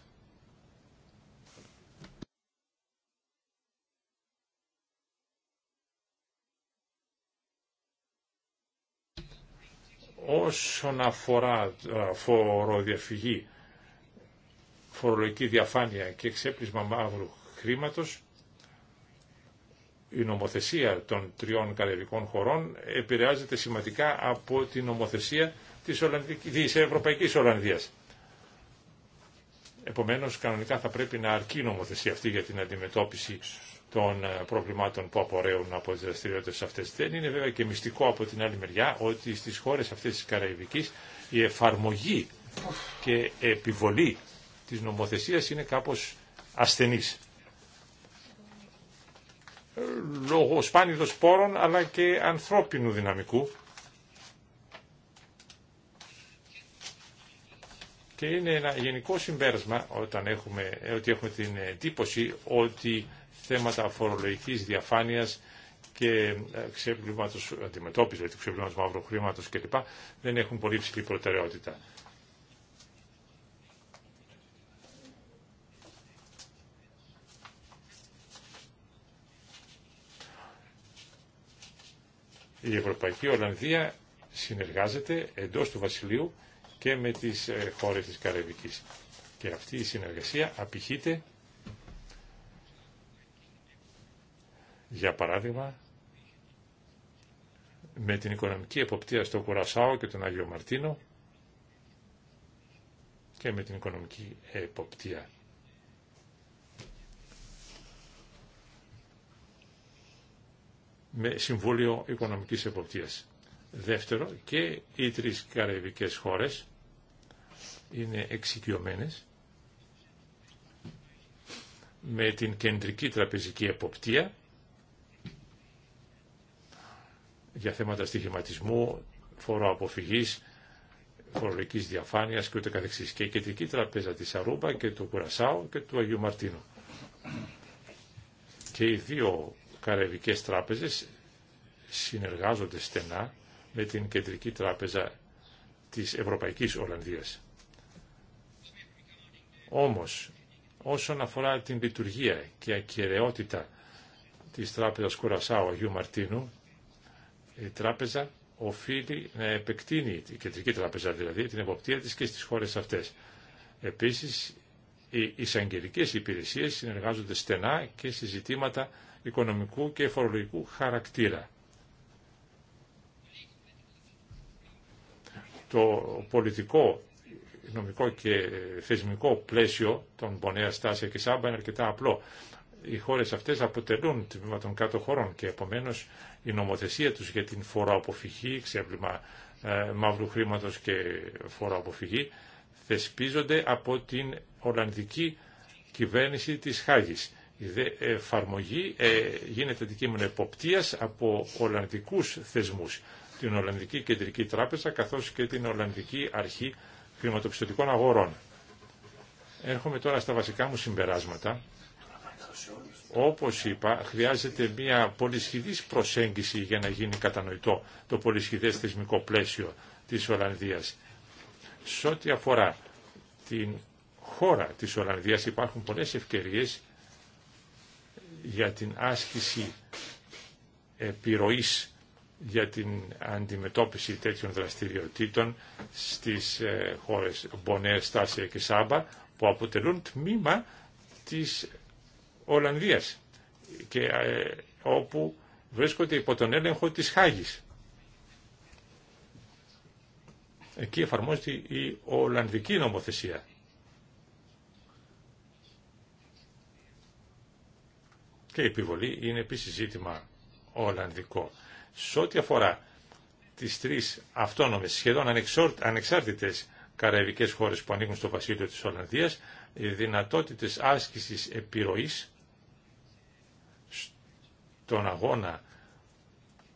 [SPEAKER 2] Όσον αφορά φοροδιαφυγή, φορολογική διαφάνεια και ξέπλυσμα μαύρου χρήματος, η νομοθεσία των τριών καραϊβικών χωρών επηρεάζεται σημαντικά από την νομοθεσία της, της Ευρωπαϊκής Ολλανδίας. Επομένως, κανονικά θα πρέπει να αρκεί η νομοθεσία αυτή για την αντιμετώπιση των ε, προβλημάτων που απορρέουν από τις δραστηριότητε αυτές. Δεν είναι βέβαια και μυστικό από την άλλη μεριά ότι στις χώρες αυτές της Καραϊβικής η εφαρμογή και επιβολή της νομοθεσίας είναι κάπως ασθενής λόγω σπάνιδος πόρων αλλά και ανθρώπινου δυναμικού και είναι ένα γενικό συμπέρασμα όταν έχουμε, ε, ότι έχουμε την εντύπωση ότι θέματα φορολογικής διαφάνειας και ε, ξέπλυματος αντιμετώπιση, δηλαδή ξέπλυματος μαύρου χρήματος κλπ. δεν έχουν πολύ ψηλή προτεραιότητα. η Ευρωπαϊκή Ολλανδία συνεργάζεται εντός του Βασιλείου και με τις ε, χώρες της Καραϊβικής. Και αυτή η συνεργασία απηχείται, για παράδειγμα, με την οικονομική εποπτεία στο Κουρασάο και τον Άγιο Μαρτίνο και με την οικονομική εποπτεία με Συμβούλιο Οικονομικής Εποπτείας. Δεύτερο, και οι τρεις καραϊβικές χώρες είναι εξοικειωμένες με την κεντρική τραπεζική εποπτεία για θέματα στοιχηματισμού, φοροαποφυγής, φορολογικής διαφάνειας και ούτε καθεξής. Και η κεντρική τραπέζα της Αρούμπα και του Κουρασάου και του Αγίου Μαρτίνου. Και οι δύο καραϊβικές τράπεζες συνεργάζονται στενά με την Κεντρική Τράπεζα της Ευρωπαϊκής Ολλανδίας. Όμως, όσον αφορά την λειτουργία και ακαιρεότητα της Τράπεζας Κουρασάου Αγίου Μαρτίνου, η Τράπεζα οφείλει να επεκτείνει, η Κεντρική Τράπεζα δηλαδή, την εποπτεία της και στις χώρες αυτές. Επίσης, οι εισαγγελικές υπηρεσίες συνεργάζονται στενά και σε ζητήματα οικονομικού και φορολογικού χαρακτήρα. Το πολιτικό, νομικό και θεσμικό πλαίσιο των Μπονέα, Στάσια και Σάμπα είναι αρκετά απλό. Οι χώρες αυτές αποτελούν τμήμα των κάτω χωρών και επομένως η νομοθεσία τους για την φοροαποφυγή, ξέβλημα ε, μαύρου χρήματος και φοροαποφυγή θεσπίζονται από την Ολλανδική κυβέρνηση της Χάγης. Η εφαρμογή ε, γίνεται αντικείμενο εποπτείας από Ολλανδικούς θεσμούς, την Ολλανδική Κεντρική Τράπεζα καθώς και την Ολλανδική Αρχή Χρηματοπιστωτικών Αγορών. Έρχομαι τώρα στα βασικά μου συμπεράσματα. Όπως είπα, χρειάζεται μια πολυσχηδής προσέγγιση για να γίνει κατανοητό το πολυσχηδές θεσμικό πλαίσιο της Ολλανδίας. Σε ό,τι αφορά την χώρα της Ολλανδίας υπάρχουν πολλές ευκαιρίες για την άσκηση επιρροής για την αντιμετώπιση τέτοιων δραστηριοτήτων στις ε, χώρες Μπονέα, Στάσια και Σάμπα που αποτελούν τμήμα της Ολλανδίας και ε, όπου βρίσκονται υπό τον έλεγχο της Χάγης. Εκεί εφαρμόζεται η Ολλανδική νομοθεσία. και η επιβολή είναι επίση ζήτημα Ολλανδικό. Σε ό,τι αφορά τις τρεις αυτόνομες, σχεδόν ανεξάρτητες καραϊβικέ χώρε που ανήκουν στο βασίλειο της Ολλανδίας, οι δυνατότητε άσκησης επιρροή στον αγώνα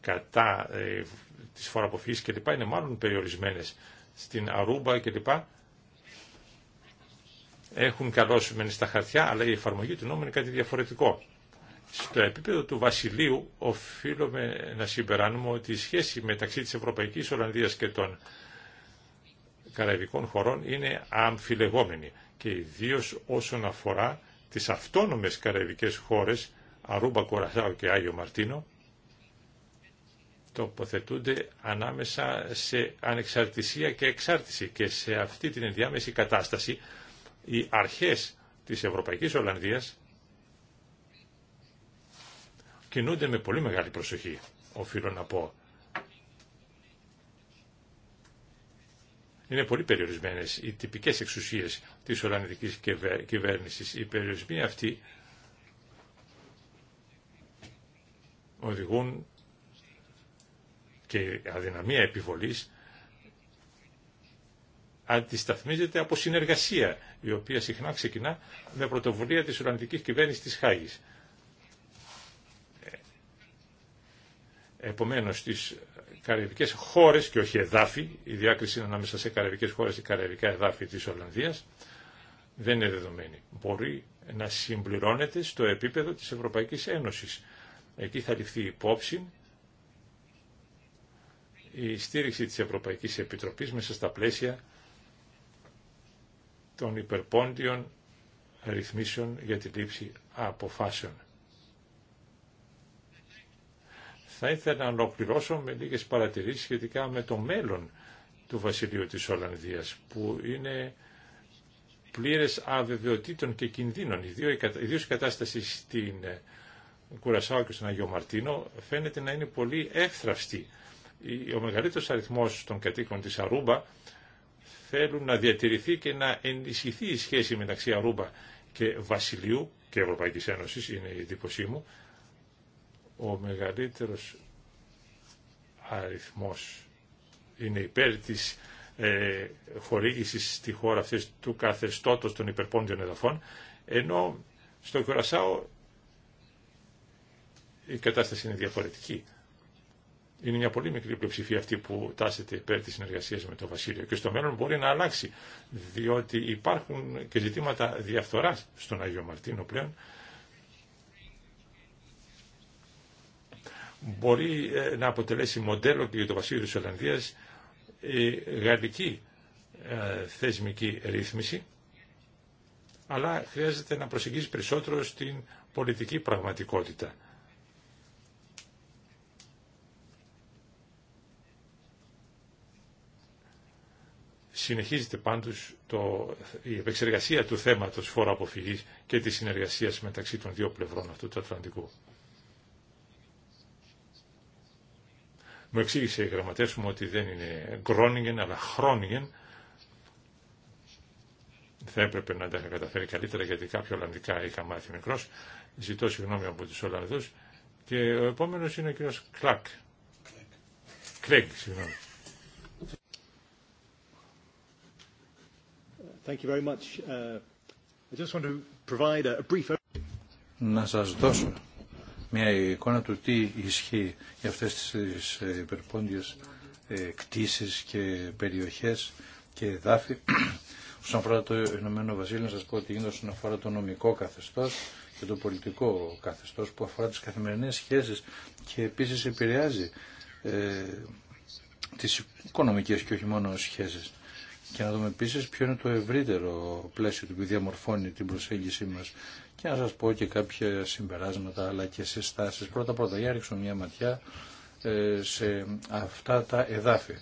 [SPEAKER 2] κατά ε, της και κλπ. είναι μάλλον περιορισμένες. Στην Αρούμπα κλπ. έχουν καλώσει μεν στα χαρτιά, αλλά η εφαρμογή του νόμου είναι κάτι διαφορετικό στο επίπεδο του Βασιλείου οφείλουμε να συμπεράνουμε ότι η σχέση μεταξύ της Ευρωπαϊκής Ολλανδίας και των καραϊβικών χωρών είναι αμφιλεγόμενη και ιδίω όσον αφορά τις αυτόνομες καραϊβικές χώρες Αρούμπα Κορασάου και Άγιο Μαρτίνο τοποθετούνται ανάμεσα σε ανεξαρτησία και εξάρτηση και σε αυτή την ενδιάμεση κατάσταση οι αρχές της Ευρωπαϊκής Ολλανδίας κινούνται με πολύ μεγάλη προσοχή, οφείλω να πω. Είναι πολύ περιορισμένες οι τυπικές εξουσίες της Ολλανδικής κυβέρνησης. Οι περιορισμοί αυτοί οδηγούν και αδυναμία επιβολής αντισταθμίζεται από συνεργασία, η οποία συχνά ξεκινά με πρωτοβουλία της Ολλανδικής Κυβέρνησης της Χάγης. Επομένως, στις καραϊβικές χώρες και όχι εδάφη, η διάκριση είναι ανάμεσα σε καραϊβικές χώρες και καραϊβικά εδάφη της Ολλανδίας, δεν είναι δεδομένη. Μπορεί να συμπληρώνεται στο επίπεδο της Ευρωπαϊκής Ένωσης. Εκεί θα ληφθεί υπόψη η στήριξη της Ευρωπαϊκής Επιτροπής μέσα στα πλαίσια των υπερπόντιων ρυθμίσεων για τη λήψη αποφάσεων. Θα ήθελα να ολοκληρώσω με λίγες παρατηρήσεις σχετικά με το μέλλον του Βασιλείου της Ολλανδίας, που είναι πλήρες αβεβαιοτήτων και κινδύνων. Ιδίως η κατάσταση στην ε, Κουρασάου και στον Αγιο Μαρτίνο φαίνεται να είναι πολύ εύθραυστη. Ο μεγαλύτερος αριθμός των κατοίκων της Αρούμπα θέλουν να διατηρηθεί και να ενισχυθεί η σχέση μεταξύ Αρούμπα και Βασιλείου και Ευρωπαϊκής Ένωσης, είναι η εντύπωσή μου, ο μεγαλύτερος αριθμός είναι υπέρ της ε, χορήγησης στη χώρα αυτή του καθεστώτος των υπερπόντιων εδαφών, ενώ στο Κουρασάο η κατάσταση είναι διαφορετική. Είναι μια πολύ μικρή πλειοψηφία αυτή που τάσεται υπέρ της συνεργασίας με το Βασίλειο και στο μέλλον μπορεί να αλλάξει, διότι υπάρχουν και ζητήματα διαφθοράς στον Άγιο Μαρτίνο πλέον, μπορεί ε, να αποτελέσει μοντέλο και για το βασίλειο της Ολλανδίας η γαλλική ε, θεσμική ρύθμιση, αλλά χρειάζεται να προσεγγίσει περισσότερο στην πολιτική πραγματικότητα. Συνεχίζεται πάντως το, η επεξεργασία του θέματος φόρα αποφυγής και της συνεργασίας μεταξύ των δύο πλευρών αυτού του Ατλαντικού. Μου εξήγησε η γραμματέα μου ότι δεν είναι γκρόνιγεν αλλά χρόνιγεν. Θα έπρεπε να τα καταφέρει καλύτερα γιατί κάποια Ολλανδικά είχα μάθει μικρό. Ζητώ συγγνώμη από του Ολλανδού. Και ο επόμενο είναι ο κ. Κλακ. Κλέγκ, συγγνώμη. Thank you very much. Uh, I just want to provide a brief...
[SPEAKER 1] Να σας δώσω μια εικόνα του τι ισχύει για αυτές τις ε, υπερπόντιες ε, κτίσεις και περιοχές και εδάφη. Όσον αφορά το Ηνωμένο Βασίλειο, να σας πω ότι γίνεται όσον αφορά το νομικό καθεστώς και το πολιτικό καθεστώς που αφορά τις καθημερινές σχέσεις και επίσης επηρεάζει ε, τις οικονομικές και όχι μόνο σχέσεις. Και να δούμε επίσης ποιο είναι το ευρύτερο πλαίσιο που διαμορφώνει την προσέγγιση μας και να σας πω και κάποια συμπεράσματα αλλά και συστάσεις. Πρώτα πρώτα για ρίξω μια ματιά ε, σε αυτά τα εδάφη.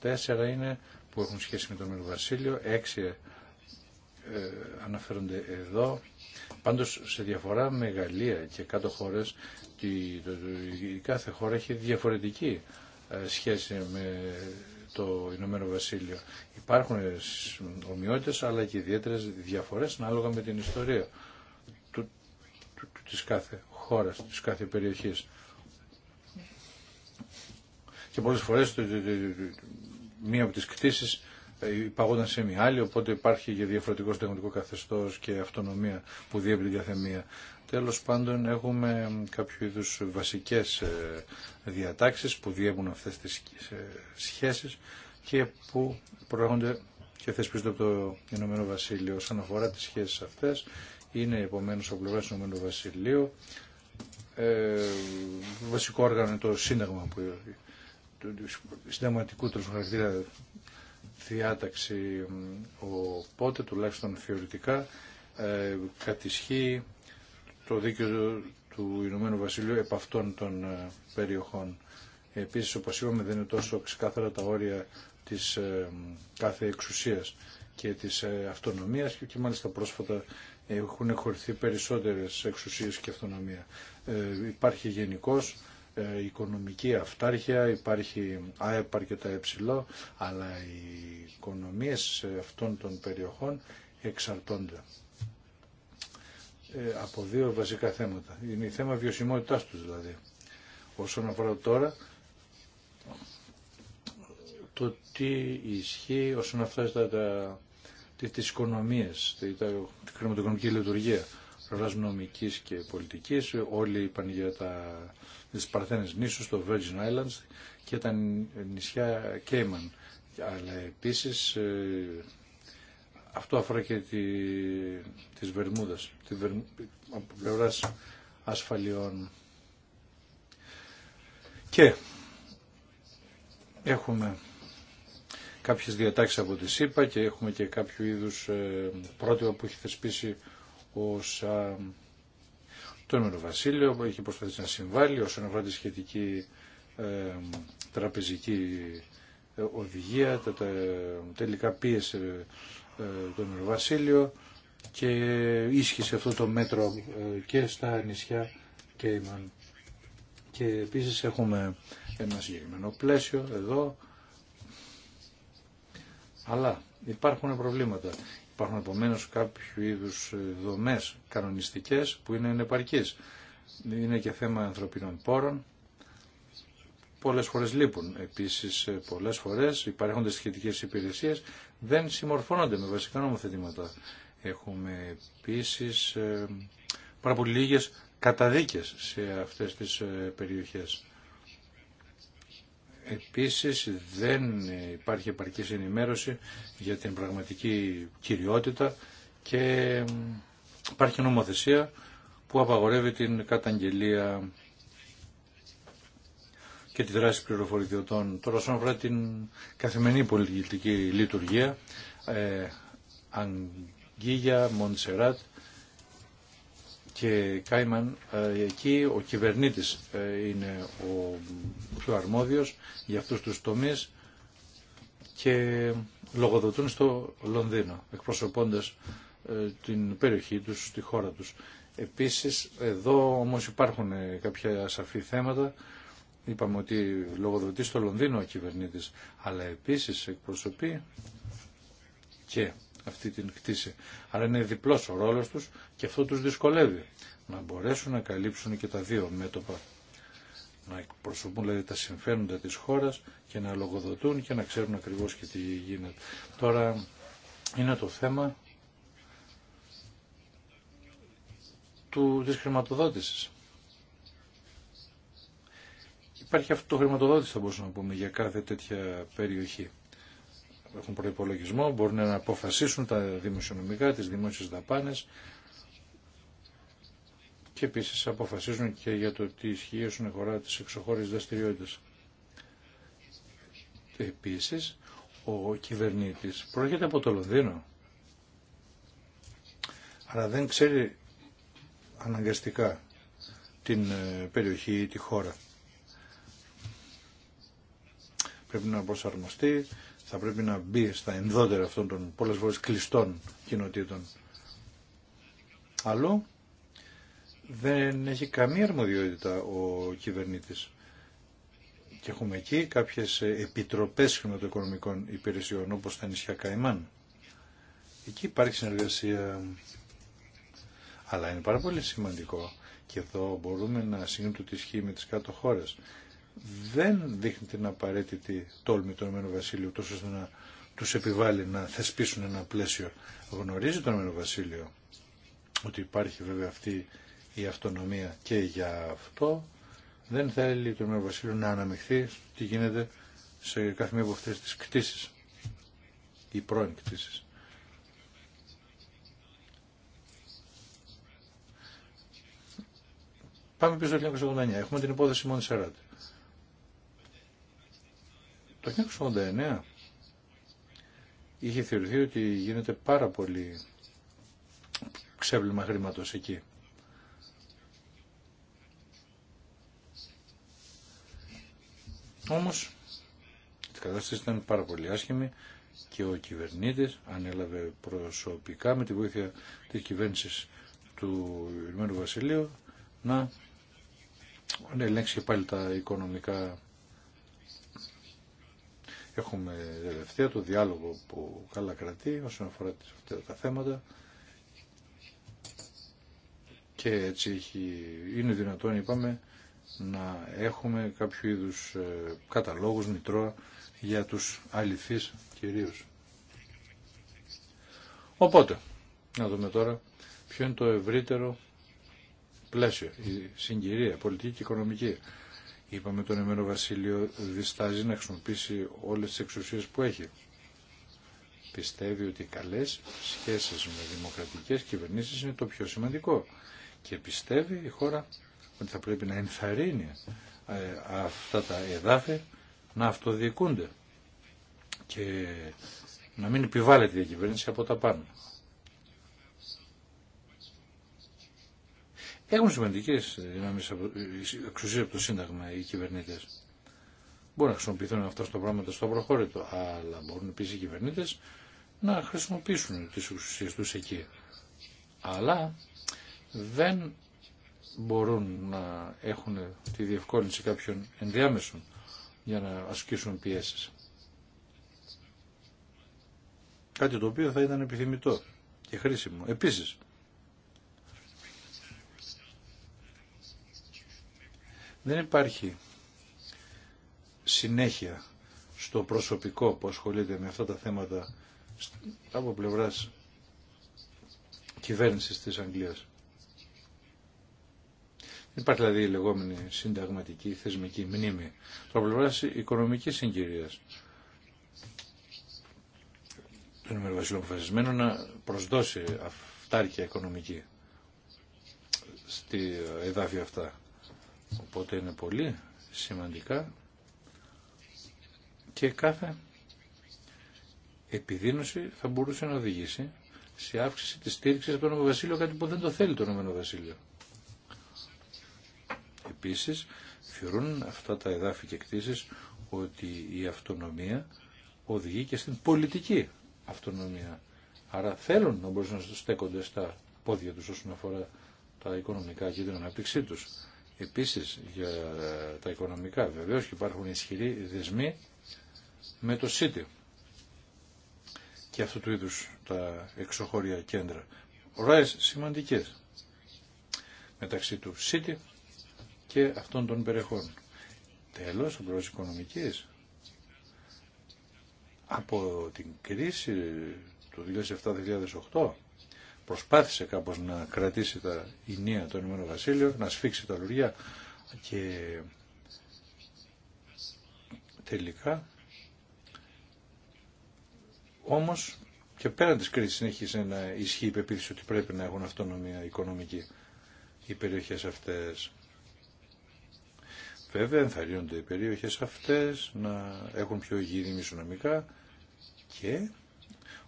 [SPEAKER 1] Τέσσερα είναι που έχουν σχέση με το Μέλλον Βασίλειο, έξι ε, αναφέρονται εδώ. Πάντως σε διαφορά με Γαλλία και κάτω χώρες η κάθε χώρα έχει διαφορετική ε, σχέση με το Ηνωμένο Βασίλειο. Υπάρχουν ομοιότητες αλλά και ιδιαίτερε διαφορές ανάλογα με την ιστορία της κάθε χώρας, της κάθε περιοχής. Και πολλές φορές μία από τις κτήσεις ε, υπαγόταν σε μια άλλη, οπότε υπάρχει και διαφορετικό στεγματικό καθεστώς και αυτονομία που διέπει την καθεμία. Τέλος πάντων έχουμε κάποιο είδους βασικές ε, διατάξεις που διέπουν αυτές τις ε, σχέσεις και που προέρχονται και θεσπίζονται από το Ηνωμένο Βασίλειο όσον αφορά τις σχέσεις αυτές είναι επομένως από πλευρά του Ηνωμένου Βασιλείου ε, βασικό όργανο το σύνταγμα που, του, συνταγματικού του χαρακτήρα διάταξη οπότε τουλάχιστον θεωρητικά ε, το δίκαιο του, Ηνωμένου Βασιλείου επ' αυτών των ε, περιοχών. Επίσης, όπως είπαμε, δεν είναι τόσο ξεκάθαρα τα όρια της ε, κάθε εξουσίας και της ε, αυτονομίας και, και μάλιστα πρόσφατα έχουν χωριθεί περισσότερες εξουσίες και αυτονομία. Ε, υπάρχει γενικώ ε, οικονομική αυτάρχεια, υπάρχει ΑΕΠ αρκετά υψηλό, αλλά οι οικονομίες αυτών των περιοχών εξαρτώνται ε, από δύο βασικά θέματα. Είναι η θέμα βιωσιμότητάς τους δηλαδή. Όσον αφορά τώρα το τι ισχύει όσον αυτά τα τις οικονομίες, τη χρηματοοικονομική λειτουργία πλευρά νομική και πολιτική. Όλοι είπαν για τι τις Παρθένες το Virgin Islands και τα νησιά Cayman. Αλλά επίσης ε, αυτό αφορά και τη, τις βερμούδες τη από πλευρά ασφαλιών. Και έχουμε κάποιες διατάξεις από τη ΣΥΠΑ και έχουμε και κάποιο είδους ε, πρότυπα που έχει θεσπίσει ως το Ηνωμένο Βασίλειο που έχει προσπαθήσει να συμβάλλει όσον αφορά τη σχετική ε, τραπεζική ε, οδηγία, τα, τελικά πίεσε το Ηνωμένο Βασίλειο και ίσχυσε αυτό το μέτρο και στα νησιά Κέιμαν. Και επίσης έχουμε ένα συγκεκριμένο πλαίσιο εδώ αλλά υπάρχουν προβλήματα. Υπάρχουν επομένω κάποιου είδου ε, δομέ κανονιστικέ που είναι ενεπαρκεί. Είναι και θέμα ανθρωπίνων πόρων. Πολλέ φορέ λείπουν. Επίση, ε, πολλέ φορέ υπάρχουν σχετικέ υπηρεσίε δεν συμμορφώνονται με βασικά νομοθετήματα. Έχουμε επίση ε, πάρα πολύ λίγε καταδίκες σε αυτές τι περιοχές. Επίσης δεν υπάρχει επαρκής ενημέρωση για την πραγματική κυριότητα και υπάρχει νομοθεσία που απαγορεύει την καταγγελία και τη δράση πληροφοριδιωτών. Τώρα όσον αφορά την καθημερινή πολιτική λειτουργία, ε, Αγγίγια, Μοντσεράτ και Κάιμαν ε, εκεί ο κυβερνήτης ε, είναι ο πιο αρμόδιος για αυτούς τους τομείς και λογοδοτούν στο Λονδίνο εκπροσωπώντας ε, την περιοχή τους, τη χώρα τους. Επίσης εδώ όμως υπάρχουν κάποια σαφή θέματα είπαμε ότι λογοδοτεί στο Λονδίνο ο κυβερνήτης αλλά επίσης εκπροσωπεί και αυτή την κτήση. Αλλά είναι διπλός ο ρόλος τους και αυτό τους δυσκολεύει να μπορέσουν να καλύψουν και τα δύο μέτωπα. Να εκπροσωπούν δηλαδή τα συμφέροντα της χώρας και να λογοδοτούν και να ξέρουν ακριβώς και τι γίνεται. Τώρα είναι το θέμα του, της Υπάρχει αυτό το χρηματοδότηση θα μπορούσαμε να πούμε για κάθε τέτοια περιοχή έχουν προϋπολογισμό, μπορούν να αποφασίσουν τα δημοσιονομικά, τις δημόσιες δαπάνες και επίσης αποφασίζουν και για το τι ισχύει όσον αφορά τις εξωχώρες δραστηριότητε. Επίσης, ο κυβερνήτης προέρχεται από το Λονδίνο, αλλά δεν ξέρει αναγκαστικά την ε, περιοχή ή τη χώρα. Πρέπει να προσαρμοστεί θα πρέπει να μπει στα ενδότερα αυτών των πολλές φορές κλειστών κοινοτήτων. Αλλού δεν έχει καμία αρμοδιότητα ο κυβερνήτης. Και έχουμε εκεί κάποιες επιτροπές χρηματοοικονομικών υπηρεσιών όπως τα νησιά Καϊμάν. Εκεί υπάρχει συνεργασία, αλλά είναι πάρα πολύ σημαντικό και εδώ μπορούμε να συγκρίνουμε τη σχήμη με τις κάτω χώρες δεν δείχνει την απαραίτητη τόλμη του Ηνωμένου τόσο ώστε να τους επιβάλλει να θεσπίσουν ένα πλαίσιο. Γνωρίζει το Ηνωμένο ότι υπάρχει βέβαια αυτή η αυτονομία και για αυτό δεν θέλει το Ηνωμένο να αναμειχθεί τι γίνεται σε κάθε μία από αυτές τις κτήσεις ή πρώην Πάμε πίσω στο 1989. Έχουμε την υπόθεση Σεράτη. Το 1989 είχε θεωρηθεί ότι γίνεται πάρα πολύ ξέβλημα χρήματος εκεί. Όμως η κατάσταση ήταν πάρα πολύ άσχημη και ο κυβερνήτης ανέλαβε προσωπικά με τη βοήθεια της κυβέρνησης του Ηνωμένου Βασιλείου να ελέγξει πάλι τα οικονομικά Έχουμε τελευταία το διάλογο που καλά κρατεί όσον αφορά τα θέματα και έτσι έχει, είναι δυνατόν, είπαμε, να έχουμε κάποιο είδους ε, καταλόγους, μητρώα για τους αληθείς κυρίως. Οπότε, να δούμε τώρα ποιο είναι το ευρύτερο πλαίσιο, η συγκυρία πολιτική και οικονομική Είπαμε τον Εμένο Βασίλειο διστάζει να χρησιμοποιήσει όλες τις εξουσίες που έχει. Πιστεύει ότι οι καλές σχέσεις με δημοκρατικές κυβερνήσεις είναι το πιο σημαντικό. Και πιστεύει η χώρα ότι θα πρέπει να ενθαρρύνει ε, αυτά τα εδάφη να αυτοδιοικούνται και να μην επιβάλλεται η κυβέρνηση από τα πάνω. Έχουν σημαντικέ δυνάμει εξουσία από το Σύνταγμα οι κυβερνήτε. Μπορούν να χρησιμοποιηθούν αυτά το πράγματα στο προχώρητο, αλλά μπορούν επίση οι κυβερνήτε να χρησιμοποιήσουν τι εξουσίε του εκεί. Αλλά δεν μπορούν να έχουν τη διευκόλυνση κάποιων ενδιάμεσων για να ασκήσουν πιέσει. Κάτι το οποίο θα ήταν επιθυμητό και χρήσιμο. Επίσης, Δεν υπάρχει συνέχεια στο προσωπικό που ασχολείται με αυτά τα θέματα από πλευράς κυβέρνησης της Αγγλίας. Υπάρχει δηλαδή η λεγόμενη συνταγματική θεσμική μνήμη. από πλευράς οικονομικής συγκυρίας. Δεν νούμερο βασιλό αποφασισμένο να προσδώσει αυτάρκεια οικονομική στη ε, εδάφια αυτά. Οπότε είναι πολύ σημαντικά και κάθε επιδείνωση θα μπορούσε να οδηγήσει σε αύξηση της στήριξης από νόμο Βασίλειο, κάτι που δεν το θέλει το νόμο Βασίλειο. Επίσης, θεωρούν αυτά τα εδάφη και εκτίσεις ότι η αυτονομία οδηγεί και στην πολιτική αυτονομία. Άρα θέλουν να μπορούν να στέκονται στα πόδια τους όσον αφορά τα οικονομικά και την ανάπτυξή τους. Επίσης για τα οικονομικά βεβαίως και υπάρχουν ισχυροί δεσμοί με το ΣΥΤΙ και αυτού του είδους τα εξωχώρια κέντρα. Ωραίες σημαντικές μεταξύ του ΣΥΤΙ και αυτών των περιεχών. Τέλος, ο πρόεδρος οικονομικής από την κρίση του 2007-2008 προσπάθησε κάπως να κρατήσει τα ηνία το Ηνωμένο Βασίλειο, να σφίξει τα λουριά και τελικά όμως και πέραν της κρίσης συνέχισε να ισχύει η πεποίθηση ότι πρέπει να έχουν αυτονομία οικονομική οι περιοχές αυτές. Βέβαια ενθαρρύνονται οι περιοχές αυτές να έχουν πιο υγιεινή μισονομικά και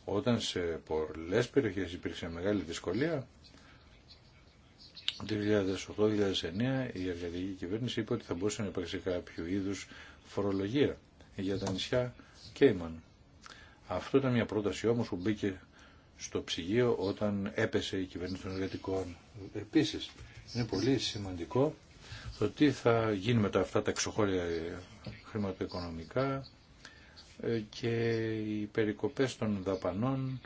[SPEAKER 1] όταν σε πολλές περιοχές υπήρξε μεγάλη δυσκολία, το 2008-2009 η εργατική κυβέρνηση είπε ότι θα μπορούσε να υπάρξει κάποιο είδους φορολογία για τα νησιά Κέιμαν. Αυτό ήταν μια πρόταση όμως που μπήκε στο ψυγείο όταν έπεσε η κυβέρνηση των εργατικών. Επίσης, είναι πολύ σημαντικό το τι θα γίνει τα αυτά τα εξωχώρια χρηματοοικονομικά, ε, και οι περικοπές των δαπανών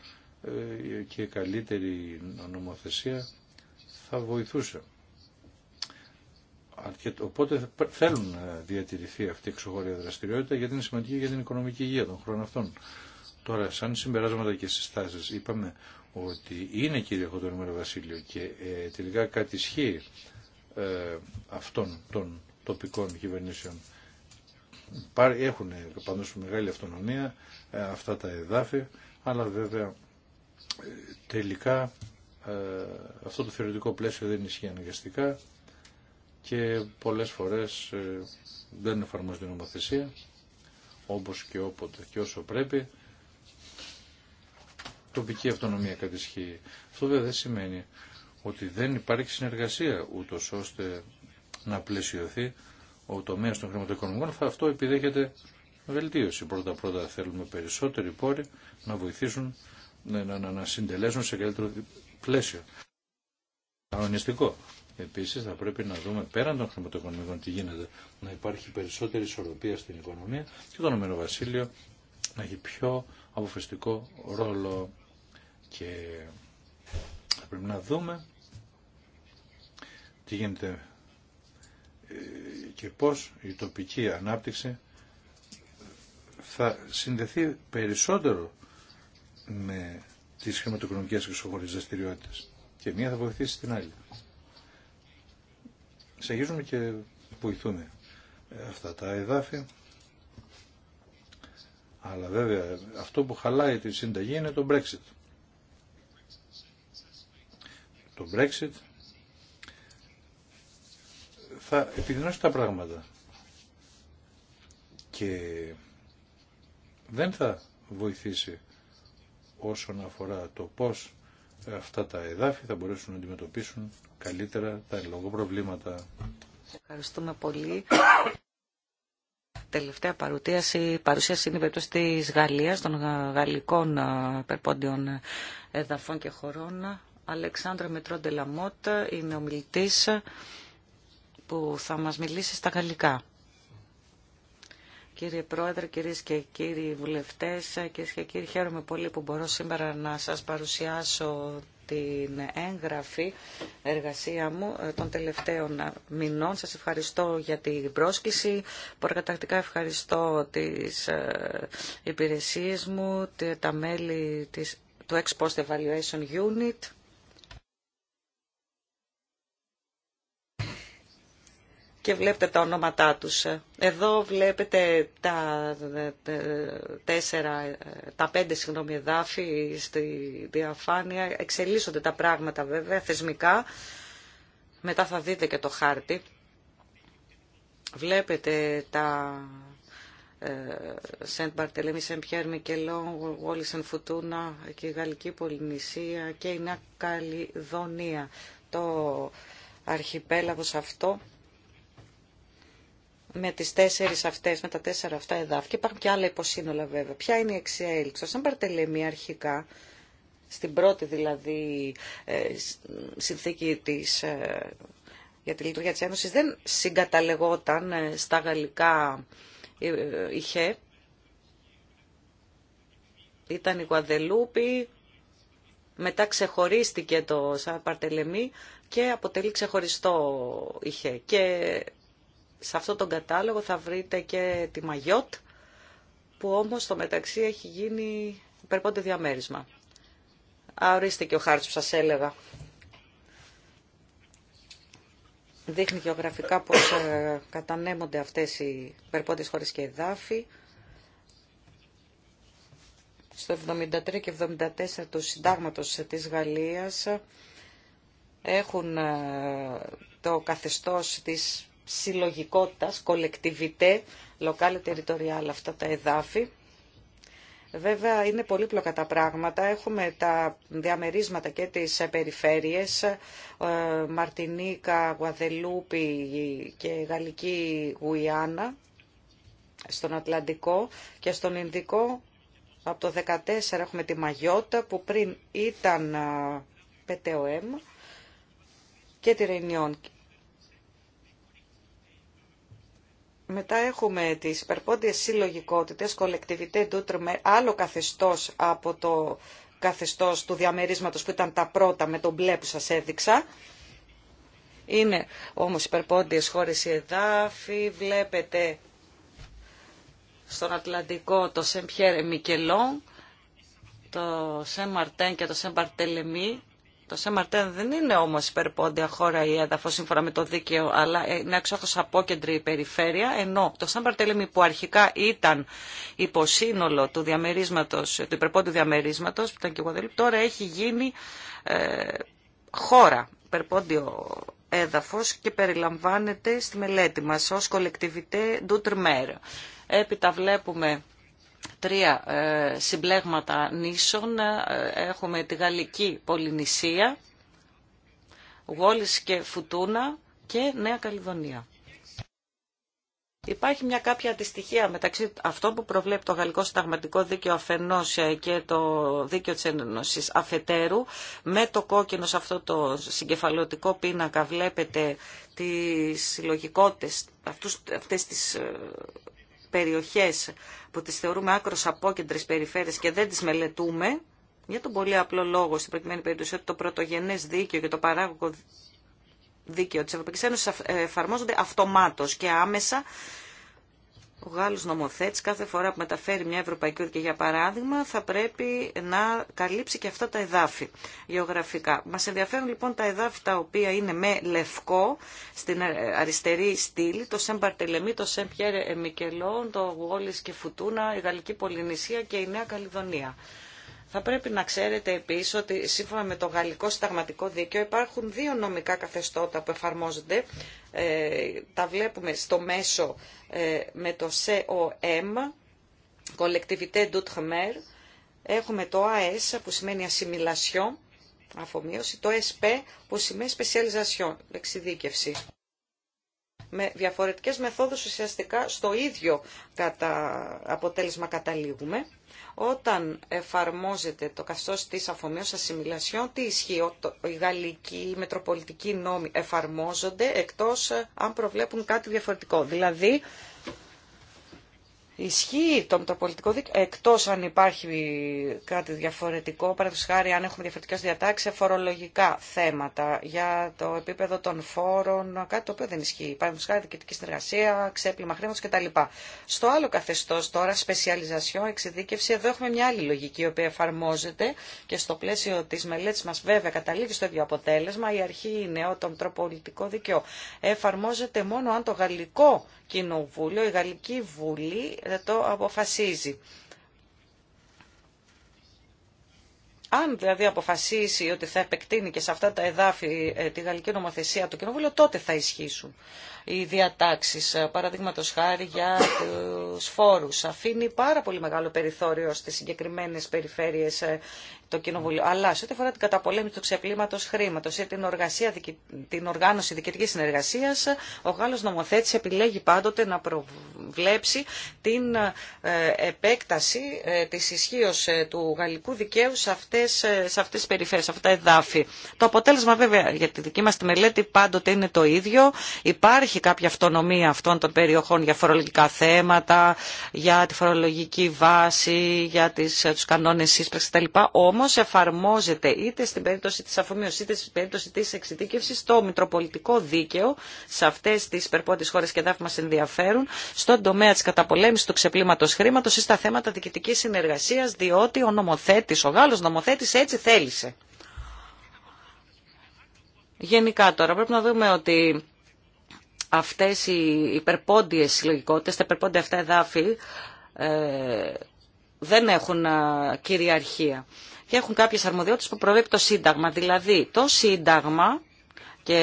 [SPEAKER 1] ε, και καλύτερη νομοθεσία θα βοηθούσε. Οπότε θέλουν να διατηρηθεί αυτή η εξωχώρια δραστηριότητα γιατί είναι σημαντική για την οικονομική υγεία των χρόνων αυτών. Τώρα, σαν συμπεράσματα και συστάσεις, είπαμε ότι είναι κυρίαρχο το Ηνωμένο Βασίλειο και ε, τελικά κατησχύει ε, αυτών των τοπικών κυβερνήσεων έχουν πάντως μεγάλη αυτονομία ε, αυτά τα εδάφη, αλλά βέβαια ε, τελικά ε, αυτό το θεωρητικό πλαίσιο δεν ισχύει αναγκαστικά και πολλές φορές δεν εφαρμόζεται η νομοθεσία όπως και όποτε και όσο πρέπει τοπική αυτονομία κατησχύει. Αυτό βέβαια δεν σημαίνει ότι δεν υπάρχει συνεργασία ούτως ώστε να πλαισιωθεί ο τομέα των χρηματοοικονομικών, θα αυτό επιδέχεται βελτίωση. Πρώτα-πρώτα θέλουμε περισσότεροι πόροι να βοηθήσουν ναι, να, να, να συντελέσουν σε καλύτερο πλαίσιο. Αγωνιστικό. Επίσης θα πρέπει να δούμε πέραν των χρηματοοικονομικών τι γίνεται, να υπάρχει περισσότερη ισορροπία στην οικονομία και το νομένο Βασίλειο να έχει πιο αποφασιστικό ρόλο και θα πρέπει να δούμε τι γίνεται και πώς η τοπική ανάπτυξη θα συνδεθεί περισσότερο με τις χρηματοοικονομικές εξωχωρές δραστηριότητε. Και μία θα βοηθήσει την άλλη. Συνεχίζουμε και βοηθούμε αυτά τα εδάφη. Αλλά βέβαια αυτό που χαλάει τη συνταγή είναι το Brexit. Το Brexit θα επιδεινώσει τα πράγματα. Και δεν θα βοηθήσει όσον αφορά το πώς αυτά τα εδάφη θα μπορέσουν να αντιμετωπίσουν καλύτερα τα λόγω προβλήματα.
[SPEAKER 3] Ευχαριστούμε πολύ. Τελευταία παρουσίαση, παρουσίαση είναι η περίπτωση της Γαλλίας, των γαλλικών περπόντιων ε, εδαφών και χωρών. Αλεξάνδρα Μετρόντε Λαμότ είναι ομιλητής που θα μας μιλήσει στα γαλλικά. Κύριε Πρόεδρε, κυρίες και κύριοι βουλευτές, κυρίες και κύριοι, χαίρομαι πολύ που μπορώ σήμερα να σας παρουσιάσω την έγγραφη εργασία μου ε, των τελευταίων μηνών. Σας ευχαριστώ για την πρόσκληση. Προκατακτικά ευχαριστώ τις ε, υπηρεσίες μου, τα μέλη του Exposed Evaluation Unit και βλέπετε τα ονόματά τους. Εδώ βλέπετε τα τέσσερα, τα πέντε συγγνώμη εδάφη στη διαφάνεια. Εξελίσσονται τα πράγματα βέβαια θεσμικά. Μετά θα δείτε και το χάρτη. Βλέπετε τα Σεντ Μπαρτελέμι, Σεντ Πιέρ Μικελό, Σεντ Φουτούνα και η Γαλλική Πολυνησία και η Νέα Καλλιδονία. Το αρχιπέλαγος αυτό με τις τέσσερις αυτές, με τα τέσσερα αυτά εδάφη και υπάρχουν και άλλα υποσύνολα βέβαια. Ποια είναι η εξέλιξη. Σαν παρτελεμία αρχικά, στην πρώτη δηλαδή ε, συνθήκη της, ε, για τη λειτουργία της Ένωσης δεν συγκαταλεγόταν ε, στα γαλλικά είχε. Ήταν η Γουαδελούπη, μετά ξεχωρίστηκε το Σαν Παρτελεμή και αποτελεί ξεχωριστό είχε. Και σε αυτό τον κατάλογο θα βρείτε και τη Μαγιότ, που όμως στο μεταξύ έχει γίνει υπερπόντε διαμέρισμα. Α, ορίστε και ο χάρτης που σας έλεγα. Δείχνει γεωγραφικά πώς ε, κατανέμονται αυτές οι υπερπόντες χώρες και εδάφη. Στο 73 και 74 του συντάγματος της Γαλλίας έχουν ε, το καθεστώς της συλλογικότητας, κολεκτιβιτέ, λοκάλε τεριτοριάλ αυτά τα εδάφη. Βέβαια είναι πολύπλοκα τα πράγματα. Έχουμε τα διαμερίσματα και τις περιφέρειες, ε, Μαρτινίκα, Γουαδελούπη και Γαλλική Γουιάννα, στον Ατλαντικό και στον Ινδικό. Από το 2014 έχουμε τη Μαγιώτα που πριν ήταν ε, ΠΤΟΕΜ, και τη Ρενιόν. Μετά έχουμε τις υπερπόντιες συλλογικότητες, κολεκτιβιτέ ντούτρ με άλλο καθεστώς από το καθεστώς του διαμερίσματος που ήταν τα πρώτα με τον μπλε που σας έδειξα. Είναι όμως υπερπόντιες χώρες η εδάφη, βλέπετε στον Ατλαντικό το Σεμπιέρε Μικελόν, το Σεν και το Σεμπαρτέλεμι. Το Σεμαρτέν δεν είναι όμως υπερπόντια χώρα ή έδαφος σύμφωνα με το δίκαιο, αλλά ε, είναι αξιόχως απόκεντρη η περιφέρεια, ενώ το Σαν που αρχικά ήταν υποσύνολο του, διαμερίσματος, του υπερπόντιου διαμερίσματος, που ήταν και εγώ τώρα έχει γίνει ε, χώρα, υπερπόντιο έδαφος και περιλαμβάνεται στη μελέτη μας ως κολεκτιβιτέ ντουτρμέρ. Έπειτα βλέπουμε τρία ε, συμπλέγματα νήσων. Ε, έχουμε τη Γαλλική Πολυνησία, Γόλης και Φουτούνα και Νέα Καλυδονία. Υπάρχει μια κάποια αντιστοιχία μεταξύ αυτών που προβλέπει το Γαλλικό Συνταγματικό Δίκαιο αφενός ε, και το Δίκαιο της Ένωσης αφετέρου. Με το κόκκινο σε αυτό το συγκεφαλαιωτικό πίνακα βλέπετε τις συλλογικότητες, αυτούς, αυτές τις περιοχές που τις θεωρούμε άκρος απόκεντρες περιφέρειες και δεν τις μελετούμε, για τον πολύ απλό λόγο στην προκειμένη περίπτωση ότι το πρωτογενές δίκαιο και το παράγωγο δίκαιο της Ευρωπαϊκής Ένωσης ε, εφαρμόζονται αυτομάτως και άμεσα ο Γάλλος νομοθέτης κάθε φορά που μεταφέρει μια ευρωπαϊκή οδηγία για παράδειγμα θα πρέπει να καλύψει και αυτά τα εδάφη γεωγραφικά. Μας ενδιαφέρουν λοιπόν τα εδάφη τα οποία είναι με λευκό στην ε, αριστερή στήλη, το Σεν Παρτελεμή, το Σεν Πιέρε Μικελόν, το Γόλις και Φουτούνα, η Γαλλική Πολυνησία και η Νέα Καλυδονία. Θα πρέπει να ξέρετε επίσης ότι σύμφωνα με το Γαλλικό Συνταγματικό Δίκαιο υπάρχουν δύο νομικά καθεστώτα που εφαρμόζονται ε, τα βλέπουμε στο μέσο ε, με το COM, Collectivité d'Outre-mer. Έχουμε το AS που σημαίνει assimilation, αφομοίωση, το SP που σημαίνει specialization, εξειδίκευση. Με διαφορετικές μεθόδους ουσιαστικά στο ίδιο αποτέλεσμα καταλήγουμε. Όταν εφαρμόζεται το καθεστώ τη αφομοίωση ασημιλασιών, τι ισχύει. Οι γαλλικοί, οι μετροπολιτικοί νόμοι εφαρμόζονται εκτό ε, αν προβλέπουν κάτι διαφορετικό. Δηλαδή, Ισχύει το πολιτικό δίκαιο, εκτός αν υπάρχει κάτι διαφορετικό, παραδείγματος χάρη αν έχουμε διαφορετικές διατάξεις, φορολογικά θέματα για το επίπεδο των φόρων, κάτι το οποίο δεν ισχύει. Παραδείγματος χάρη διοικητική συνεργασία, ξέπλυμα χρήματος κτλ. Στο άλλο καθεστώς τώρα, σπεσιαλιζασιό, εξειδίκευση, εδώ έχουμε μια άλλη λογική, η οποία εφαρμόζεται και στο πλαίσιο της μελέτης μας βέβαια καταλήγει στο ίδιο αποτέλεσμα. Η αρχή είναι ότι το πολιτικό δίκαιο εφαρμόζεται μόνο αν το γαλλικό Κοινοβούλιο, η Γαλλική Βουλή ε, το αποφασίζει. Αν δηλαδή αποφασίσει ότι θα επεκτείνει και σε αυτά τα εδάφη ε, τη γαλλική νομοθεσία το Κοινοβούλιο, τότε θα ισχύσουν οι διατάξεις, ε, παραδείγματο χάρη για τους φόρους. Αφήνει πάρα πολύ μεγάλο περιθώριο στις συγκεκριμένες περιφέρειες το Κοινοβούλιο. Αλλά σε ό,τι αφορά την καταπολέμηση του ξεπλήματο χρήματο ή την, οργασία, την οργάνωση διοικητική συνεργασία, ο Γάλλο νομοθέτη επιλέγει πάντοτε να προβλέψει την ε, επέκταση ε, τη ισχύω ε, του γαλλικού δικαίου σε αυτέ αυτές τι περιφέρειε, σε αυτά τα εδάφη. Το αποτέλεσμα βέβαια για τη δική μα τη μελέτη πάντοτε είναι το ίδιο. Υπάρχει κάποια αυτονομία αυτών των περιοχών για φορολογικά θέματα, για τη φορολογική βάση, για του κανόνε σύσπραξη κτλ. Όμως εφαρμόζεται είτε στην περίπτωση της αφομοίωσης είτε στην περίπτωση της εξειδίκευσης στο μητροπολιτικό δίκαιο σε αυτές τις υπερπόντες χώρες και εδάφη μας ενδιαφέρουν στον τομέα της καταπολέμησης του ξεπλήματος χρήματος ή στα θέματα διοικητικής συνεργασίας διότι ο νομοθέτης, ο Γάλλος νομοθέτης έτσι θέλησε. Γενικά τώρα πρέπει να δούμε ότι αυτές οι υπερπόντιες συλλογικότητες, τα υπερπόντια αυτά εδάφη, ε, δεν έχουν κυριαρχία και έχουν κάποιες αρμοδιότητες που προβλέπει το Σύνταγμα. Δηλαδή το Σύνταγμα και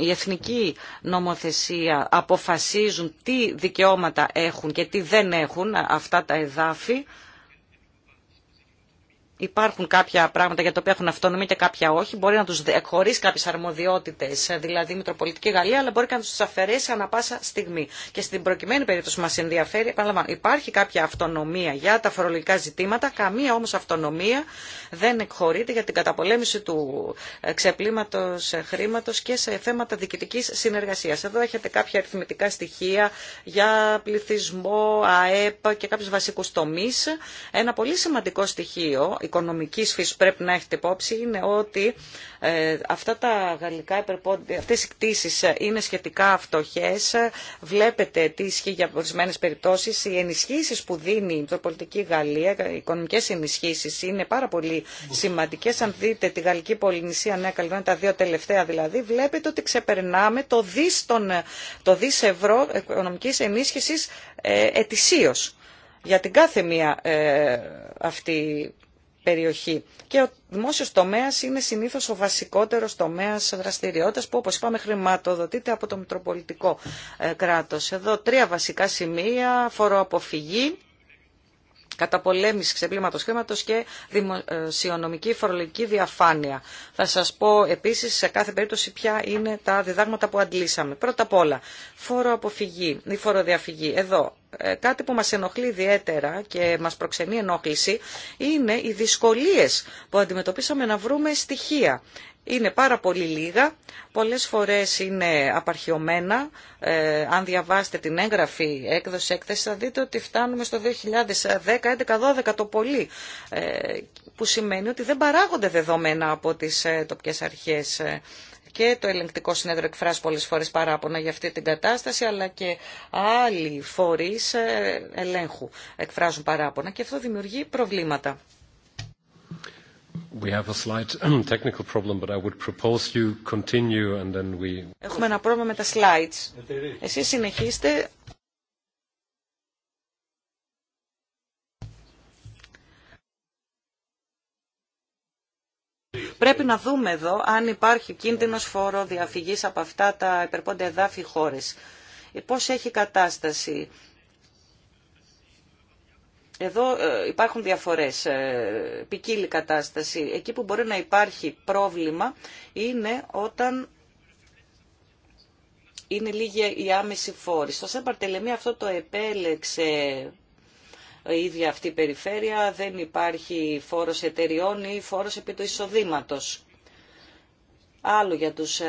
[SPEAKER 3] η εθνική νομοθεσία αποφασίζουν τι δικαιώματα έχουν και τι δεν έχουν αυτά τα εδάφη Υπάρχουν κάποια πράγματα για τα οποία έχουν αυτονομία και κάποια όχι. Μπορεί να του χωρί κάποιε αρμοδιότητε, ε, δηλαδή η Μητροπολιτική Γαλλία, αλλά μπορεί και να του αφαιρέσει ανα πάσα στιγμή. Και στην προκειμένη περίπτωση μα ενδιαφέρει, επαναλαμβάνω, υπάρχει κάποια αυτονομία για τα φορολογικά ζητήματα, καμία όμω αυτονομία δεν εκχωρείται για την καταπολέμηση του ε, ξεπλήματο ε, χρήματο και σε θέματα διοικητική συνεργασία. Εδώ έχετε κάποια αριθμητικά στοιχεία για πληθυσμό, ΑΕΠ και κάποιου βασικού τομεί. Ένα πολύ σημαντικό στοιχείο, οικονομικής φύσης πρέπει να έχετε υπόψη είναι ότι ε, αυτά τα γαλλικά υπερπόντια, αυτές οι κτήσεις ε, είναι σχετικά φτωχές. Βλέπετε τι ισχύει για ορισμένε περιπτώσεις. Οι ενισχύσεις που δίνει η Μητροπολιτική Γαλλία, ε, οι οικονομικές ενισχύσεις είναι πάρα πολύ σημαντικές. Αν δείτε τη γαλλική πολυνησία Νέα Καλλιδόνια, τα δύο τελευταία δηλαδή, βλέπετε ότι ξεπερνάμε το δις, τον, το δις ευρώ οικονομικής ενίσχυσης ε, ετησίως για την κάθε μία ε, αυτή περιοχή. Και ο δημόσιος τομέας είναι συνήθως ο βασικότερος τομέας δραστηριότητας που όπως είπαμε χρηματοδοτείται από το Μητροπολιτικό ε, κράτος. Εδώ τρία βασικά σημεία, φοροαποφυγή, καταπολέμηση ξεπλήματος χρήματος και δημοσιονομική φορολογική διαφάνεια. Θα σας πω επίσης σε κάθε περίπτωση ποια είναι τα διδάγματα που αντλήσαμε. Πρώτα απ' όλα, φοροαποφυγή ή φοροδιαφυγή. Εδώ ε, κάτι που μας ενοχλεί ιδιαίτερα και μας προξενεί ενόχληση είναι οι δυσκολίες που αντιμετωπίσαμε να βρούμε στοιχεία. Είναι πάρα πολύ λίγα, πολλές φορές είναι απαρχιωμένα. Ε, αν διαβάσετε την έγγραφη έκδοση έκθεση θα δείτε ότι φτάνουμε στο 2010, 11, το πολύ, ε, που σημαίνει ότι δεν παράγονται δεδομένα από τις τοπικές αρχές και το ελεγκτικό συνέδριο εκφράζει πολλές φορές παράπονα για αυτή την κατάσταση, αλλά και άλλοι φορείς ε, ελέγχου εκφράζουν παράπονα και αυτό δημιουργεί προβλήματα. Έχουμε ένα πρόβλημα με τα slides. Εσείς συνεχίστε, Πρέπει να δούμε εδώ αν υπάρχει κίνδυνος φόρο διαφυγής από αυτά τα υπερπόντια εδάφη χώρες. Ε, πώς έχει κατάσταση. Εδώ ε, υπάρχουν διαφορές, ε, ποικίλη κατάσταση. Εκεί που μπορεί να υπάρχει πρόβλημα είναι όταν είναι λίγη η άμεση φόροι. Στο ΣΕΠΑΡ αυτό το επέλεξε η ίδια αυτή η περιφέρεια, δεν υπάρχει φόρος εταιριών ή φόρος επί του εισοδήματος άλλο για τους ε,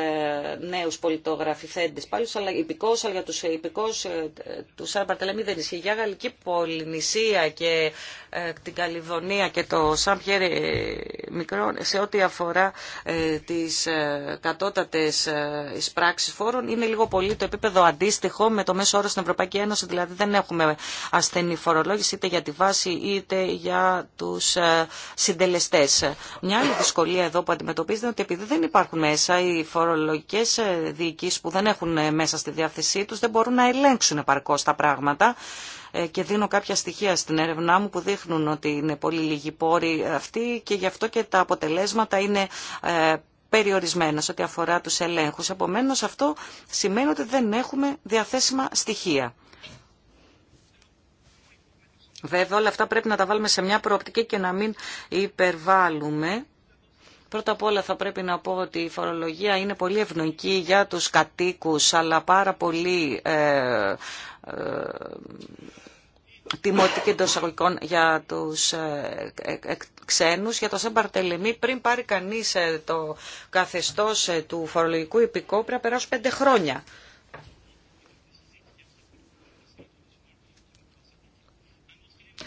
[SPEAKER 3] νέους πολιτογραφηθέντες πάλι, αλλά υπηκός, αλλά για τους ε, υπηκός ε, του Σαν Παρτελεμή δεν ισχύει. Για Γαλλική Πολυνησία και την Καλιβωνία και το Σαν Μικρό, σε ό,τι αφορά τις κατώτατες πράξεις φόρων, είναι λίγο πολύ το επίπεδο αντίστοιχο με το μέσο όρο στην Ευρωπαϊκή Ένωση, δηλαδή δεν έχουμε ασθενή φορολόγηση είτε για τη βάση είτε για τους συντελεστές. Μια άλλη δυσκολία εδώ που αντιμετωπίζεται ότι επειδή δεν υπάρχουν μέσα, οι φορολογικέ ε, διοικήσει που δεν έχουν ε, μέσα στη διάθεσή του δεν μπορούν να ελέγξουν επαρκώ τα πράγματα ε, και δίνω κάποια στοιχεία στην έρευνά μου που δείχνουν ότι είναι πολύ λίγοι πόροι αυτοί και γι' αυτό και τα αποτελέσματα είναι περιορισμένα σε ό,τι αφορά τους ελέγχους. Επομένως αυτό σημαίνει ότι δεν έχουμε διαθέσιμα στοιχεία. Βέβαια όλα αυτά πρέπει να τα βάλουμε σε μια προοπτική και να μην υπερβάλλουμε Πρώτα απ' όλα θα πρέπει να πω ότι η φορολογία είναι πολύ ευνοϊκή για τους κατοίκους, αλλά πάρα πολύ ε, ε, τιμωτική για τους ε, ε, ε, ξένους. Για το Σεν Παρτελεμή, πριν πάρει κανείς το καθεστώς του φορολογικού υπηκόπου, περάσουν πέντε χρόνια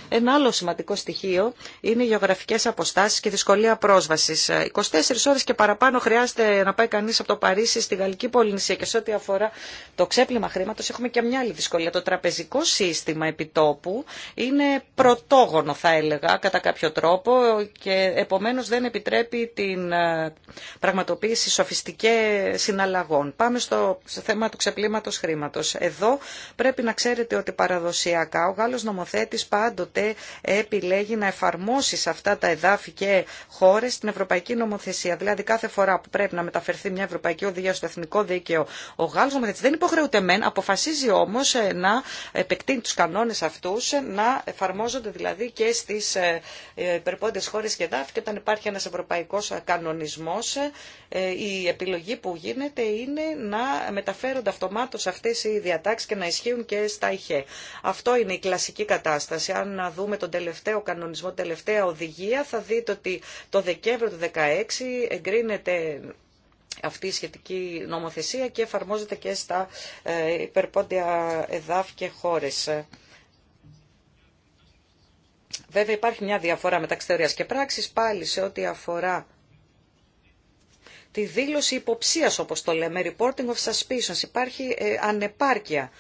[SPEAKER 3] Ένα άλλο σημαντικό στοιχείο είναι οι γεωγραφικές αποστάσεις και δυσκολία πρόσβασης. 24 ώρες και παραπάνω χρειάζεται να πάει κανείς από το Παρίσι στη Γαλλική Πολυνησία και σε ό,τι αφορά το ξέπλυμα χρήματος έχουμε και μια άλλη δυσκολία. Το τραπεζικό σύστημα επιτόπου είναι πρωτόγωνο θα έλεγα κατά κάποιο τρόπο και επομένως δεν επιτρέπει την ε, πραγματοποίηση σοφιστικέ συναλλαγών. Πάμε στο θέμα του ξεπλήματος χρήματος. Εδώ πρέπει να ξέρετε ότι παραδοσιακά ο Γάλλος νομοθέτης πάντοτε επιλέγει να εφαρμόσει σε αυτά τα εδάφη και χώρε την ευρωπαϊκή νομοθεσία. Δηλαδή κάθε φορά που πρέπει να μεταφερθεί μια ευρωπαϊκή οδηγία στο εθνικό δίκαιο, ο Γάλλος νομοθέτη δεν υποχρεούται μεν, αποφασίζει όμω ε, να επεκτείνει του κανόνε αυτού, ε, να εφαρμόζονται δηλαδή και στι ε, υπερπόντε χώρε και εδάφη και όταν υπάρχει ένα ευρωπαϊκό κανονισμό, η επιλογή που γίνεται είναι να μεταφέρονται αυτομάτως αυτές οι διατάξεις και να ισχύουν και στα ΙΧΕ. Αυτό είναι η κλασική κατάσταση. Αν να δούμε τον τελευταίο κανονισμό, την τελευταία οδηγία, θα δείτε ότι το Δεκέμβριο του 2016 εγκρίνεται αυτή η σχετική νομοθεσία και εφαρμόζεται και στα ε, υπερπόντια εδάφη και χώρες. Βέβαια υπάρχει μια διαφορά μεταξύ θεωρίας και πράξης πάλι σε ό,τι αφορά τη δήλωση υποψίας όπως το λέμε, reporting of suspicions. Υπάρχει ε, ανεπάρκεια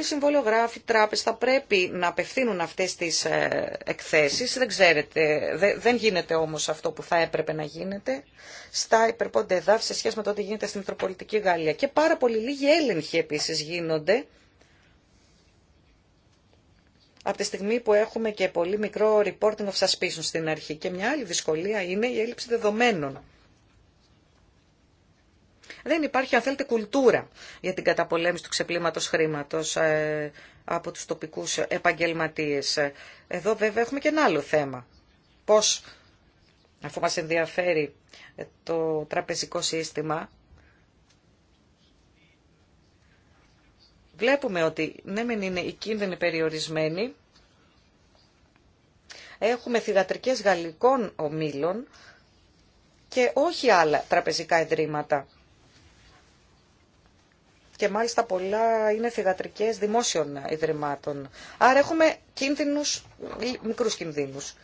[SPEAKER 3] οι συμβολιογράφοι, τράπεζε θα πρέπει να απευθύνουν αυτές τις ε, εκθέσεις. Δεν ξέρετε, δεν γίνεται όμως αυτό που θα έπρεπε να γίνεται στα υπερπόντα εδάφη σε σχέση με το ότι γίνεται στην Μητροπολιτική Γαλλία. Και πάρα πολύ λίγοι έλεγχοι επίσης γίνονται από τη στιγμή που έχουμε και πολύ μικρό reporting of suspicion στην αρχή. Και μια άλλη δυσκολία είναι η έλλειψη δεδομένων δεν υπάρχει, αν θέλετε, κουλτούρα για την καταπολέμηση του ξεπλήματος χρήματος ε, από τους τοπικούς επαγγελματίες. Εδώ βέβαια έχουμε και ένα άλλο θέμα. Πώς, αφού μας ενδιαφέρει ε, το τραπεζικό σύστημα, βλέπουμε ότι ναι μεν είναι οι κίνδυνοι περιορισμένοι, έχουμε θηγατρικές γαλλικών ομίλων και όχι άλλα τραπεζικά ιδρύματα και μάλιστα πολλά είναι θηγατρικές δημόσιων ιδρυμάτων. Άρα έχουμε κίνδυνους, μικρούς κινδύνους.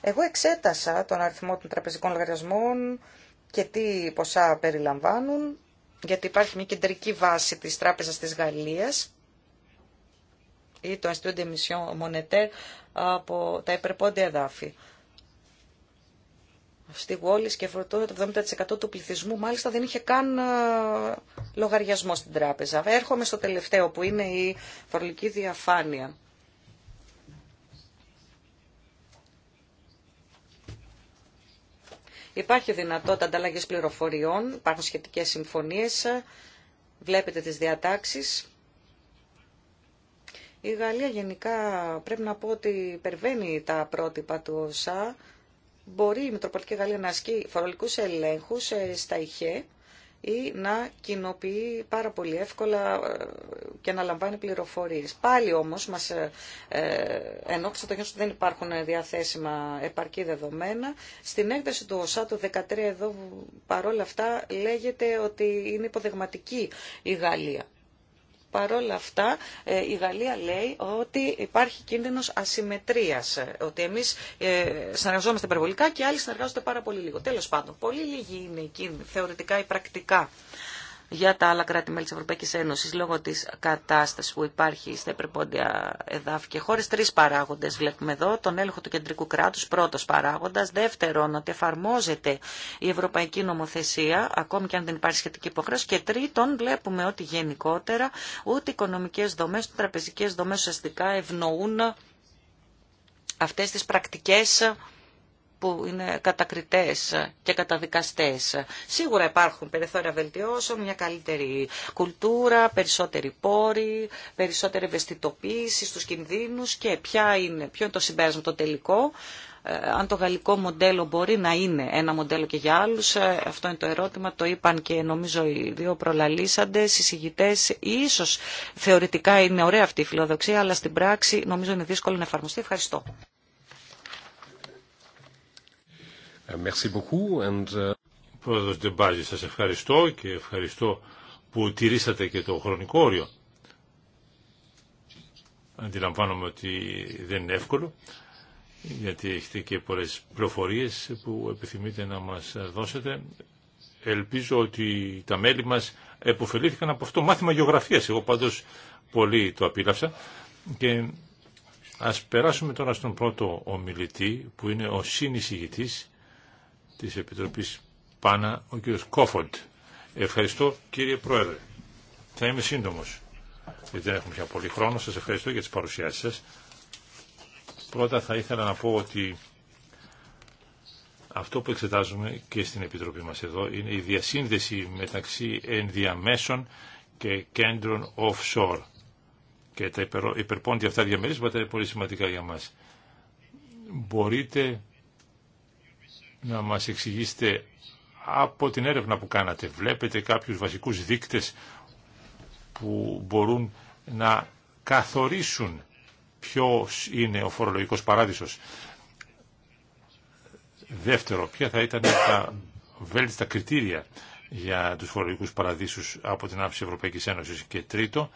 [SPEAKER 3] Εγώ εξέτασα τον αριθμό των τραπεζικών λογαριασμών και τι ποσά περιλαμβάνουν, γιατί υπάρχει μια κεντρική βάση της Τράπεζας της Γαλλίας ή το Institut de Mission Monetaire από τα υπερπόντια εδάφη στη Γόλη και το 70% του πληθυσμού μάλιστα δεν είχε καν ε, λογαριασμό στην τράπεζα. Έρχομαι στο τελευταίο που είναι η φορολογική διαφάνεια. Υπάρχει δυνατότητα ανταλλαγή πληροφοριών, υπάρχουν σχετικές συμφωνίες, βλέπετε τις διατάξεις. Η Γαλλία γενικά πρέπει να πω ότι υπερβαίνει τα πρότυπα του ΩΣΑ μπορεί η Μητροπολιτική Γαλλία να ασκεί φορολογικούς ελέγχους ε, στα ΙΧΕ ή να κοινοποιεί πάρα πολύ εύκολα ε, και να λαμβάνει πληροφορίες. Πάλι όμως μας ε, ενόχλησε το γεγονός ότι δεν υπάρχουν διαθέσιμα επαρκή δεδομένα. Στην έκθεση του ΟΣΑ του 13 εδώ παρόλα αυτά λέγεται ότι είναι υποδεγματική η Γαλλία παρόλα αυτά ε, η Γαλλία λέει ότι υπάρχει κίνδυνος ασυμμετρίας, ε, ότι εμείς ε, συνεργαζόμαστε υπερβολικά και άλλοι συνεργάζονται πάρα πολύ λίγο. Τέλος πάντων, πολύ λίγοι είναι οι κίνδυνοι, θεωρητικά ή πρακτικά για τα άλλα κράτη-μέλη της Ευρωπαϊκής Ένωσης λόγω της κατάστασης που υπάρχει στα υπερπόντια εδάφη και χώρες. Τρεις παράγοντες βλέπουμε εδώ. Τον έλεγχο του κεντρικού κράτους, πρώτος παράγοντας. Δεύτερον, ότι εφαρμόζεται η ευρωπαϊκή νομοθεσία, ακόμη και αν δεν υπάρχει σχετική υποχρέωση. Και τρίτον, βλέπουμε ότι γενικότερα ούτε οι οικονομικές δομές, ούτε οι τραπεζικές δομές ουσιαστικά ευνοούν αυτές τις πρακτικές που είναι κατακριτές και καταδικαστές. Σίγουρα υπάρχουν περιθώρια βελτιώσεων, μια καλύτερη κουλτούρα, περισσότεροι πόροι, περισσότερη ευαισθητοποίηση στους κινδύνους και ποια είναι, ποιο είναι το συμπέρασμα το τελικό. Ε, αν το γαλλικό μοντέλο μπορεί να είναι ένα μοντέλο και για άλλους, ε, αυτό είναι το ερώτημα, το είπαν και νομίζω οι δύο προλαλήσαντες, οι συγητές. Ίσως θεωρητικά είναι ωραία αυτή η φιλοδοξία, αλλά στην πράξη νομίζω είναι δύσκολο να εφαρμοστεί. Ευχαριστώ.
[SPEAKER 2] Ε, merci beaucoup ε, Πρόεδρος Ντεμπάζη, σας ευχαριστώ και ευχαριστώ που τηρήσατε και το χρονικό όριο. Αντιλαμβάνομαι ότι δεν είναι εύκολο, γιατί έχετε και πολλές πληροφορίες που επιθυμείτε να μας δώσετε. Ελπίζω ότι τα μέλη μας επωφελήθηκαν από αυτό μάθημα γεωγραφίας. Εγώ πάντως πολύ το απίλαυσα. Και ας περάσουμε τώρα στον πρώτο ομιλητή, που είναι ο συνεισηγητής της Επιτροπής Πάνα, ο κ. Κόφοντ. Ευχαριστώ κύριε Πρόεδρε. Θα είμαι σύντομος, γιατί δεν έχουμε πια πολύ χρόνο. Σας ευχαριστώ για τις παρουσιάσεις σας. Πρώτα θα ήθελα να πω ότι αυτό που εξετάζουμε και στην Επιτροπή μας εδώ είναι η διασύνδεση μεταξύ ενδιαμέσων και κέντρων offshore. Και τα υπερπόντια αυτά διαμερίσματα είναι πολύ σημαντικά για μας. Μπορείτε να μας εξηγήσετε από την έρευνα που κάνατε. Βλέπετε κάποιους βασικούς δείκτες που μπορούν να καθορίσουν ποιος είναι ο φορολογικός παράδεισος. Δεύτερο, ποια θα ήταν τα βέλτιστα κριτήρια για τους φορολογικούς παραδείσους από την άψη Ευρωπαϊκής Ένωσης. Και τρίτο,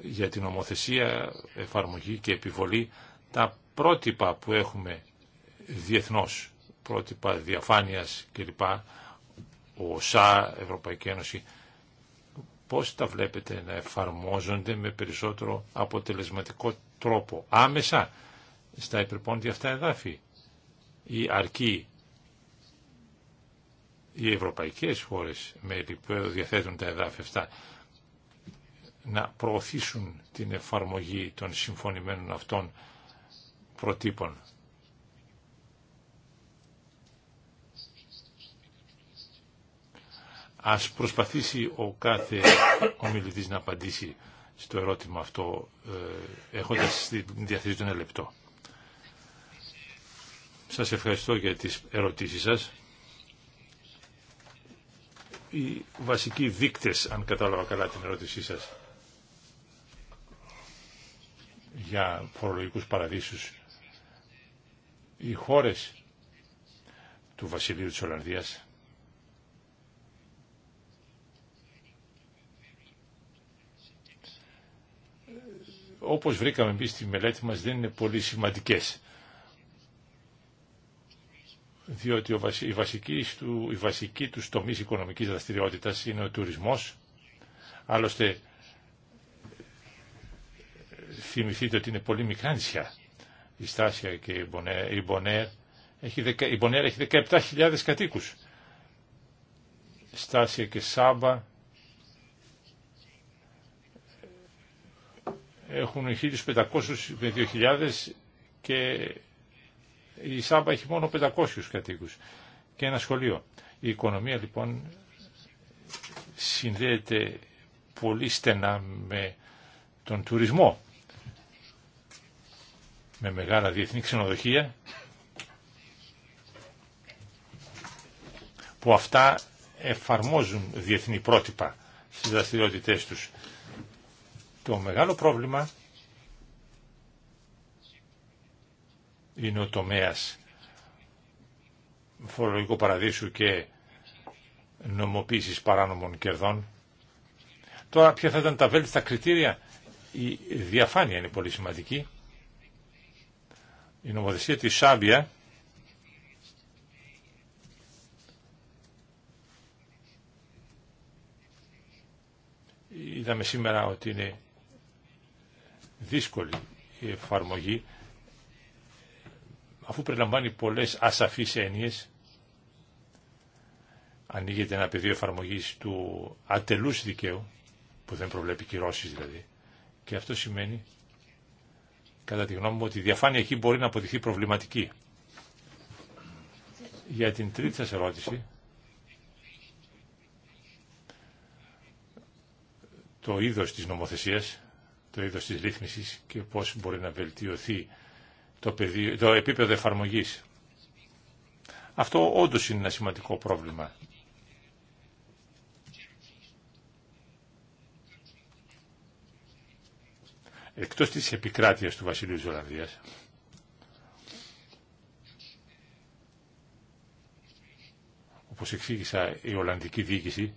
[SPEAKER 2] για την ομοθεσία, εφαρμογή και επιβολή τα πρότυπα που έχουμε διεθνώς πρότυπα διαφάνειας κλπ. Ο ΣΑ, Ευρωπαϊκή Ένωση, πώς τα βλέπετε να εφαρμόζονται με περισσότερο αποτελεσματικό τρόπο, άμεσα στα υπερπόντια αυτά εδάφη. Ή αρκεί οι ευρωπαϊκές χώρες με επίπεδο διαθέτουν τα εδάφη αυτά να προωθήσουν την εφαρμογή των συμφωνημένων αυτών προτύπων. Ας προσπαθήσει ο κάθε ομιλητής να απαντήσει στο ερώτημα αυτό ε, έχοντας διαθέσει τον λεπτό. Σας ευχαριστώ για τις ερωτήσεις σας. Οι βασικοί δείκτες, αν κατάλαβα καλά την ερώτησή σας, για φορολογικούς παραδείσους, οι χώρες του Βασιλείου της Ολλανδίας όπως βρήκαμε εμείς στη μελέτη μας δεν είναι πολύ σημαντικές. Διότι η, βασική του, η βασική τους τομής οικονομικής δραστηριότητας είναι ο τουρισμός. Άλλωστε θυμηθείτε ότι είναι πολύ μικρά νησιά. Η Στάσια και η Μπονέρ, έχει, η Μπονέρ έχει 17.000 κατοίκους. Στάσια και Σάμπα έχουν 1.500 με 2.000 και η Σάμπα έχει μόνο 500 κατοίκους και ένα σχολείο. Η οικονομία λοιπόν συνδέεται πολύ στενά με τον τουρισμό, με μεγάλα διεθνή ξενοδοχεία, που αυτά εφαρμόζουν διεθνή πρότυπα στις δραστηριότητές τους. Το μεγάλο πρόβλημα είναι ο τομέας φορολογικού παραδείσου και νομοποίησης παράνομων κερδών. Τώρα ποια θα ήταν τα βέλτιστα κριτήρια. Η διαφάνεια είναι πολύ σημαντική. Η νομοθεσία της Σάμπια είδαμε σήμερα ότι είναι δύσκολη η εφαρμογή αφού περιλαμβάνει πολλές ασαφείς έννοιες ανοίγεται ένα πεδίο εφαρμογής του ατελούς δικαίου που δεν προβλέπει κυρώσεις δηλαδή και αυτό σημαίνει κατά τη γνώμη μου ότι η διαφάνεια εκεί μπορεί να αποδειχθεί προβληματική για την τρίτη σας ερώτηση το είδος της νομοθεσίας το είδος της ρύθμισης και πώς μπορεί να βελτιωθεί το, το επίπεδο εφαρμογής. Αυτό όντως είναι ένα σημαντικό πρόβλημα. Εκτός της επικράτειας του Βασιλείου Ολλανδίας όπως εξήγησα η Ολλανδική διοίκηση,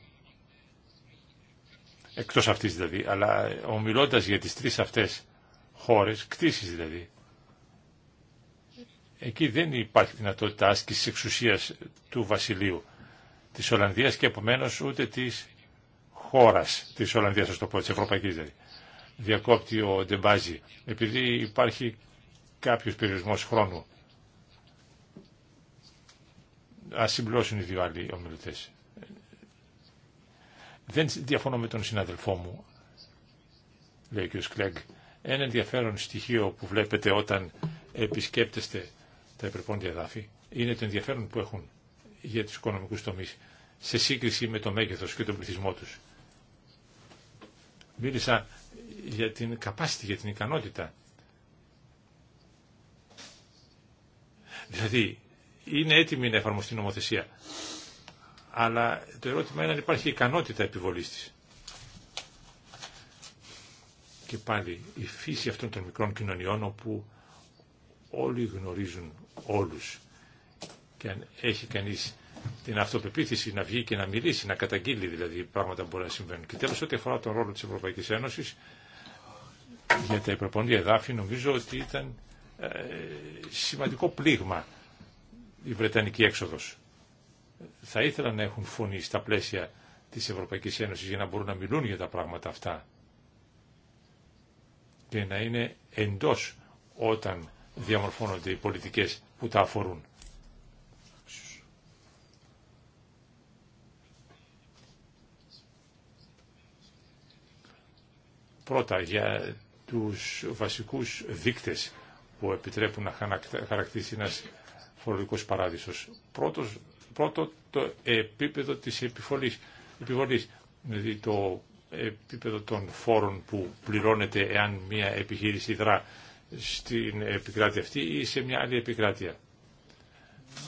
[SPEAKER 2] εκτός αυτής δηλαδή, αλλά ομιλώντας για τις τρεις αυτές χώρες, κτίσεις δηλαδή, εκεί δεν υπάρχει δυνατότητα άσκησης εξουσίας του βασιλείου της Ολλανδίας και επομένως ούτε της χώρας της Ολλανδίας, ας το πω, της Ευρωπαϊκής δηλαδή. Διακόπτει ο Ντεμπάζη, επειδή υπάρχει κάποιος περιορισμός χρόνου. Ας συμπλώσουν οι δύο άλλοι ομιλητές. Δεν διαφωνώ με τον συναδελφό μου, λέει ο κ. Κλέγκ. Ένα ενδιαφέρον στοιχείο που βλέπετε όταν επισκέπτεστε τα υπερπόντια εδάφη είναι το ενδιαφέρον που έχουν για τους οικονομικούς τομείς σε σύγκριση με το μέγεθος και τον πληθυσμό τους. Μίλησα για την καπάστη, για την ικανότητα. Δηλαδή, είναι έτοιμη να εφαρμοστεί νομοθεσία αλλά το ερώτημα είναι αν υπάρχει ικανότητα επιβολής της. Και πάλι η φύση αυτών των μικρών κοινωνιών όπου όλοι γνωρίζουν όλους και αν έχει κανείς την αυτοπεποίθηση να βγει και να μιλήσει, να καταγγείλει δηλαδή πράγματα που μπορεί να συμβαίνουν. Και τέλος ό,τι αφορά τον ρόλο της Ευρωπαϊκής Ένωσης για τα υπερπονδία εδάφη νομίζω ότι ήταν ε, σημαντικό πλήγμα η Βρετανική έξοδος θα ήθελαν να έχουν φωνή στα πλαίσια της Ευρωπαϊκής Ένωσης για να μπορούν να μιλούν για τα πράγματα αυτά και να είναι εντός όταν διαμορφώνονται οι πολιτικές που τα αφορούν. Πρώτα για τους βασικούς δείκτες που επιτρέπουν να χαρακτήσει ένας φορολογικός παράδεισος. Πρώτος Πρώτο, το επίπεδο της επιβολής, επιβολής δηλαδή το επίπεδο των φόρων που πληρώνεται εάν μια επιχείρηση δρά στην επικράτεια αυτή ή σε μια άλλη επικράτεια.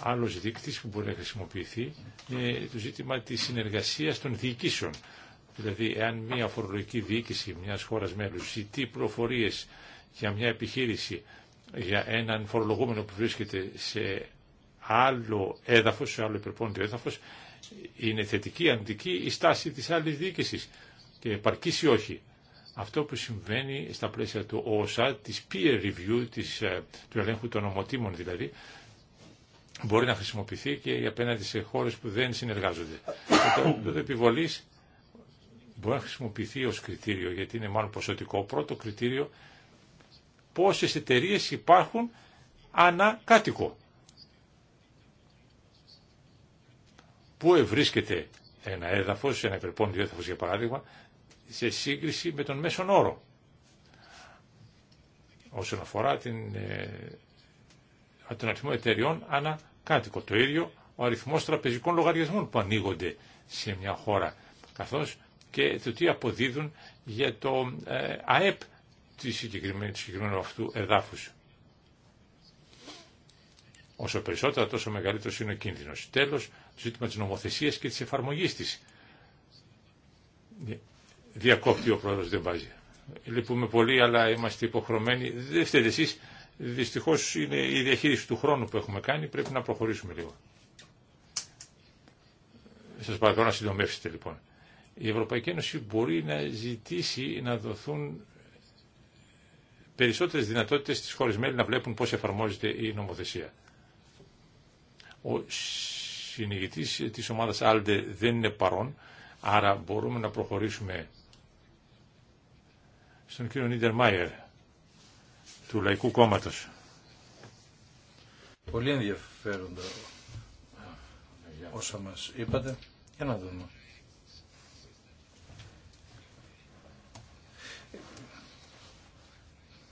[SPEAKER 2] Άλλος δείκτης που μπορεί να χρησιμοποιηθεί είναι το ζήτημα της συνεργασίας των διοικήσεων. Δηλαδή, εάν μια φορολογική διοίκηση μιας χώρας μέλους ζητεί προφορίες για μια επιχείρηση για έναν φορολογούμενο που βρίσκεται σε άλλο έδαφος, σε άλλο υπερπόνητο έδαφος, είναι θετική, αντική η στάση της άλλης διοίκησης και επαρκής ή όχι. Αυτό που συμβαίνει στα πλαίσια του ΩΣΑ, της peer review, της, ε, του ελέγχου των ομοτήμων δηλαδή, μπορεί να χρησιμοποιηθεί και απέναντι σε χώρες που δεν συνεργάζονται. Το επίπεδο επιβολής μπορεί να χρησιμοποιηθεί ως κριτήριο, γιατί είναι μάλλον ποσοτικό. Πρώτο κριτήριο, πόσες εταιρείε υπάρχουν ανά κάτοικο. πού ευρίσκεται ένα έδαφος, ένα υπερπόντιο έδαφος για παράδειγμα, σε σύγκριση με τον μέσον όρο όσον αφορά την, ε, τον αριθμό εταιριών ανά κάτοικο. Το ίδιο ο αριθμός τραπεζικών λογαριασμών που ανοίγονται σε μια χώρα, καθώς και το τι αποδίδουν για το ε, ΑΕΠ του συγκεκριμένου αυτού εδάφους. Όσο περισσότερα, τόσο μεγαλύτερο είναι ο κίνδυνος. Τέλος, ζήτημα της νομοθεσίας και της εφαρμογής της. Διακόπτει ο πρόεδρος δεν βάζει. Λυπούμε πολύ αλλά είμαστε υποχρεωμένοι. Δεν φταίτε εσείς. Δυστυχώς είναι η διαχείριση του χρόνου που έχουμε κάνει. Πρέπει να προχωρήσουμε λίγο. Σας παρακαλώ να συντομεύσετε λοιπόν. Η Ευρωπαϊκή Ένωση μπορεί να ζητήσει να δοθούν περισσότερες δυνατότητες στις χώρες μέλη να βλέπουν πώς εφαρμόζεται η νομοθεσία. Ο συνηγητής της ομάδας Άλντε δεν είναι παρόν, άρα μπορούμε να προχωρήσουμε στον κύριο Νίτερ Μάιερ του Λαϊκού Κόμματος.
[SPEAKER 1] Πολύ ενδιαφέροντα όσα μας είπατε. Για να δούμε.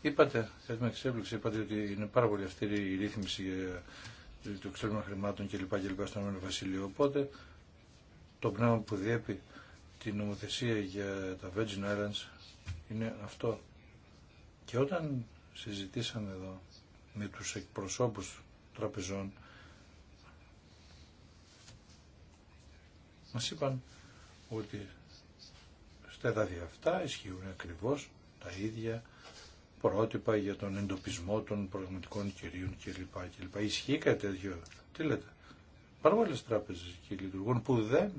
[SPEAKER 1] Είπατε, θέλουμε είπατε ότι είναι πάρα πολύ αυστηρή η ρύθμιση για του εξωτερικών χρημάτων και λοιπά στον Βασίλειο. Οπότε το πνεύμα που διέπει την νομοθεσία για τα Virgin Islands είναι αυτό. Και όταν συζητήσαμε εδώ με τους εκπροσώπους τραπεζών μας είπαν ότι στα εδάφια αυτά ισχύουν ακριβώς τα ίδια πρότυπα για τον εντοπισμό των πραγματικών κυρίων κλπ. κλπ. Ισχύει κάτι τέτοιο. Τι λέτε. Υπάρχουν πολλέ τράπεζε και λειτουργούν που δεν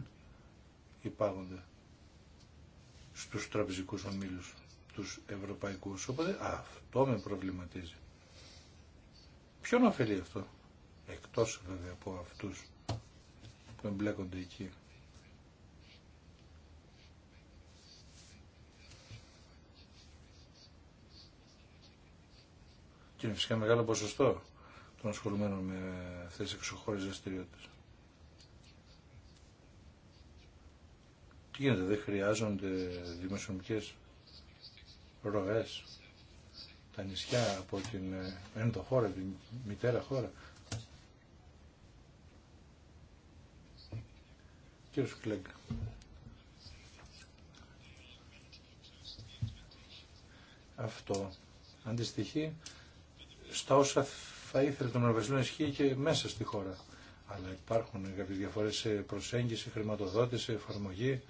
[SPEAKER 1] υπάγονται στους τραπεζικούς ομίλους, του ευρωπαϊκούς. Οπότε αυτό με προβληματίζει. Ποιον ωφελεί αυτό, εκτός βέβαια από αυτούς που εμπλέκονται εκεί. και είναι φυσικά μεγάλο ποσοστό των ασχολουμένων με αυτές τις εξωχώρες δραστηριότητες. Τι γίνεται, δεν χρειάζονται δημοσιονομικές ροές τα νησιά από την ενδοχώρα, την μητέρα χώρα. Κύριος Κλέγκ. Αυτό αντιστοιχεί στα όσα θα ήθελε το Ευρωπαϊκό να ισχύει και μέσα στη χώρα. Αλλά υπάρχουν κάποιε διαφορέ σε προσέγγιση, χρηματοδότηση, εφαρμογή.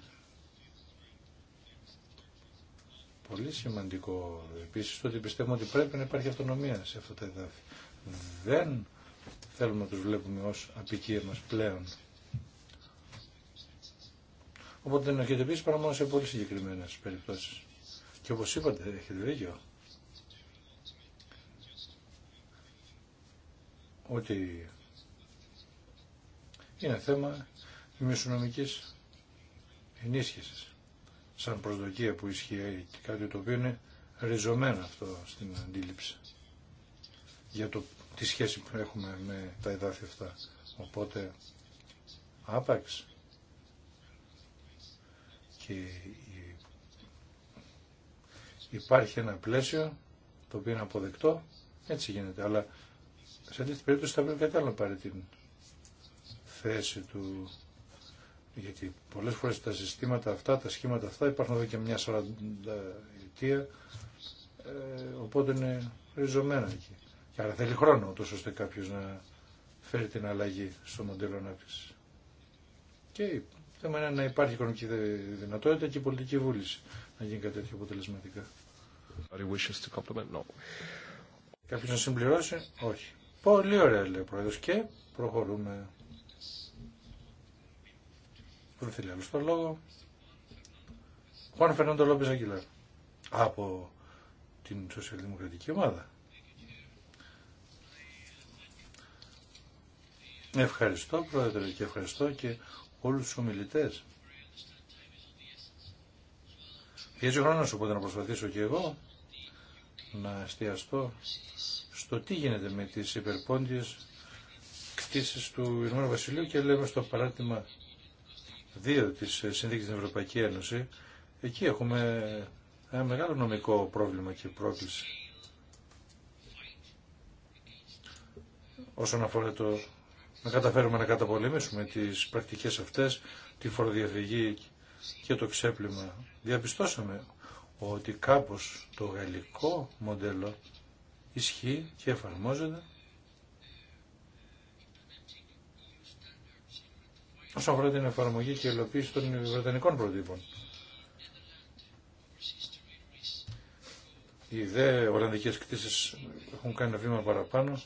[SPEAKER 1] Πολύ σημαντικό επίση το ότι πιστεύουμε ότι πρέπει να υπάρχει αυτονομία σε αυτά τα εδάφη. Δεν θέλουμε να του βλέπουμε ω απικία μα πλέον. Οπότε δεν έχετε επίση παρά σε πολύ συγκεκριμένε περιπτώσει. Και όπω είπατε, έχετε δίκιο. ότι είναι θέμα μισονομικής ενίσχυσης σαν προσδοκία που ισχύει και κάτι το οποίο είναι ριζωμένο αυτό στην αντίληψη για το, τη σχέση που έχουμε με τα εδάφια αυτά. Οπότε άπαξ και υπάρχει ένα πλαίσιο το οποίο είναι αποδεκτό, έτσι γίνεται. Αλλά σε την περίπτωση θα πρέπει να πάρει την θέση του. Γιατί πολλές φορές τα συστήματα αυτά, τα σχήματα αυτά υπάρχουν εδώ και μια σαρανταετία, ε, οπότε είναι ριζωμένα εκεί. Και άρα θέλει χρόνο ούτως ώστε κάποιος να φέρει την αλλαγή στο μοντέλο ανάπτυξη. Και θέμα είναι να υπάρχει οικονομική δυνατότητα και πολιτική βούληση να γίνει κάτι τέτοιο αποτελεσματικά. Κάποιος να συμπληρώσει, όχι. Πολύ ωραία λέει ο Πρόεδρος και προχωρούμε. Δεν θέλει άλλο το λόγο. Χωάν Φερνάντο Λόμπες Αγγιλάρ από την Σοσιαλδημοκρατική Ομάδα. Ευχαριστώ Πρόεδρε και ευχαριστώ και όλους τους ομιλητές. Πιέζει ο χρόνος οπότε να προσπαθήσω και εγώ να εστιαστώ το τι γίνεται με τις υπερπόντιες κτίσεις του Ηνωμένου Βασιλείου και λέμε στο παράδειγμα 2 της Συνδίκης της Ευρωπαϊκή Ένωση, εκεί έχουμε ένα μεγάλο νομικό πρόβλημα και πρόκληση. Όσον αφορά το να καταφέρουμε να καταπολεμήσουμε τις πρακτικές αυτές, τη φοροδιαφυγή και το ξέπλυμα, διαπιστώσαμε ότι κάπως το γαλλικό μοντέλο ισχύει και εφαρμόζεται όσον αφορά την εφαρμογή και υλοποίηση των βρετανικών προτύπων. Οι δε ολλανδικές κτήσεις έχουν κάνει ένα βήμα παραπάνω,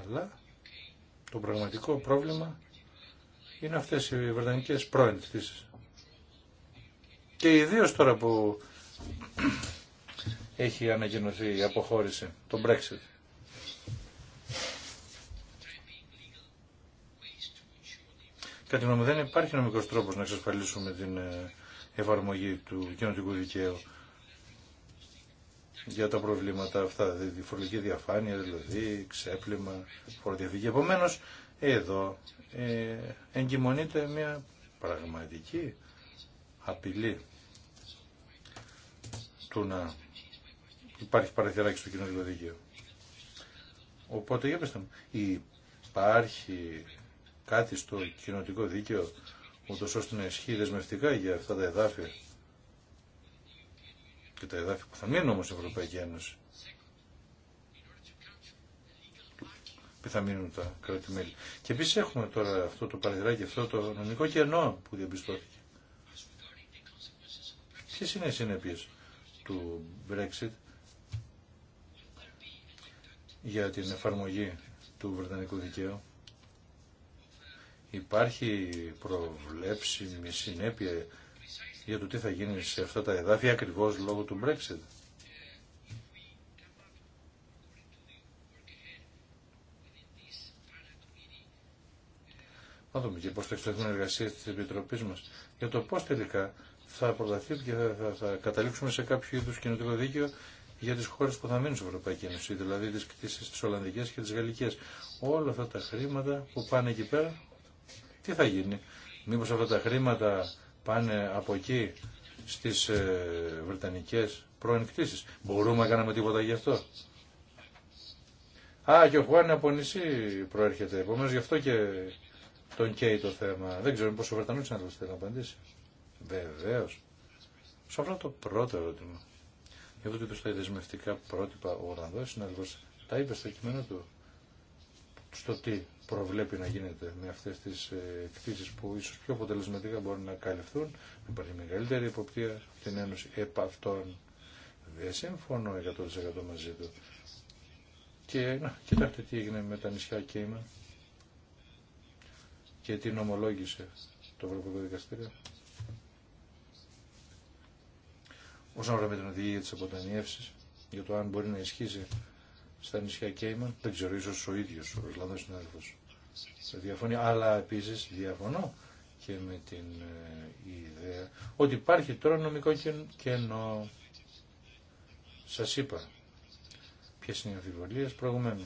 [SPEAKER 1] αλλά το πραγματικό πρόβλημα είναι αυτές οι βρετανικές πρώην κτήσεις. Και ιδίω τώρα που έχει ανακοινωθεί η αποχώρηση, το Brexit. Κατά τη δεν υπάρχει νομικός τρόπος να εξασφαλίσουμε την ε, εφαρμογή του κοινωτικού δικαίου για τα προβλήματα αυτά, Δηλαδή φορολογική διαφάνεια, δηλαδή ξέπλυμα, φοροδιαφυγή. Επομένω, εδώ ε, εγκυμονείται μια πραγματική απειλή του να υπάρχει παραθυράκι στο κοινωνικό δίκαιο. Οπότε, για πέστε μου, υπάρχει κάτι στο κοινωνικό δίκαιο, ούτως ώστε να ισχύει δεσμευτικά για αυτά τα εδάφια και τα εδάφια που θα μείνουν όμως η Ευρωπαϊκή Ένωση. που θα μείνουν τα κράτη-μέλη. Και επίση έχουμε τώρα αυτό το παραθυράκι, αυτό το νομικό κενό που διαπιστώθηκε. Ποιε είναι οι συνέπειε του Brexit για την εφαρμογή του Βρετανικού Δικαίου. Υπάρχει προβλέψιμη συνέπεια για το τι θα γίνει σε αυτά τα εδάφια ακριβώς λόγω του Brexit. Να δούμε και πώς θα οι εργασίες της Επιτροπής μας για το πώς τελικά θα προταθεί και θα, θα, θα καταλήξουμε σε κάποιο είδους κοινωτικό δίκαιο για τις χώρες που θα μείνουν στην Ευρωπαϊκή Ένωση, δηλαδή τις κτήσεις της Ολλανδικές και της Γαλλικές. Όλα αυτά τα χρήματα που πάνε εκεί πέρα, τι θα γίνει. Μήπως αυτά τα χρήματα πάνε από εκεί στις ε, Βρετανικές πρώην Μπορούμε να κάνουμε τίποτα γι' αυτό. Α, και ο Χουάνι από νησί προέρχεται. Επομένω γι' αυτό και τον καίει το θέμα. Δεν ξέρω πόσο ο Βρετανό το θέλει να απαντήσει. Βεβαίω. Σε αυτό το πρώτο ερώτημα. Γι' αυτό και δεσμευτικά πρότυπα ο Ολλανδό συνάδελφο τα είπε στο κείμενο του στο τι προβλέπει να γίνεται με αυτές τις ε, εκτίσει που ίσως πιο αποτελεσματικά μπορούν να καλυφθούν, υπάρχει μεγαλύτερη υποπτία την Ένωση επ' αυτών. Δεν συμφωνώ 100% μαζί του. Και να, κοιτάξτε τι έγινε με τα νησιά Κέιμα και τι νομολόγησε το Ευρωπαϊκό Δικαστήριο. όσον αφορά με την οδηγία τη αποτανίευση, για το αν μπορεί να ισχύσει στα νησιά Κέιμαν, δεν ξέρω, ίσω ο ίδιος ο Ρωσλανδός συνάδελφο διαφωνεί, αλλά επίσης διαφωνώ και με την ε, ιδέα ότι υπάρχει τώρα νομικό κενό. Σας είπα ποιες είναι οι αμφιβολίε προηγουμένω.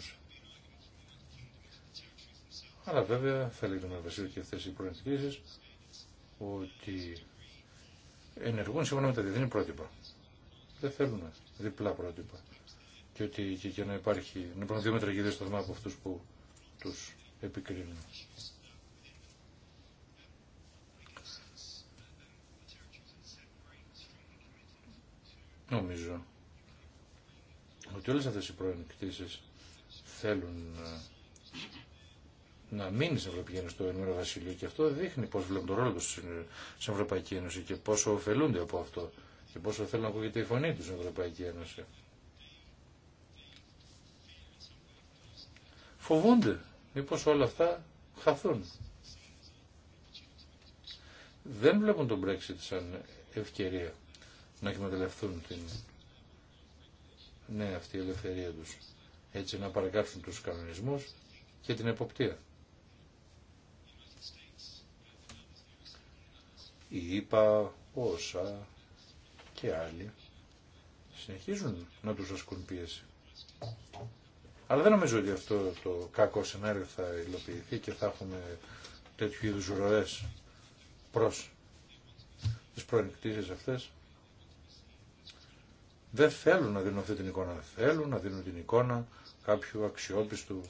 [SPEAKER 1] Αλλά βέβαια θα να βασίλειο και αυτέ οι προεκκλήσει ότι ενεργούν σύμφωνα με τα διεθνή πρότυπα. Δεν θέλουν διπλά πρότυπα. Και ότι και, να υπάρχει, να υπάρχουν δύο μέτρα στο από αυτού που του επικρίνουν. Νομίζω ότι όλες αυτές οι πρώην θέλουν ε, να μείνει στην Ευρωπαϊκή Ένωση το Ηνωμένο Βασίλειο και αυτό δείχνει πώ βλέπουν τον ρόλο του στην Ευρωπαϊκή Ένωση και πόσο ωφελούνται από αυτό και πόσο θέλουν να ακούγεται η φωνή του στην Ευρωπαϊκή Ένωση. Φοβούνται μήπω όλα αυτά χαθούν. Δεν βλέπουν τον Brexit σαν ευκαιρία να εκμεταλλευτούν την ναι, αυτή η ελευθερία τους. Έτσι να παρακάψουν τους κανονισμούς και την εποπτεία. η ΙΠΑ, ο ΩΣΑ και άλλοι συνεχίζουν να τους ασκούν πίεση. Αλλά δεν νομίζω ότι αυτό το κακό σενάριο θα υλοποιηθεί και θα έχουμε τέτοιου είδους ροές προς τις προεκτήσει αυτές. Δεν θέλουν να δίνουν αυτή την εικόνα. Θέλουν να δίνουν την εικόνα κάποιου αξιόπιστου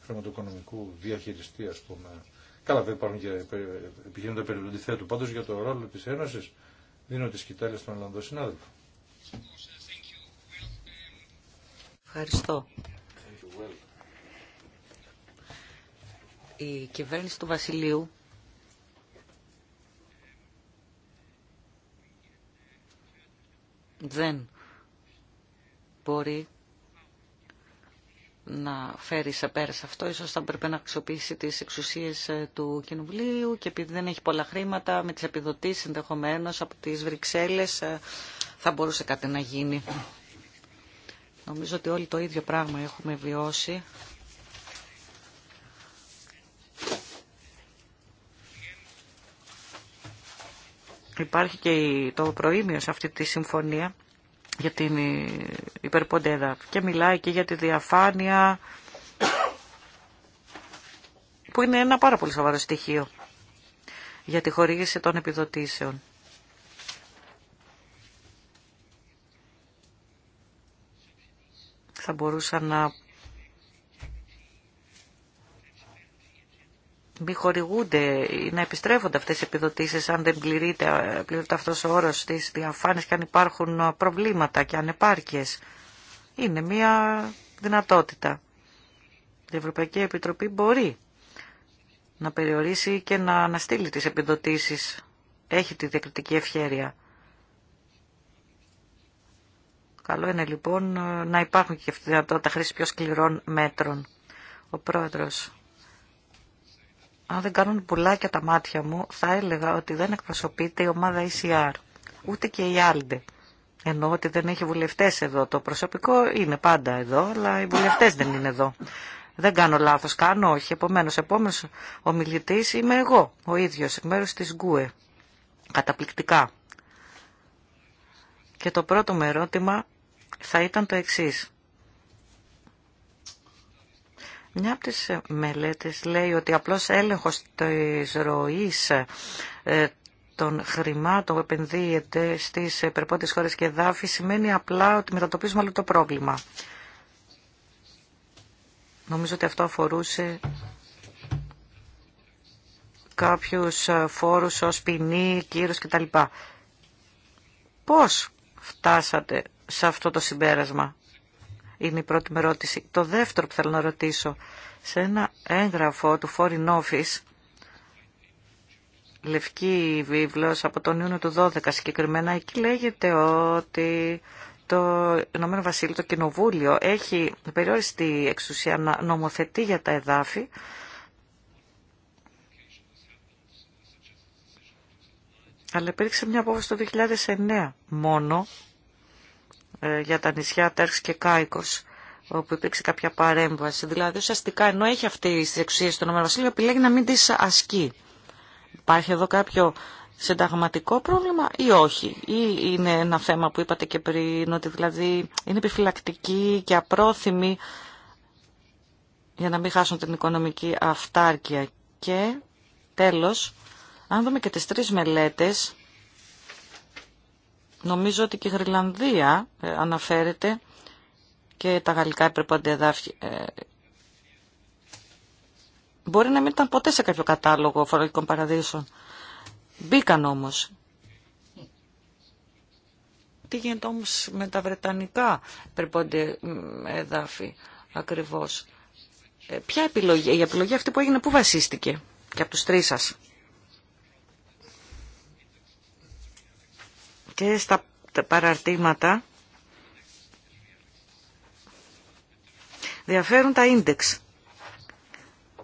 [SPEAKER 1] χρηματοοικονομικού διαχειριστή, ας πούμε, Καλά, δεν υπάρχουν και επιχειρήματα περί του αντιθέτου. Πάντω για το ρόλο τη Ένωση δίνω τη σκητάλη στον Ολλανδό συνάδελφο.
[SPEAKER 3] Ευχαριστώ. Η κυβέρνηση του Βασιλείου δεν μπορεί να φέρει σε πέρα αυτό. Ίσως θα πρέπει να αξιοποιήσει τις εξουσίες ε, του Κοινοβουλίου και επειδή δεν έχει πολλά χρήματα με τις επιδοτήσεις ενδεχομένω από τις Βρυξέλλες ε, θα μπορούσε κάτι να γίνει. Νομίζω ότι όλοι το ίδιο πράγμα έχουμε βιώσει. Υπάρχει και το προήμιο σε αυτή τη συμφωνία για την υπερποντέδα και μιλάει και για τη διαφάνεια που είναι ένα πάρα πολύ σοβαρό στοιχείο για τη χορήγηση των επιδοτήσεων. Θα μπορούσα να μη χορηγούνται ή να επιστρέφονται αυτές οι επιδοτήσεις αν δεν πληρείται, πληρείται αυτός ο όρος της διαφάνειας και αν υπάρχουν προβλήματα και ανεπάρκειες. Είναι μια δυνατότητα. Η Ευρωπαϊκή Επιτροπή μπορεί να περιορίσει και να αναστείλει τις επιδοτήσεις. Έχει τη διακριτική ευχέρεια. Καλό είναι λοιπόν να υπάρχουν και αυτή τη δυνατότητα χρήση πιο σκληρών μέτρων. Ο πρόεδρος αν δεν κάνουν πουλάκια τα μάτια μου, θα έλεγα ότι δεν εκπροσωπείται η ομάδα ECR, ούτε και η Άλντε. ενώ ότι δεν έχει βουλευτές εδώ. Το προσωπικό είναι πάντα εδώ, αλλά οι βουλευτές δεν είναι εδώ. Δεν κάνω λάθος, κάνω όχι. Επομένως, επόμενος ομιλητή είμαι εγώ, ο ίδιος, εκ μέρου τη Γκουε. Καταπληκτικά. Και το πρώτο μου ερώτημα θα ήταν το εξής. Μια από τις μελέτες λέει ότι απλώς έλεγχος της ροής ε, των χρημάτων που επενδύεται στις περπότες χώρες και δάφη σημαίνει απλά ότι μετατοπίζουμε όλο το πρόβλημα. Νομίζω ότι αυτό αφορούσε κάποιους φόρους ως ποινή, κύρος κτλ. Πώς φτάσατε σε αυτό το συμπέρασμα είναι η πρώτη με ερώτηση. Το δεύτερο που θέλω να ρωτήσω, σε ένα έγγραφο του Foreign Office, λευκή βίβλος από τον Ιούνιο του 12 συγκεκριμένα, εκεί λέγεται ότι το Ηνωμένο Βασίλειο, το Κοινοβούλιο, έχει περιόριστη εξουσία να νομοθετεί για τα εδάφη, αλλά υπήρξε μια απόφαση το 2009 μόνο ε, για τα νησιά Τέρξ και Κάικος όπου υπήρξε κάποια παρέμβαση. Δηλαδή, ουσιαστικά, ενώ έχει αυτή τι εξουσίε στο Ηνωμένου Βασίλειο, επιλέγει να μην τι ασκεί. Υπάρχει εδώ κάποιο συνταγματικό πρόβλημα ή όχι. Ή είναι ένα θέμα που είπατε και πριν, ότι δηλαδή είναι επιφυλακτική και απρόθυμη για να μην χάσουν την οικονομική αυτάρκεια. Και τέλος, αν δούμε και τις τρεις μελέτες, Νομίζω ότι και η Γρυλανδία ε, αναφέρεται και τα γαλλικά υπερπαντή εδάφη. Ε, μπορεί να μην ήταν ποτέ σε κάποιο κατάλογο φορολογικών παραδείσων. Μπήκαν όμως. Τι γίνεται όμως με τα βρετανικά να εδάφη ακριβώς. Ε, ποια επιλογή, η επιλογή αυτή που έγινε, πού βασίστηκε και από τους τρεις σας. και στα παραρτήματα διαφέρουν τα ίντεξ.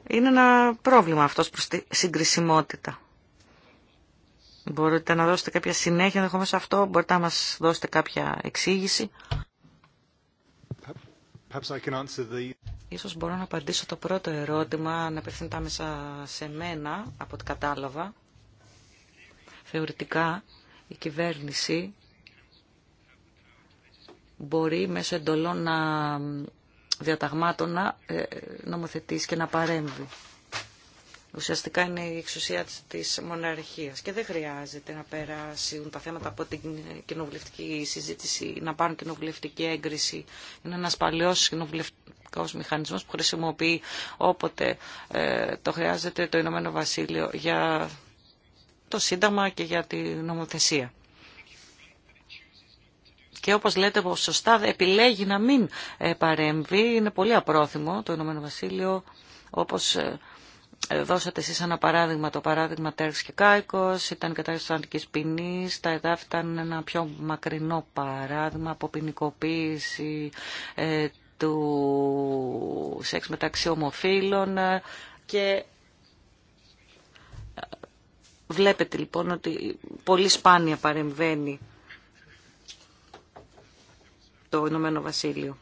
[SPEAKER 3] Είναι ένα πρόβλημα αυτός προς τη συγκρισιμότητα. Μπορείτε να δώσετε κάποια συνέχεια ενδεχομένω σε αυτό, μπορείτε να μας δώσετε κάποια εξήγηση. Ίσως μπορώ να απαντήσω το πρώτο ερώτημα, να απευθύνεται μέσα σε μένα, από την κατάλαβα. Θεωρητικά, η κυβέρνηση μπορεί μέσω εντολών να διαταγμάτων να ε, νομοθετήσει και να παρέμβει. Ουσιαστικά είναι η εξουσία της μοναρχίας και δεν χρειάζεται να περάσουν τα θέματα από την κοινοβουλευτική συζήτηση, να πάρουν κοινοβουλευτική έγκριση. Είναι ένας παλιός κοινοβουλευτικός μηχανισμός που χρησιμοποιεί όποτε ε, το χρειάζεται το Ηνωμένο Βασίλειο για το Σύνταγμα και για την νομοθεσία. Και όπως λέτε σωστά επιλέγει να μην ε, παρέμβει, είναι πολύ απρόθυμο το Ηνωμένο Βασίλειο, όπως ε, ε, δώσατε εσείς ένα παράδειγμα, το παράδειγμα Τέρξ και Κάικος, ήταν κατά της τα εδάφη ήταν ένα πιο μακρινό παράδειγμα από ποινικοποίηση του σεξ μεταξύ ομοφύλων και Βλέπετε λοιπόν ότι πολύ σπάνια παρεμβαίνει το Ηνωμένο Βασίλειο.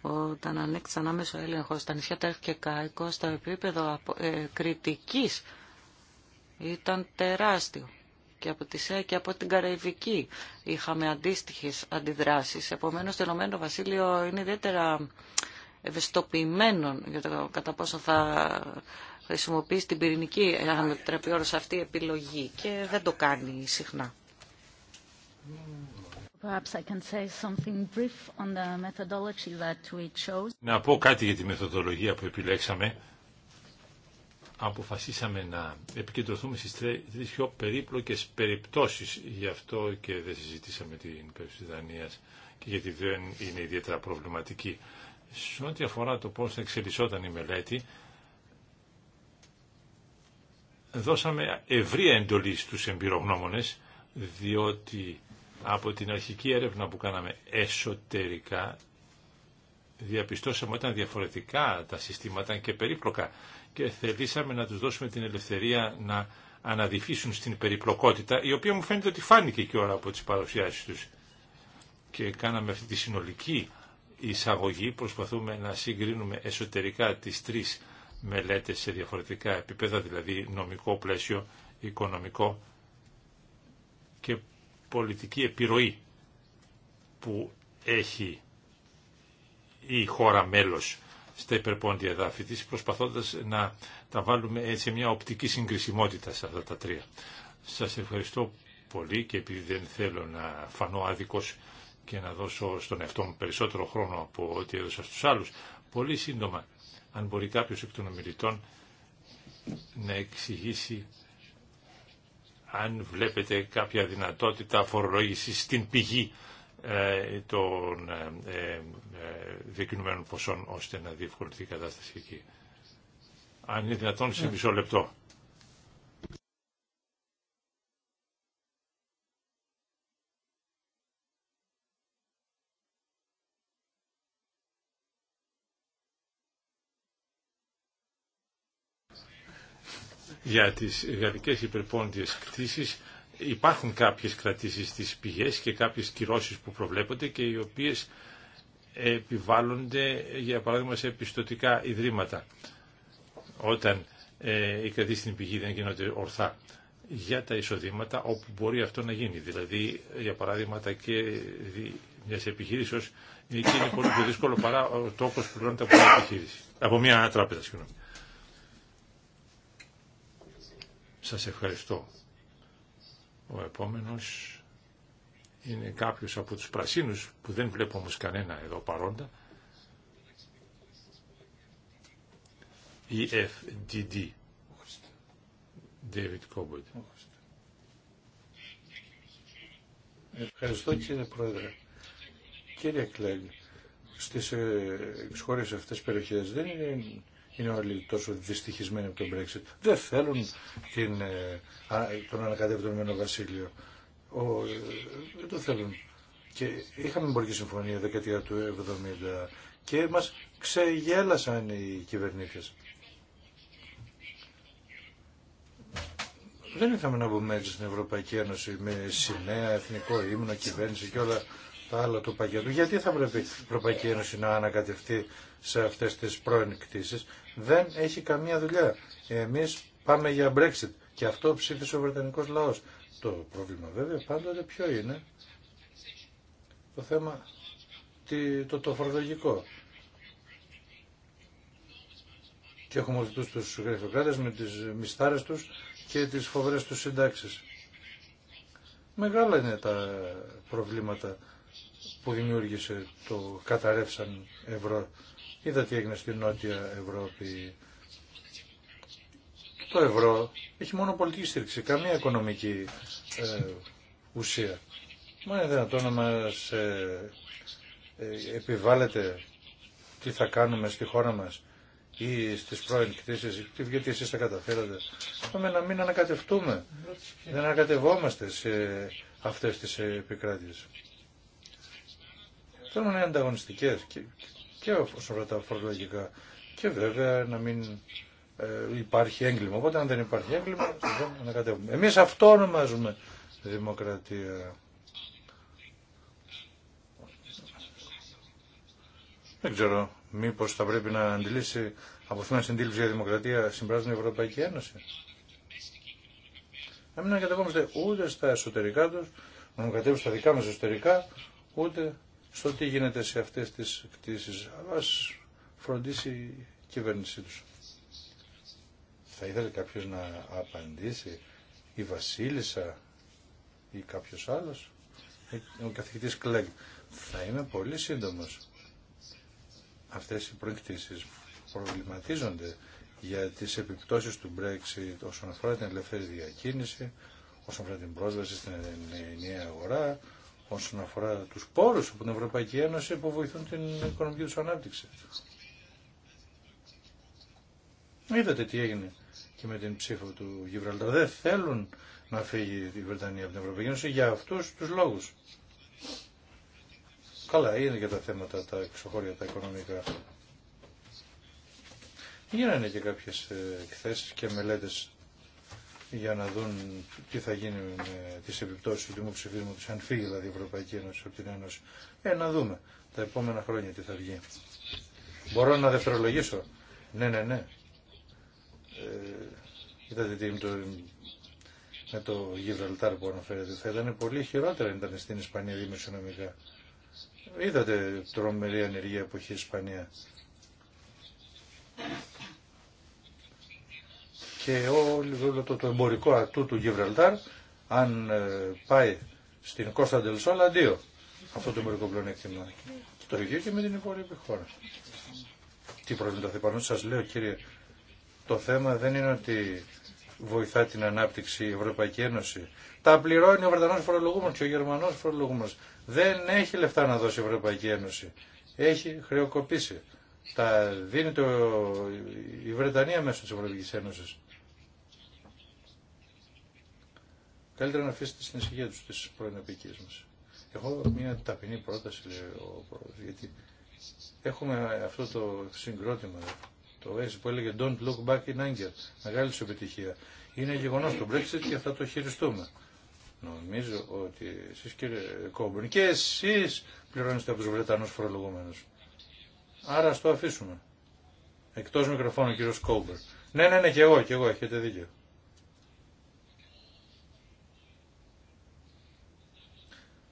[SPEAKER 3] Όταν ανέκτησαν άμεσο έλεγχο στα νησιά Τέρφ και Κάικο, στο επίπεδο ε, κριτικής ήταν τεράστιο και από τη ΣΕΑ και από την Καραϊβική είχαμε αντίστοιχες αντιδράσεις. Επομένως, το Ηνωμένο Βασίλειο είναι ιδιαίτερα ευαισθητοποιημένων για το κατά πόσο θα χρησιμοποιήσει την πυρηνική, αν επιτρέπει όρος αυτή, επιλογή και δεν το κάνει συχνά.
[SPEAKER 2] Να πω κάτι για τη μεθοδολογία που επιλέξαμε. Αποφασίσαμε να επικεντρωθούμε στις τρεις πιο περίπλοκες περιπτώσεις. Γι' αυτό και δεν συζητήσαμε την περίπτωση και γιατί δεν είναι ιδιαίτερα προβληματική. Σε ό,τι αφορά το πώς θα εξελισσόταν η μελέτη, δώσαμε ευρία εντολή στους εμπειρογνώμονες, διότι από την αρχική έρευνα που κάναμε εσωτερικά, διαπιστώσαμε ότι ήταν διαφορετικά τα συστήματα και περίπλοκα και θελήσαμε να τους δώσουμε την ελευθερία να αναδυφίσουν στην περιπλοκότητα, η οποία μου φαίνεται ότι φάνηκε και ώρα από τις παρουσιάσεις τους. Και κάναμε αυτή τη συνολική εισαγωγή προσπαθούμε να συγκρίνουμε εσωτερικά τις τρεις μελέτες σε διαφορετικά επίπεδα, δηλαδή νομικό πλαίσιο, οικονομικό και πολιτική επιρροή που έχει η χώρα μέλος στα υπερπόντια εδάφη της, προσπαθώντας να τα βάλουμε σε μια οπτική συγκρισιμότητα σε αυτά τα τρία. Σας ευχαριστώ πολύ και επειδή δεν θέλω να φανώ άδικος, και να δώσω στον εαυτό μου περισσότερο χρόνο από ό,τι έδωσα στους άλλους. Πολύ σύντομα, αν μπορεί κάποιος εκ των ομιλητών να εξηγήσει αν βλέπετε κάποια δυνατότητα φορολόγηση στην πηγή ε, των ε, ε, διακινουμένων ποσών ώστε να διευκολυνθεί η κατάσταση εκεί. Αν είναι δυνατόν σε ναι. μισό λεπτό. για τις γαλλικές υπερπόντιες κτήσεις υπάρχουν κάποιες κρατήσεις στις πηγές και κάποιες κυρώσεις που προβλέπονται και οι οποίες επιβάλλονται για παράδειγμα σε επιστοτικά ιδρύματα όταν οι ε, κρατήσεις στην πηγή δεν γίνονται ορθά για τα εισοδήματα όπου μπορεί αυτό να γίνει. Δηλαδή, για παράδειγμα, ε, και μια επιχείρηση είναι πολύ πιο δύσκολο παρά ο τόκο που πληρώνεται από μια επιχείρηση. Από μια τράπεζα, συγγνώμη. Σας ευχαριστώ. Ο επόμενος είναι κάποιος από τους πρασίνους που δεν βλέπω όμω κανένα εδώ παρόντα. EFDD. David Cobbett.
[SPEAKER 1] Ευχαριστώ κύριε Πρόεδρε. Κύριε Κλέγγ, στις ε, χώρες αυτές περιοχές δεν είναι είναι όλοι τόσο δυστυχισμένοι από τον Brexit. Δεν θέλουν την, ε, τον ανακατεύτο Βασίλειο. Ο, ε, δεν το θέλουν. Και είχαμε εμπορική συμφωνία δεκαετία του 70 και μας ξεγέλασαν οι κυβερνήτες. Δεν είχαμε να μπούμε έτσι στην Ευρωπαϊκή Ένωση με σημαία, εθνικό ύμνο, κυβέρνηση και όλα τα άλλα του πακέτου. Γιατί θα πρέπει η Ευρωπαϊκή Ένωση να ανακατευτεί σε αυτές τις πρώην Δεν έχει καμία δουλειά. Εμείς πάμε για Brexit και αυτό ψήφισε ο Βρετανικός λαός. Το πρόβλημα βέβαια πάντοτε ποιο είναι. Το θέμα το, το φορολογικό. Και έχουμε αυτούς τους γραφειοκράτες με τις μισθάρες τους και τις φοβέρε τους συντάξεις. Μεγάλα είναι τα προβλήματα που δημιούργησε το καταρρεύσαν ευρώ. Είδα τι έγινε στην Νότια Ευρώπη. Το ευρώ έχει μόνο πολιτική στήριξη, καμία οικονομική ε, ουσία. Μα είναι δυνατόν να μας ε, ε τι θα κάνουμε στη χώρα μας ή στις πρώην κτήσεις, γιατί εσείς τα καταφέρατε. Πάμε να μην ανακατευτούμε, δεν ανακατευόμαστε σε αυτές τις επικράτειες. Θέλουμε να είναι ανταγωνιστικέ και, και όσον αφορά τα φορολογικά και βέβαια να μην ε, υπάρχει έγκλημα. Οπότε αν δεν υπάρχει έγκλημα δεν ανακατεύουμε. Εμεί αυτό ονομάζουμε δημοκρατία. Δεν ξέρω Μήπω θα πρέπει να αντιλήσει από αυτήν την αντίληψη για δημοκρατία συμπράζουν η Ευρωπαϊκή Ένωση. Να μην ανακατευόμαστε ούτε στα εσωτερικά του να ανακατεύουμε στα δικά μα εσωτερικά, ούτε στο τι γίνεται σε αυτές τις κτίσεις. Ας φροντίσει η κυβέρνησή τους. Θα ήθελε κάποιος να απαντήσει η Βασίλισσα ή κάποιος άλλος, ο καθηγητής Κλέγκ. Θα είμαι πολύ σύντομος. Αυτές οι προεκτήσεις προβληματίζονται για τις επιπτώσεις του Brexit όσον αφορά την ελευθερία διακίνηση, όσον αφορά την πρόσβαση στην ενιαία αγορά, όσον αφορά τους πόρους από την Ευρωπαϊκή Ένωση που βοηθούν την οικονομική τους ανάπτυξη. Είδατε τι έγινε και με την ψήφο του Γιβραλτά. Δεν θέλουν να φύγει η Βρετανία από την Ευρωπαϊκή Ένωση για αυτούς τους λόγους. Καλά, είναι και τα θέματα τα εξωχώρια, τα οικονομικά. Γίνανε και κάποιες ε, εκθέσεις και μελέτες για να δουν τι θα γίνει με τις επιπτώσεις του δημοψηφίσματος, αν φύγει δηλαδή η Ευρωπαϊκή Ένωση από την Ένωση. Ε, να δούμε τα επόμενα χρόνια τι θα βγει. Μπορώ να δευτερολογήσω. Ναι, ναι, ναι. Ε, είδατε τι με το, με το Γιβραλτάρ που αναφέρετε. Θα ήταν πολύ χειρότερα αν ήταν στην Ισπανία δημοσιονομικά. Είδατε τρομερή ανεργία που έχει η Ισπανία και όλο το, το εμπορικό ατού του Γιβραλτάρ, αν ε, πάει στην Κώστα Ντελσόλα, αντίο αυτό το εμπορικό πλεονέκτημα. Το ίδιο και με την υπόλοιπη χώρα. Τι πρόβλημα θα πάνω σα λέω κύριε, το θέμα δεν είναι ότι βοηθά την ανάπτυξη η Ευρωπαϊκή Ένωση. Τα πληρώνει ο βρετανό φορολογούμενο και ο Γερμανό φορολογούμενο. Δεν έχει λεφτά να δώσει η Ευρωπαϊκή Ένωση. Έχει χρεοκοπήσει. Τα δίνει το, η Βρετανία μέσω τη Ευρωπαϊκή Ένωση. Καλύτερα να αφήσετε στην ησυχία του τι προεναπικίε μα. Έχω μια ταπεινή πρόταση, λέει ο πρόεδρο, γιατί έχουμε αυτό το συγκρότημα, το έτσι που έλεγε Don't look back in anger. Μεγάλη σου επιτυχία. Είναι γεγονό το Brexit και θα το χειριστούμε. Νομίζω ότι εσεί κύριε Κόμπερν και εσεί πληρώνεστε από του Βρετανού φορολογούμενου. Άρα α το αφήσουμε. Εκτό μικροφώνου κύριο Κόμπερν. Ναι, ναι, ναι, και εγώ, και εγώ, έχετε δίκιο.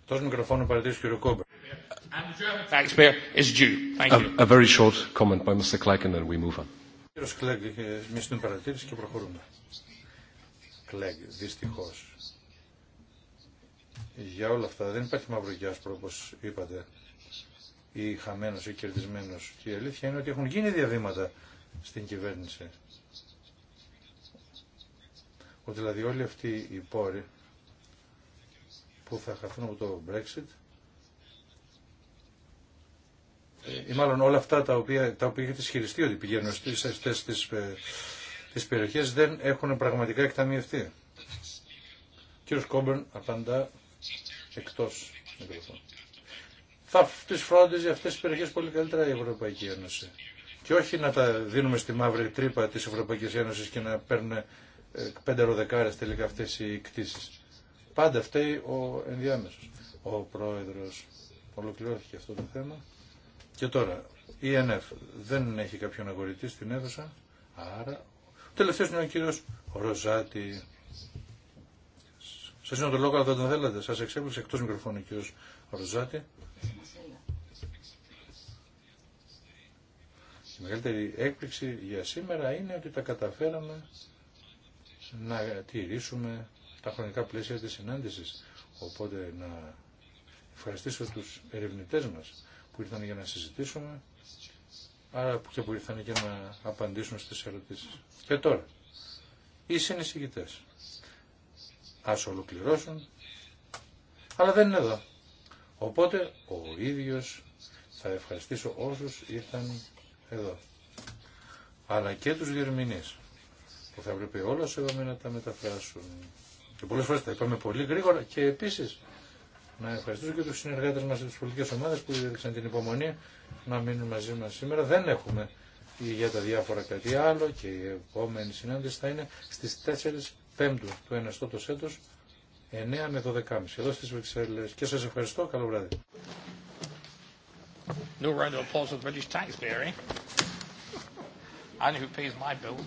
[SPEAKER 1] Εκτός μικροφόνο παρατήρηση του κ. Κόμπερ. A very short comment by Κύριο μια στην παρατήρηση και προχωρούμε. Κλέγγ, δυστυχώς. Για όλα αυτά δεν υπάρχει μαύρο και άσπρο όπως είπατε ή χαμένο ή κερδισμένο. Και η αλήθεια είναι ότι έχουν γίνει διαβήματα στην κυβέρνηση. Ότι δηλαδή όλοι αυτοί οι πόροι που θα χαθούν από το Brexit ε, ή μάλλον όλα αυτά τα οποία, τα οποία έχετε ισχυριστεί ότι πηγαίνουν στις αυτές τις, ε, τις περιοχές δεν έχουν πραγματικά εκταμιευτεί. Κύριο Κόμπερν απαντά εκτός Θα τις φρόντιζε αυτές τις περιοχές πολύ καλύτερα η Ευρωπαϊκή Ένωση. Και όχι να τα δίνουμε στη μαύρη τρύπα της Ευρωπαϊκής Ένωσης και να παίρνουν ε, πέντε ροδεκάρες τελικά αυτές οι κτίσεις. Πάντα φταίει ο ενδιάμεσος, ο πρόεδρος. Ολοκληρώθηκε αυτό το θέμα. Και τώρα, η ΕΝΕΦ δεν έχει κάποιον αγορητή στην αίθουσα, άρα... Ο τελευταίος είναι ο κύριος Ροζάτη. Σας είναι το λόγο, αλλά δεν τον θέλατε. Σας εξέπληξε εκτός μικροφώνου ο κύριος Ροζάτη. Η μεγαλύτερη έκπληξη για σήμερα είναι ότι τα καταφέραμε να τηρήσουμε τα χρονικά πλαίσια της συνάντησης. Οπότε να ευχαριστήσω τους ερευνητές μας που ήρθαν για να συζητήσουμε, άρα και που ήρθαν για να απαντήσουν στις ερωτήσεις. Και τώρα, οι συνεισηγητές. Ας ολοκληρώσουν, αλλά δεν είναι εδώ. Οπότε, ο ίδιος θα ευχαριστήσω όσους ήρθαν εδώ. Αλλά και τους διερμηνείς που θα έπρεπε όλα σε να τα μεταφράσουν. Και πολλέ φορέ τα είπαμε πολύ γρήγορα και επίση να ευχαριστήσω και του συνεργάτε μα και τι πολιτικέ ομάδε που έδειξαν την υπομονή να μείνουν μαζί μα σήμερα. Δεν έχουμε για τα διάφορα κάτι άλλο και η επόμενη συνάντηση θα είναι στι 4 Πέμπτου του Εναστότο έτου 9 με 12.30 εδώ στι Βρυξέλλε. και σα ευχαριστώ. Καλό βράδυ.
[SPEAKER 2] New round of applause for the British taxpayer, eh? And who pays my bill.